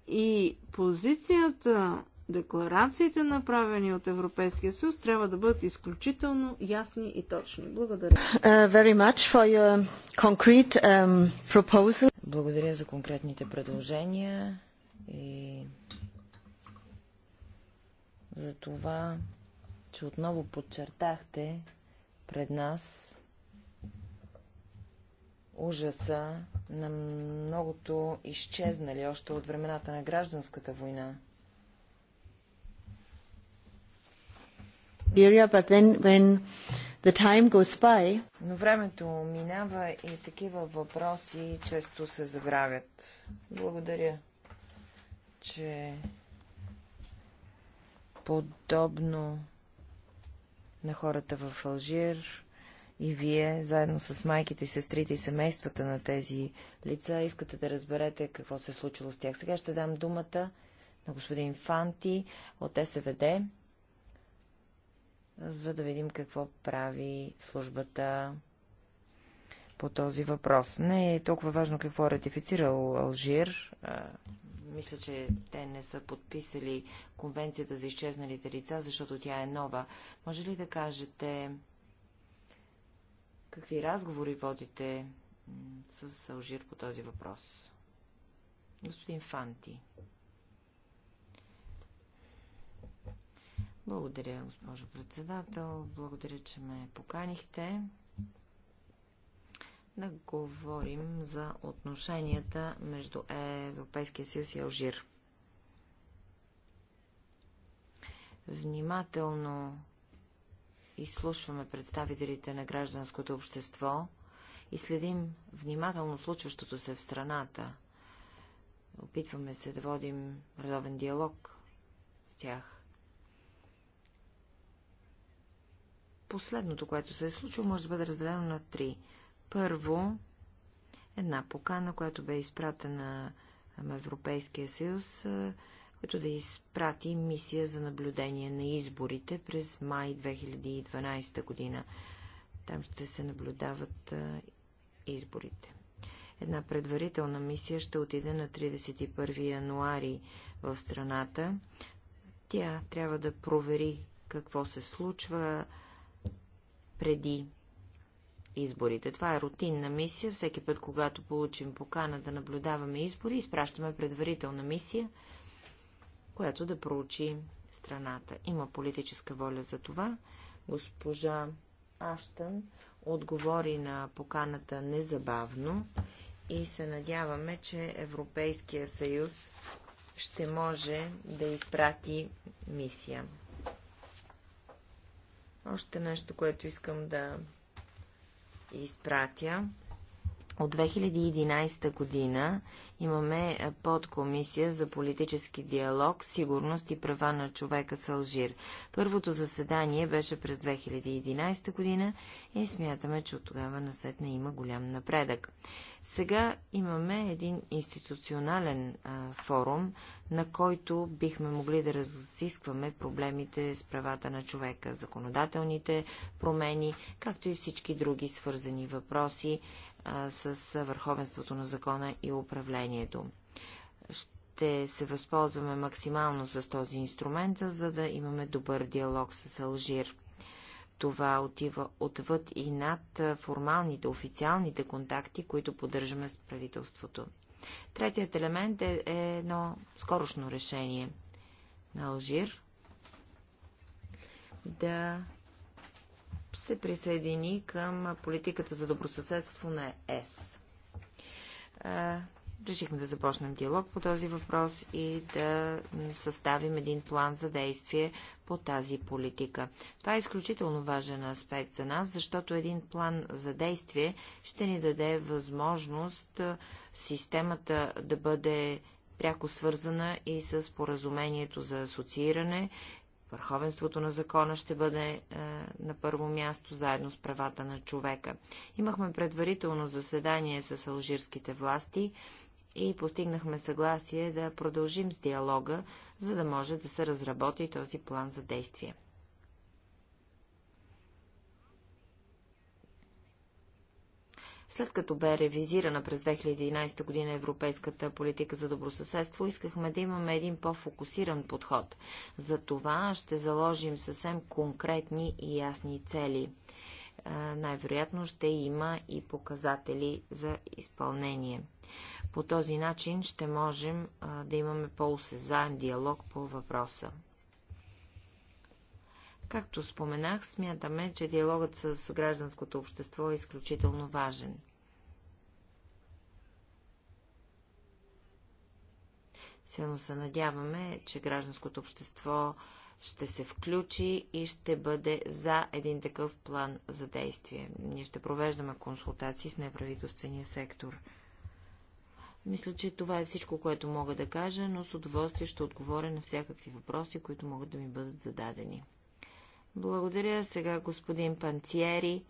И позицията, декларациите, направени от Европейския съюз, трябва да бъдат изключително ясни и точни. Благодаря. Uh, concrete, um, Благодаря за конкретните предложения и за това, че отново подчертахте пред нас ужаса на многото изчезнали още от времената на гражданската война. Но времето минава и такива въпроси често се забравят. Благодаря, че подобно на хората в Алжир и вие, заедно с майките, сестрите и семействата на тези лица, искате да разберете какво се е случило с тях. Сега ще дам думата на господин Фанти от СВД, за да видим какво прави службата по този въпрос. Не е толкова важно какво е ратифицирал Алжир. Мисля, че те не са подписали конвенцията за изчезналите лица, защото тя е нова. Може ли да кажете Какви разговори водите с Алжир по този въпрос? Господин Фанти. Благодаря, госпожо председател. Благодаря, че ме поканихте да говорим за отношенията между е, Европейския съюз и Алжир. Внимателно изслушваме представителите на гражданското общество и следим внимателно случващото се в страната. Опитваме се да водим редовен диалог с тях. Последното, което се е случило, може да бъде разделено на три. Първо, една покана, която бе изпратена на Европейския съюз като да изпрати мисия за наблюдение на изборите през май 2012 година. Там ще се наблюдават изборите. Една предварителна мисия ще отиде на 31 януари в страната. Тя трябва да провери какво се случва преди изборите. Това е рутинна мисия. Всеки път, когато получим покана да наблюдаваме избори, изпращаме предварителна мисия която да проучи страната. Има политическа воля за това. Госпожа Аштън отговори на поканата незабавно и се надяваме, че Европейския съюз ще може да изпрати мисия. Още нещо, което искам да изпратя от 2011 година имаме е, подкомисия за политически диалог, сигурност и права на човека с Алжир. Първото заседание беше през 2011 година и смятаме, че от тогава насетне има голям напредък. Сега имаме един институционален а, форум, на който бихме могли да разискваме проблемите с правата на човека, законодателните промени, както и всички други свързани въпроси, а, с върховенството на закона и управлението. Ще се възползваме максимално с този инструмент, за да имаме добър диалог с Алжир. Това отива отвъд и над формалните, официалните контакти, които поддържаме с правителството. Третият елемент е, е едно скорошно решение на Алжир да се присъедини към политиката за добросъседство на ЕС. Решихме да започнем диалог по този въпрос и да съставим един план за действие по тази политика. Това е изключително важен аспект за нас, защото един план за действие ще ни даде възможност системата да бъде пряко свързана и с поразумението за асоцииране Върховенството на закона ще бъде е, на първо място, заедно с правата на човека. Имахме предварително заседание с алжирските власти и постигнахме съгласие да продължим с диалога, за да може да се разработи този план за действие. След като бе ревизирана през 2011 година европейската политика за добросъседство, искахме да имаме един по-фокусиран подход. За това ще заложим съвсем конкретни и ясни цели. Най-вероятно ще има и показатели за изпълнение. По този начин ще можем да имаме по-осезаем диалог по въпроса. Както споменах, смятаме, че диалогът с гражданското общество е изключително важен. Силно се надяваме, че гражданското общество ще се включи и ще бъде за един такъв план за действие. Ние ще провеждаме консултации с неправителствения сектор. Мисля, че това е всичко, което мога да кажа, но с удоволствие ще отговоря на всякакви въпроси, които могат да ми бъдат зададени. Благодаря сега господин Панциери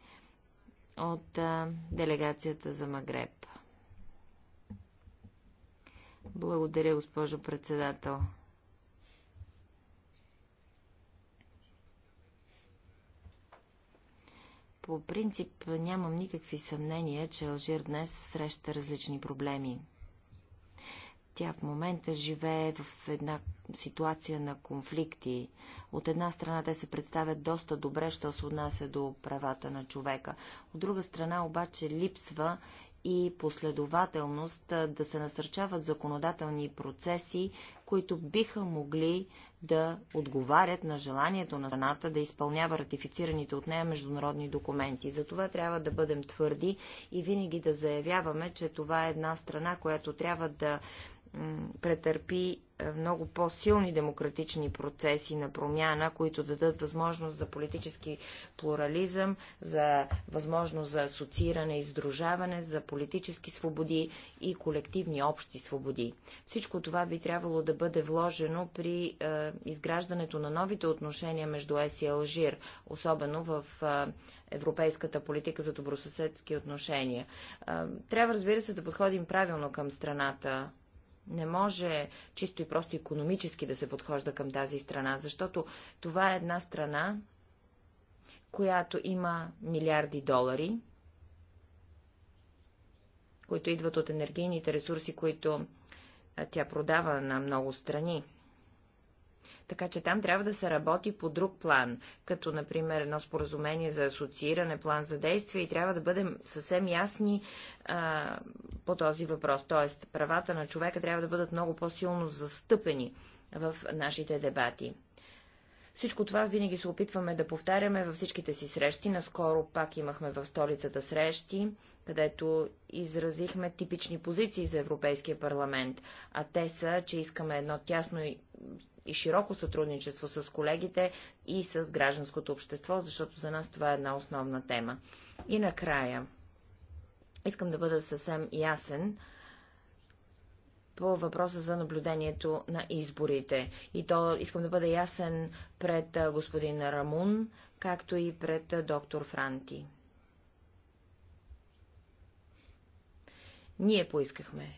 от а, делегацията за Магреб. Благодаря, госпожо председател. По принцип нямам никакви съмнения, че Алжир днес среща различни проблеми. Тя в момента живее в една ситуация на конфликти. От една страна те се представят доста добре, що се отнася до правата на човека. От друга страна обаче липсва и последователност да се насърчават законодателни процеси, които биха могли да отговарят на желанието на страната да изпълнява ратифицираните от нея международни документи. За това трябва да бъдем твърди и винаги да заявяваме, че това е една страна, която трябва да претърпи е, много по-силни демократични процеси на промяна, които дадат възможност за политически плурализъм, за възможност за асоцииране и сдружаване, за политически свободи и колективни общи свободи. Всичко това би трябвало да бъде вложено при е, изграждането на новите отношения между ЕС и Алжир, особено в е, европейската политика за добросъседски отношения. Е, трябва, разбира се, да подходим правилно към страната не може чисто и просто економически да се подхожда към тази страна, защото това е една страна, която има милиарди долари, които идват от енергийните ресурси, които тя продава на много страни. Така че там трябва да се работи по друг план, като например едно споразумение за асоцииране, план за действие и трябва да бъдем съвсем ясни а, по този въпрос. Тоест, правата на човека трябва да бъдат много по-силно застъпени в нашите дебати. Всичко това винаги се опитваме да повтаряме във всичките си срещи. Наскоро пак имахме в столицата срещи, където изразихме типични позиции за Европейския парламент, а те са, че искаме едно тясно и широко сътрудничество с колегите и с гражданското общество, защото за нас това е една основна тема. И накрая, искам да бъда съвсем ясен, по въпроса за наблюдението на изборите. И то искам да бъда ясен пред господин Рамун, както и пред доктор Франти. Ние поискахме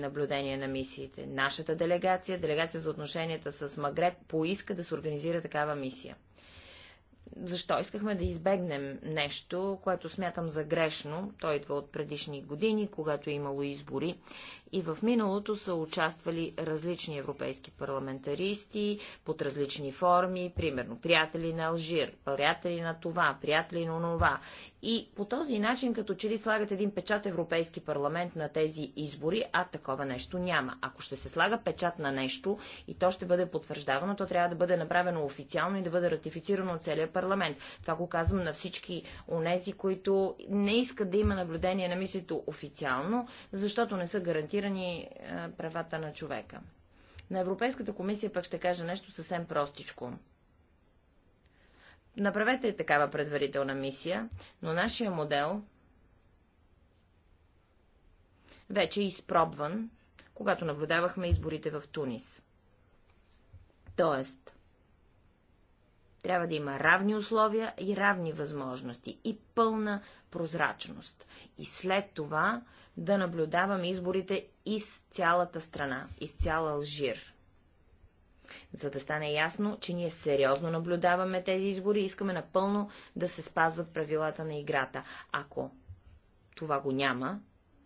наблюдение на мисиите. Нашата делегация, делегация за отношенията с Магреб, поиска да се организира такава мисия. Защо? Искахме да избегнем нещо, което смятам за грешно. Той идва от предишни години, когато е имало избори и в миналото са участвали различни европейски парламентаристи под различни форми, примерно приятели на Алжир, приятели на това, приятели на това. И по този начин, като че ли слагат един печат Европейски парламент на тези избори, а такова нещо няма. Ако ще се слага печат на нещо и то ще бъде потвърждавано, то трябва да бъде направено официално и да бъде ратифицирано от целия парламент. Това го казвам на всички онези, които не искат да има наблюдение на мислито официално, защото не са гарантирани гарантирани е, правата на човека. На Европейската комисия пък ще кажа нещо съвсем простичко. Направете такава предварителна мисия, но нашия модел вече е изпробван, когато наблюдавахме изборите в Тунис. Тоест, трябва да има равни условия и равни възможности и пълна прозрачност. И след това да наблюдаваме изборите из цялата страна, из цял Алжир. За да стане ясно, че ние сериозно наблюдаваме тези избори и искаме напълно да се спазват правилата на играта. Ако това го няма,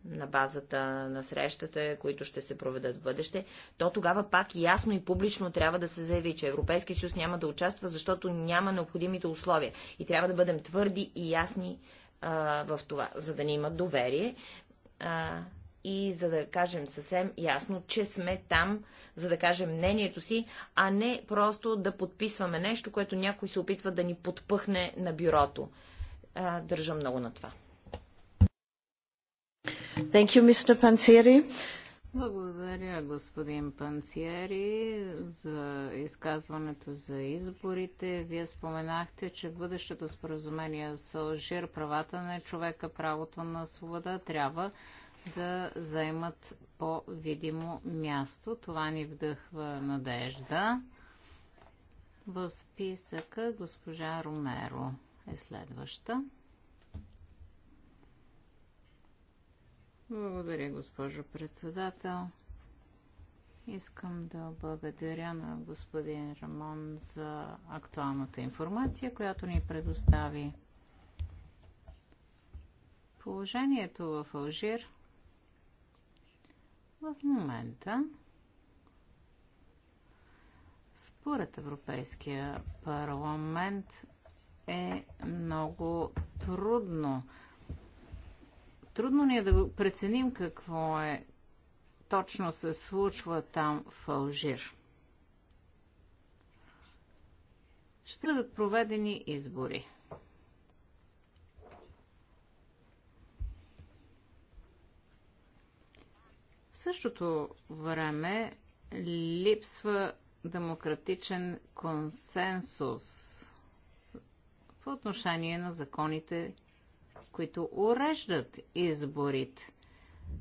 на базата на срещата, които ще се проведат в бъдеще, то тогава пак ясно и публично трябва да се заяви, че Европейския съюз няма да участва, защото няма необходимите условия. И трябва да бъдем твърди и ясни а, в това, за да ни имат доверие, а, и за да кажем съвсем ясно, че сме там, за да кажем мнението си, а не просто да подписваме нещо, което някой се опитва да ни подпъхне на бюрото. А, държа много на това. Thank you, Mr. Благодаря, господин Панциери, за изказването за изборите. Вие споменахте, че бъдещето споразумение с Алжир, правата на човека, правото на свобода трябва да заемат по-видимо място. Това ни вдъхва надежда. В списъка госпожа Ромеро е следваща. Благодаря, госпожо председател. Искам да благодаря на господин Рамон за актуалната информация, която ни предостави. Положението в Алжир в момента според Европейския парламент е много трудно. Трудно ни е да преценим какво е точно се случва там в Алжир. Ще бъдат проведени избори. В същото време липсва демократичен консенсус по отношение на законите които уреждат изборите.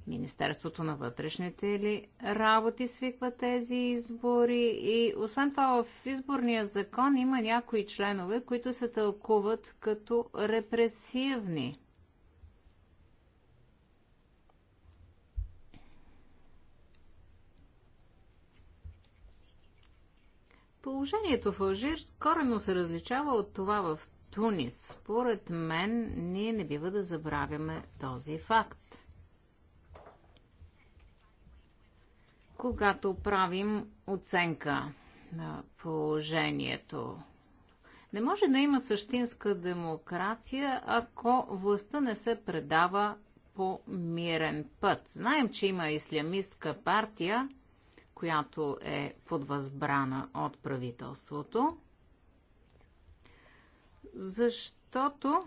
Министерството на вътрешните ли работи свиква тези избори и освен това в изборния закон има някои членове, които се тълкуват като репресивни. Положението в Алжир скорено се различава от това в Тунис. Според мен, ние не бива да забравяме този факт. Когато правим оценка на положението, не може да има същинска демокрация, ако властта не се предава по мирен път. Знаем, че има ислямистка партия, която е възбрана от правителството защото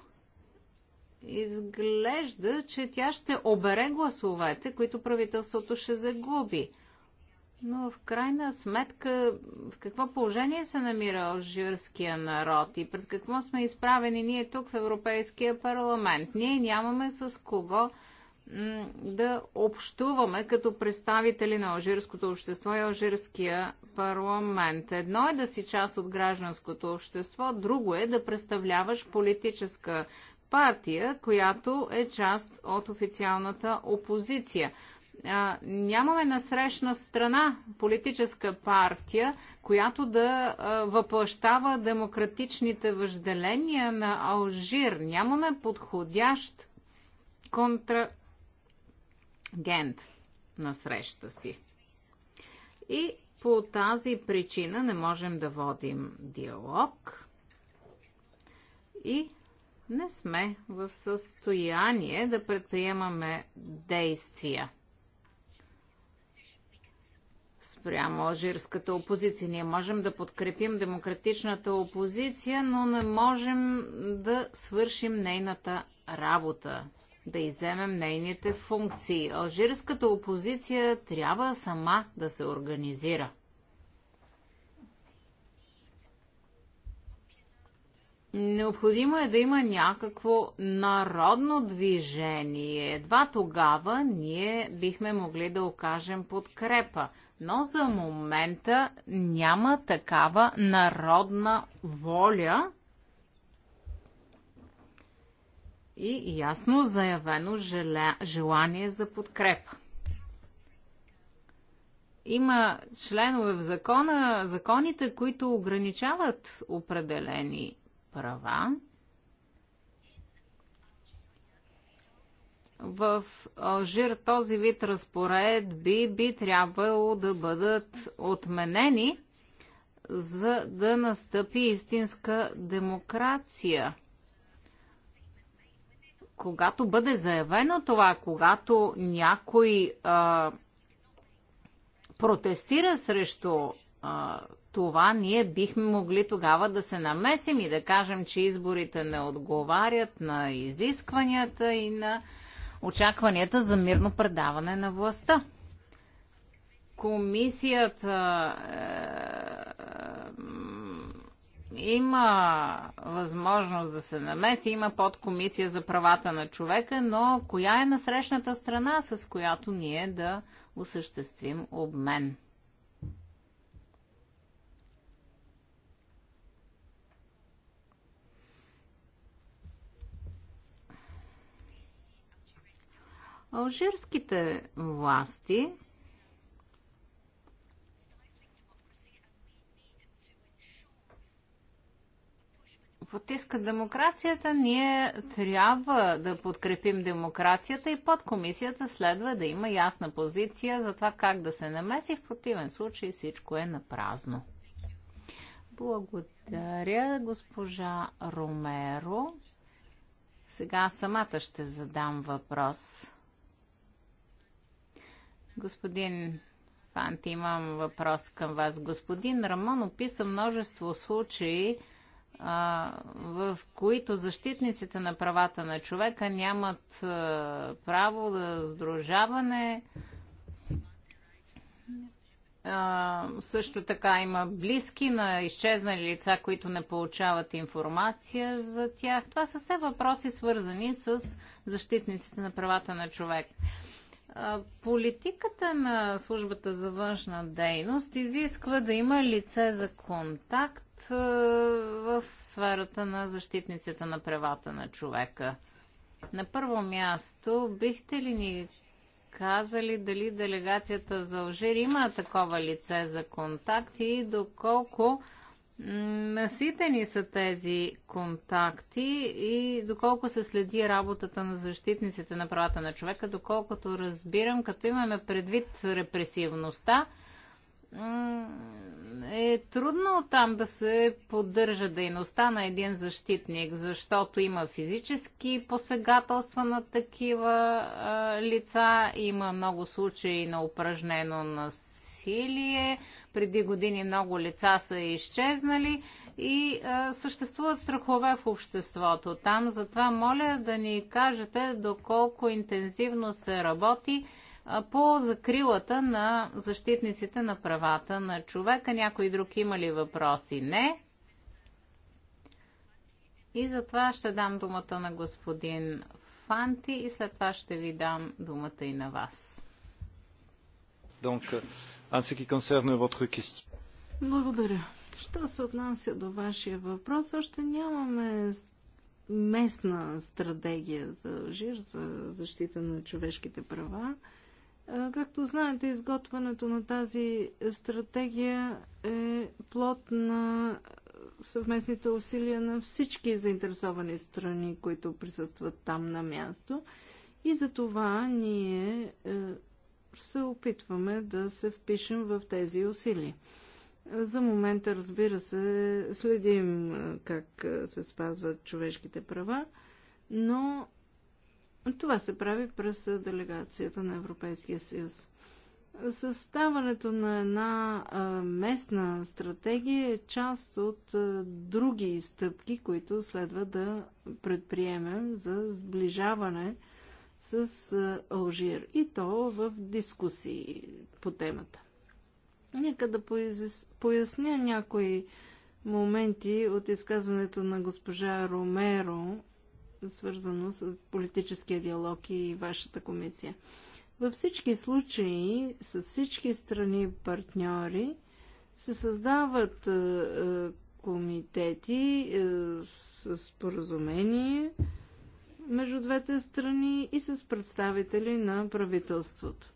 изглежда, че тя ще обере гласовете, които правителството ще загуби. Но в крайна сметка, в какво положение се намира алжирския народ и пред какво сме изправени ние тук в Европейския парламент? Ние нямаме с кого да общуваме като представители на алжирското общество и алжирския парламент. Едно е да си част от гражданското общество, друго е да представляваш политическа партия, която е част от официалната опозиция. А, нямаме насрещна страна политическа партия, която да а, въплащава демократичните въжделения на Алжир. Нямаме подходящ контрагент на среща си. И по тази причина не можем да водим диалог и не сме в състояние да предприемаме действия спрямо алжирската опозиция. Ние можем да подкрепим демократичната опозиция, но не можем да свършим нейната работа да иземем нейните функции. Алжирската опозиция трябва сама да се организира. Необходимо е да има някакво народно движение. Едва тогава ние бихме могли да окажем подкрепа. Но за момента няма такава народна воля и ясно заявено желание за подкрепа. Има членове в закона, законите, които ограничават определени права. В Алжир този вид разпоредби би трябвало да бъдат отменени, за да настъпи истинска демокрация – когато бъде заявено това, когато някой а, протестира срещу а, това, ние бихме могли тогава да се намесим и да кажем, че изборите не отговарят на изискванията и на очакванията за мирно предаване на властта. Комисията. Е, има възможност да се намеси, има подкомисия за правата на човека, но коя е насрещната страна, с която ние да осъществим обмен? Алжирските власти потиска демокрацията, ние трябва да подкрепим демокрацията и подкомисията следва да има ясна позиция за това как да се намеси. В противен случай всичко е на празно. Благодаря, госпожа Ромеро. Сега самата ще задам въпрос. Господин Фанти имам въпрос към вас. Господин Рамон описа множество случаи в които защитниците на правата на човека нямат право да сдружаване. Също така има близки на изчезнали лица, които не получават информация за тях. Това са все въпроси свързани с защитниците на правата на човек. Политиката на службата за външна дейност изисква да има лице за контакт в сферата на защитниците на правата на човека. На първо място, бихте ли ни казали дали делегацията за Алжир има такова лице за контакт и доколко Наситени са тези контакти и доколко се следи работата на защитниците на правата на човека, доколкото разбирам, като имаме предвид репресивността, е трудно там да се поддържа дейността на един защитник, защото има физически посегателства на такива лица, има много случаи на упражнено насилие, преди години много лица са изчезнали и а, съществуват страхове в обществото там. Затова моля да ни кажете доколко интензивно се работи а, по закрилата на защитниците на правата на човека. Някой друг има ли въпроси? Не. И затова ще дам думата на господин Фанти и след това ще ви дам думата и на вас. Donc, euh, en ce qui concerne votre question. Благодаря. Що се отнася до вашия въпрос, още нямаме местна стратегия за ЖИР за защита на човешките права. Както знаете, изготвянето на тази стратегия е плод на съвместните усилия на всички заинтересовани страни, които присъстват там на място. И за това ние е, се опитваме да се впишем в тези усилия. За момента, разбира се, следим как се спазват човешките права, но това се прави през делегацията на Европейския съюз. Съставането на една местна стратегия е част от други стъпки, които следва да предприемем за сближаване с Алжир и то в дискусии по темата. Нека да поясня някои моменти от изказването на госпожа Ромеро, свързано с политическия диалог и вашата комисия. Във всички случаи, с всички страни партньори, се създават комитети с споразумение, между двете страни и с представители на правителството.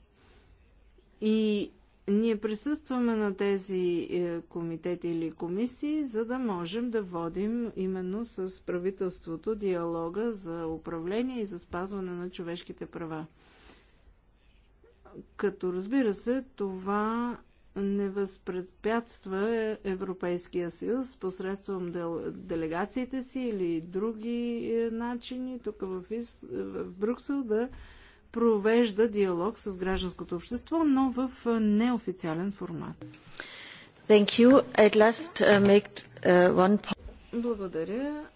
И ние присъстваме на тези е, комитети или комисии, за да можем да водим именно с правителството диалога за управление и за спазване на човешките права. Като разбира се, това не възпрепятства Европейския съюз посредством делегациите си или други е, начини тук в, Ис... в Брюксел да провежда диалог с гражданското общество, но в е, неофициален формат. Thank you. At last, uh, make, uh, one... Благодаря.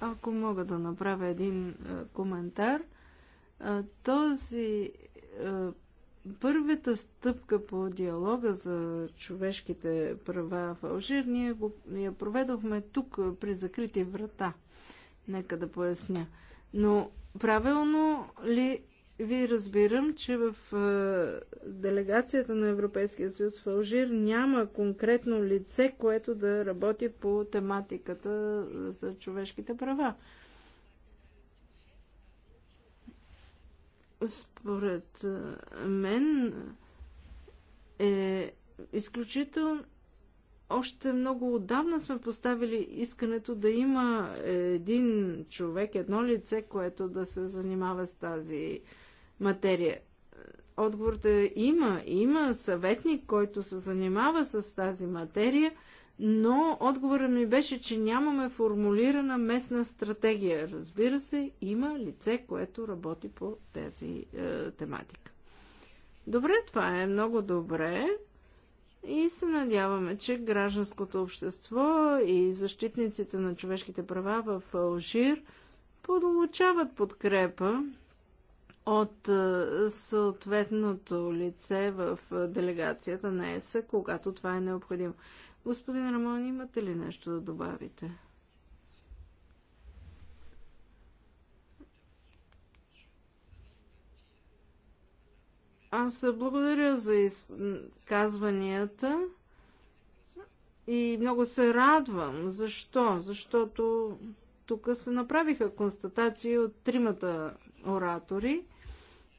Ако мога да направя един uh, коментар, uh, този uh, първата стъпка по диалога за човешките права в Алжир, ние го, я проведохме тук при закрити врата. Нека да поясня. Но правилно ли ви разбирам, че в е, делегацията на Европейския съюз в Алжир няма конкретно лице, което да работи по тематиката за човешките права? Според мен е изключително още много отдавна сме поставили искането да има един човек, едно лице, което да се занимава с тази материя. Отговорът е има. Има съветник, който се занимава с тази материя – но отговорът ми беше, че нямаме формулирана местна стратегия. Разбира се, има лице, което работи по тези е, тематика. Добре, това е много добре и се надяваме, че гражданското общество и защитниците на човешките права в Алжир получават подкрепа от е, съответното лице в е, делегацията на ЕСА, когато това е необходимо. Господин Рамон, имате ли нещо да добавите? Аз благодаря за изказванията и много се радвам. Защо? Защото тук се направиха констатации от тримата оратори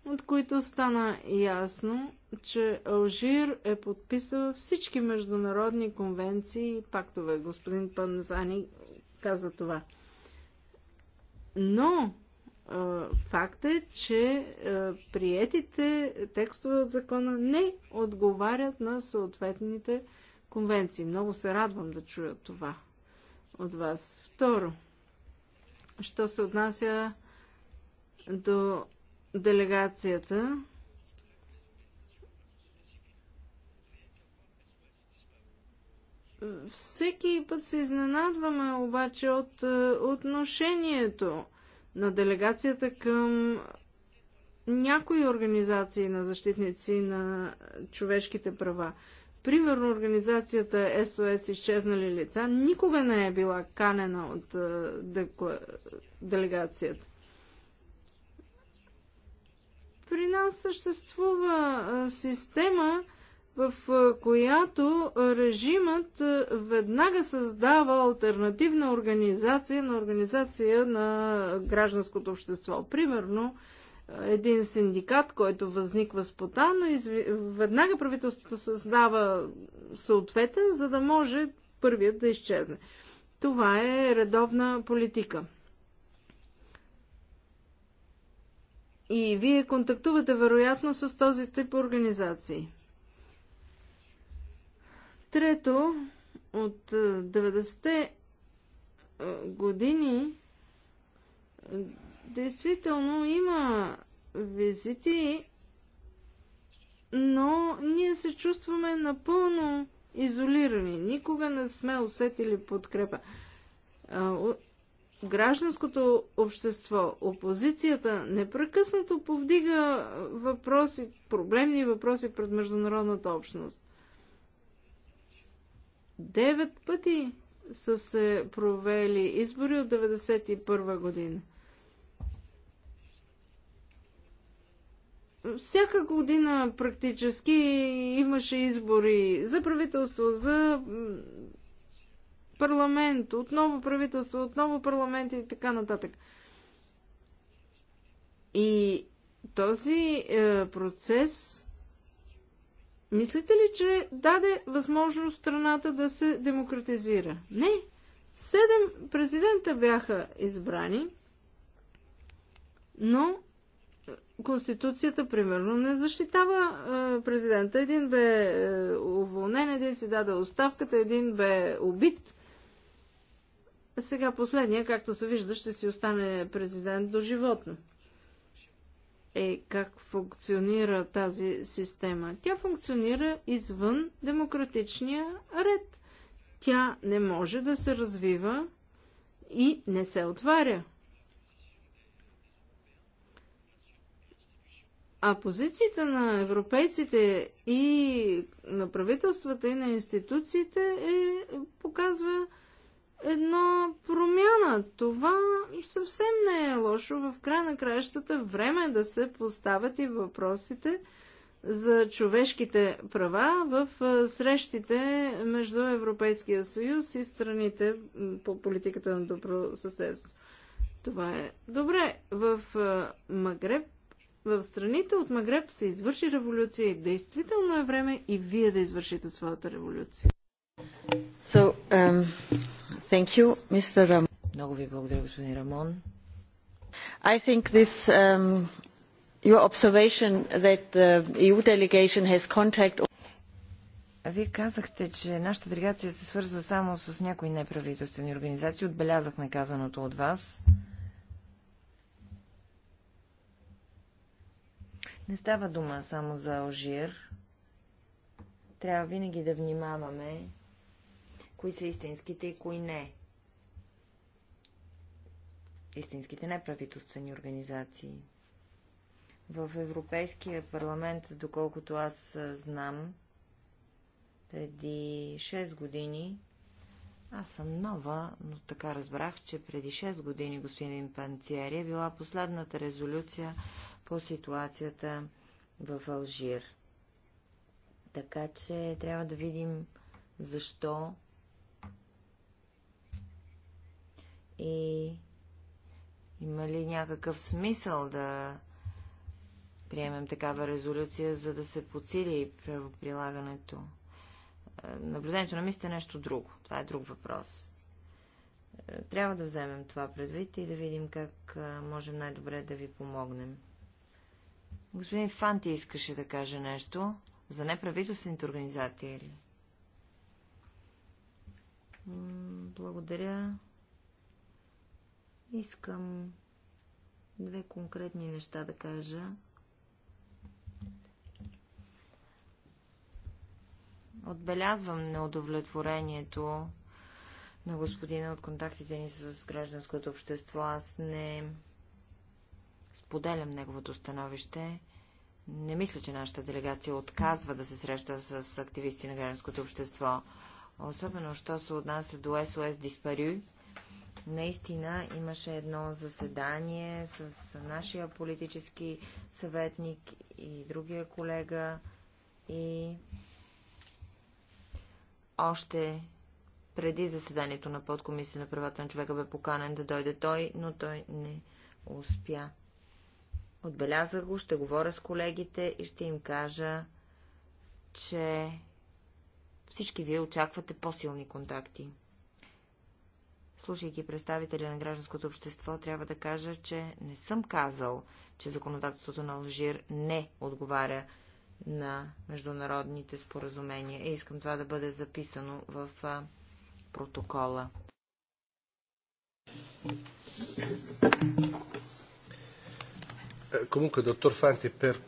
от които стана ясно, че Алжир е подписал всички международни конвенции и пактове. Господин Панзани каза това. Но факт е, че приетите текстове от закона не отговарят на съответните конвенции. Много се радвам да чуя това от вас. Второ, що се отнася до делегацията. Всеки път се изненадваме обаче от е, отношението на делегацията към някои организации на защитници на човешките права. Примерно организацията СОС Изчезнали лица никога не е била канена от е, делегацията. При нас съществува система, в която режимът веднага създава альтернативна организация на организация на гражданското общество. Примерно, един синдикат, който възниква спонтанно, веднага правителството създава съответен, за да може първият да изчезне. Това е редовна политика. И вие контактувате вероятно с този тип организации. Трето, от 90-те е, е, години е, действително има визити, но ние се чувстваме напълно изолирани. Никога не сме усетили подкрепа гражданското общество, опозицията непрекъснато повдига въпроси, проблемни въпроси пред международната общност. Девет пъти са се провели избори от 1991 година. Всяка година практически имаше избори за правителство, за парламент, отново правителство, отново парламент и така нататък. И този е, процес, мислите ли, че даде възможност страната да се демократизира? Не. Седем президента бяха избрани, но Конституцията, примерно, не защитава е, президента. Един бе е, уволнен, един си даде оставката, един бе убит. Сега последния, както се вижда, ще си остане президент до животно. Е, как функционира тази система? Тя функционира извън демократичния ред. Тя не може да се развива и не се отваря. А позицията на европейците и на правителствата и на институциите е, показва една промяна. Това съвсем не е лошо. В край на краищата време е да се поставят и въпросите за човешките права в срещите между Европейския съюз и страните по политиката на добро съседство. Това е добре. В Магреб, в страните от Магреб се извърши революция и действително е време и вие да извършите своята революция. So, um, thank you, Mr. Ram... Много ви благодаря, господин Рамон. I think this, um, your observation that the EU delegation has contact... Вие казахте, че нашата делегация се свързва само с някои неправителствени организации. Отбелязахме казаното от вас. Не става дума само за Алжир. Трябва винаги да внимаваме кои са истинските и кои не. Истинските неправителствени организации. В Европейския парламент, доколкото аз знам, преди 6 години, аз съм нова, но така разбрах, че преди 6 години господин Панциери е била последната резолюция по ситуацията в Алжир. Така че трябва да видим защо И има ли някакъв смисъл да приемем такава резолюция, за да се подсили правоприлагането? Е, наблюдението на мисията е нещо друго. Това е друг въпрос. Е, трябва да вземем това предвид и да видим как е, можем най-добре да ви помогнем. Господин Фанти искаше да каже нещо за неправителствените организации. Благодаря. Искам две конкретни неща да кажа. Отбелязвам неудовлетворението на господина от контактите ни с гражданското общество. Аз не споделям неговото становище. Не мисля, че нашата делегация отказва да се среща с активисти на гражданското общество. Особено, що се отнася до СОС Диспарю, Наистина имаше едно заседание с нашия политически съветник и другия колега и още преди заседанието на подкомисия на правата на човека бе поканен да дойде той, но той не успя. Отбелязах го, ще говоря с колегите и ще им кажа, че всички вие очаквате по-силни контакти. Слушайки представители на гражданското общество, трябва да кажа, че не съм казал, че законодателството на Алжир не отговаря на международните споразумения. И искам това да бъде записано в а, протокола. Комука, доктор Фанти, пер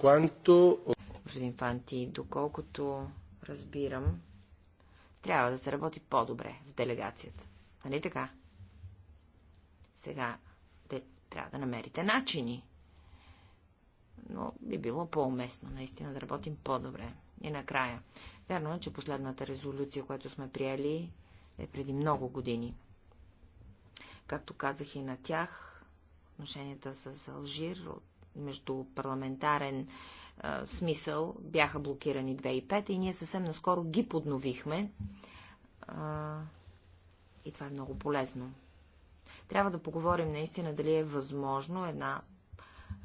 кванто... Господин Фанти, доколкото разбирам, трябва да се работи по-добре в делегацията. Нали така? Сега те, трябва да намерите начини. Но би било по-уместно наистина да работим по-добре. И накрая. Вярно е, че последната резолюция, която сме приели, е преди много години. Както казах и на тях, отношенията с Алжир между парламентарен а, смисъл бяха блокирани 2005 и ние съвсем наскоро ги подновихме. А, и това е много полезно. Трябва да поговорим наистина дали е възможно една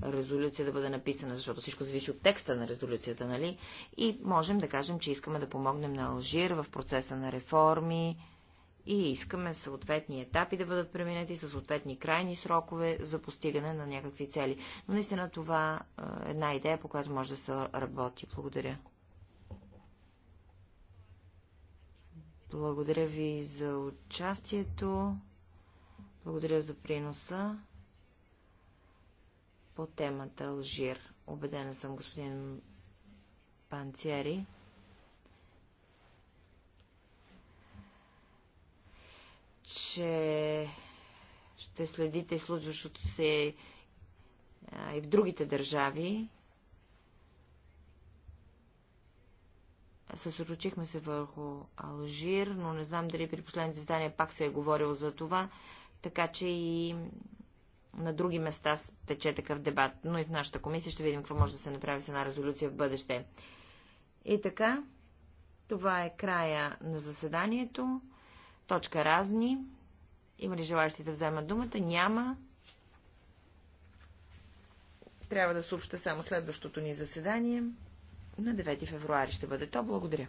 резолюция да бъде написана, защото всичко зависи от текста на резолюцията, нали? И можем да кажем, че искаме да помогнем на Алжир в процеса на реформи и искаме съответни етапи да бъдат преминати с съответни крайни срокове за постигане на някакви цели. Но наистина това е една идея, по която може да се работи. Благодаря. Благодаря ви за участието. Благодаря за приноса по темата Алжир. Обедена съм, господин Панцери. че ще следите случващото се и в другите държави Съсредоточихме се върху Алжир, но не знам дали при последните издания пак се е говорил за това, така че и на други места тече такъв дебат, но и в нашата комисия ще видим какво може да се направи с една резолюция в бъдеще. И така, това е края на заседанието. Точка разни. Има ли желащи да вземат думата? Няма. Трябва да съобща само следващото ни заседание. На 9 февруари ще бъде то. Благодаря.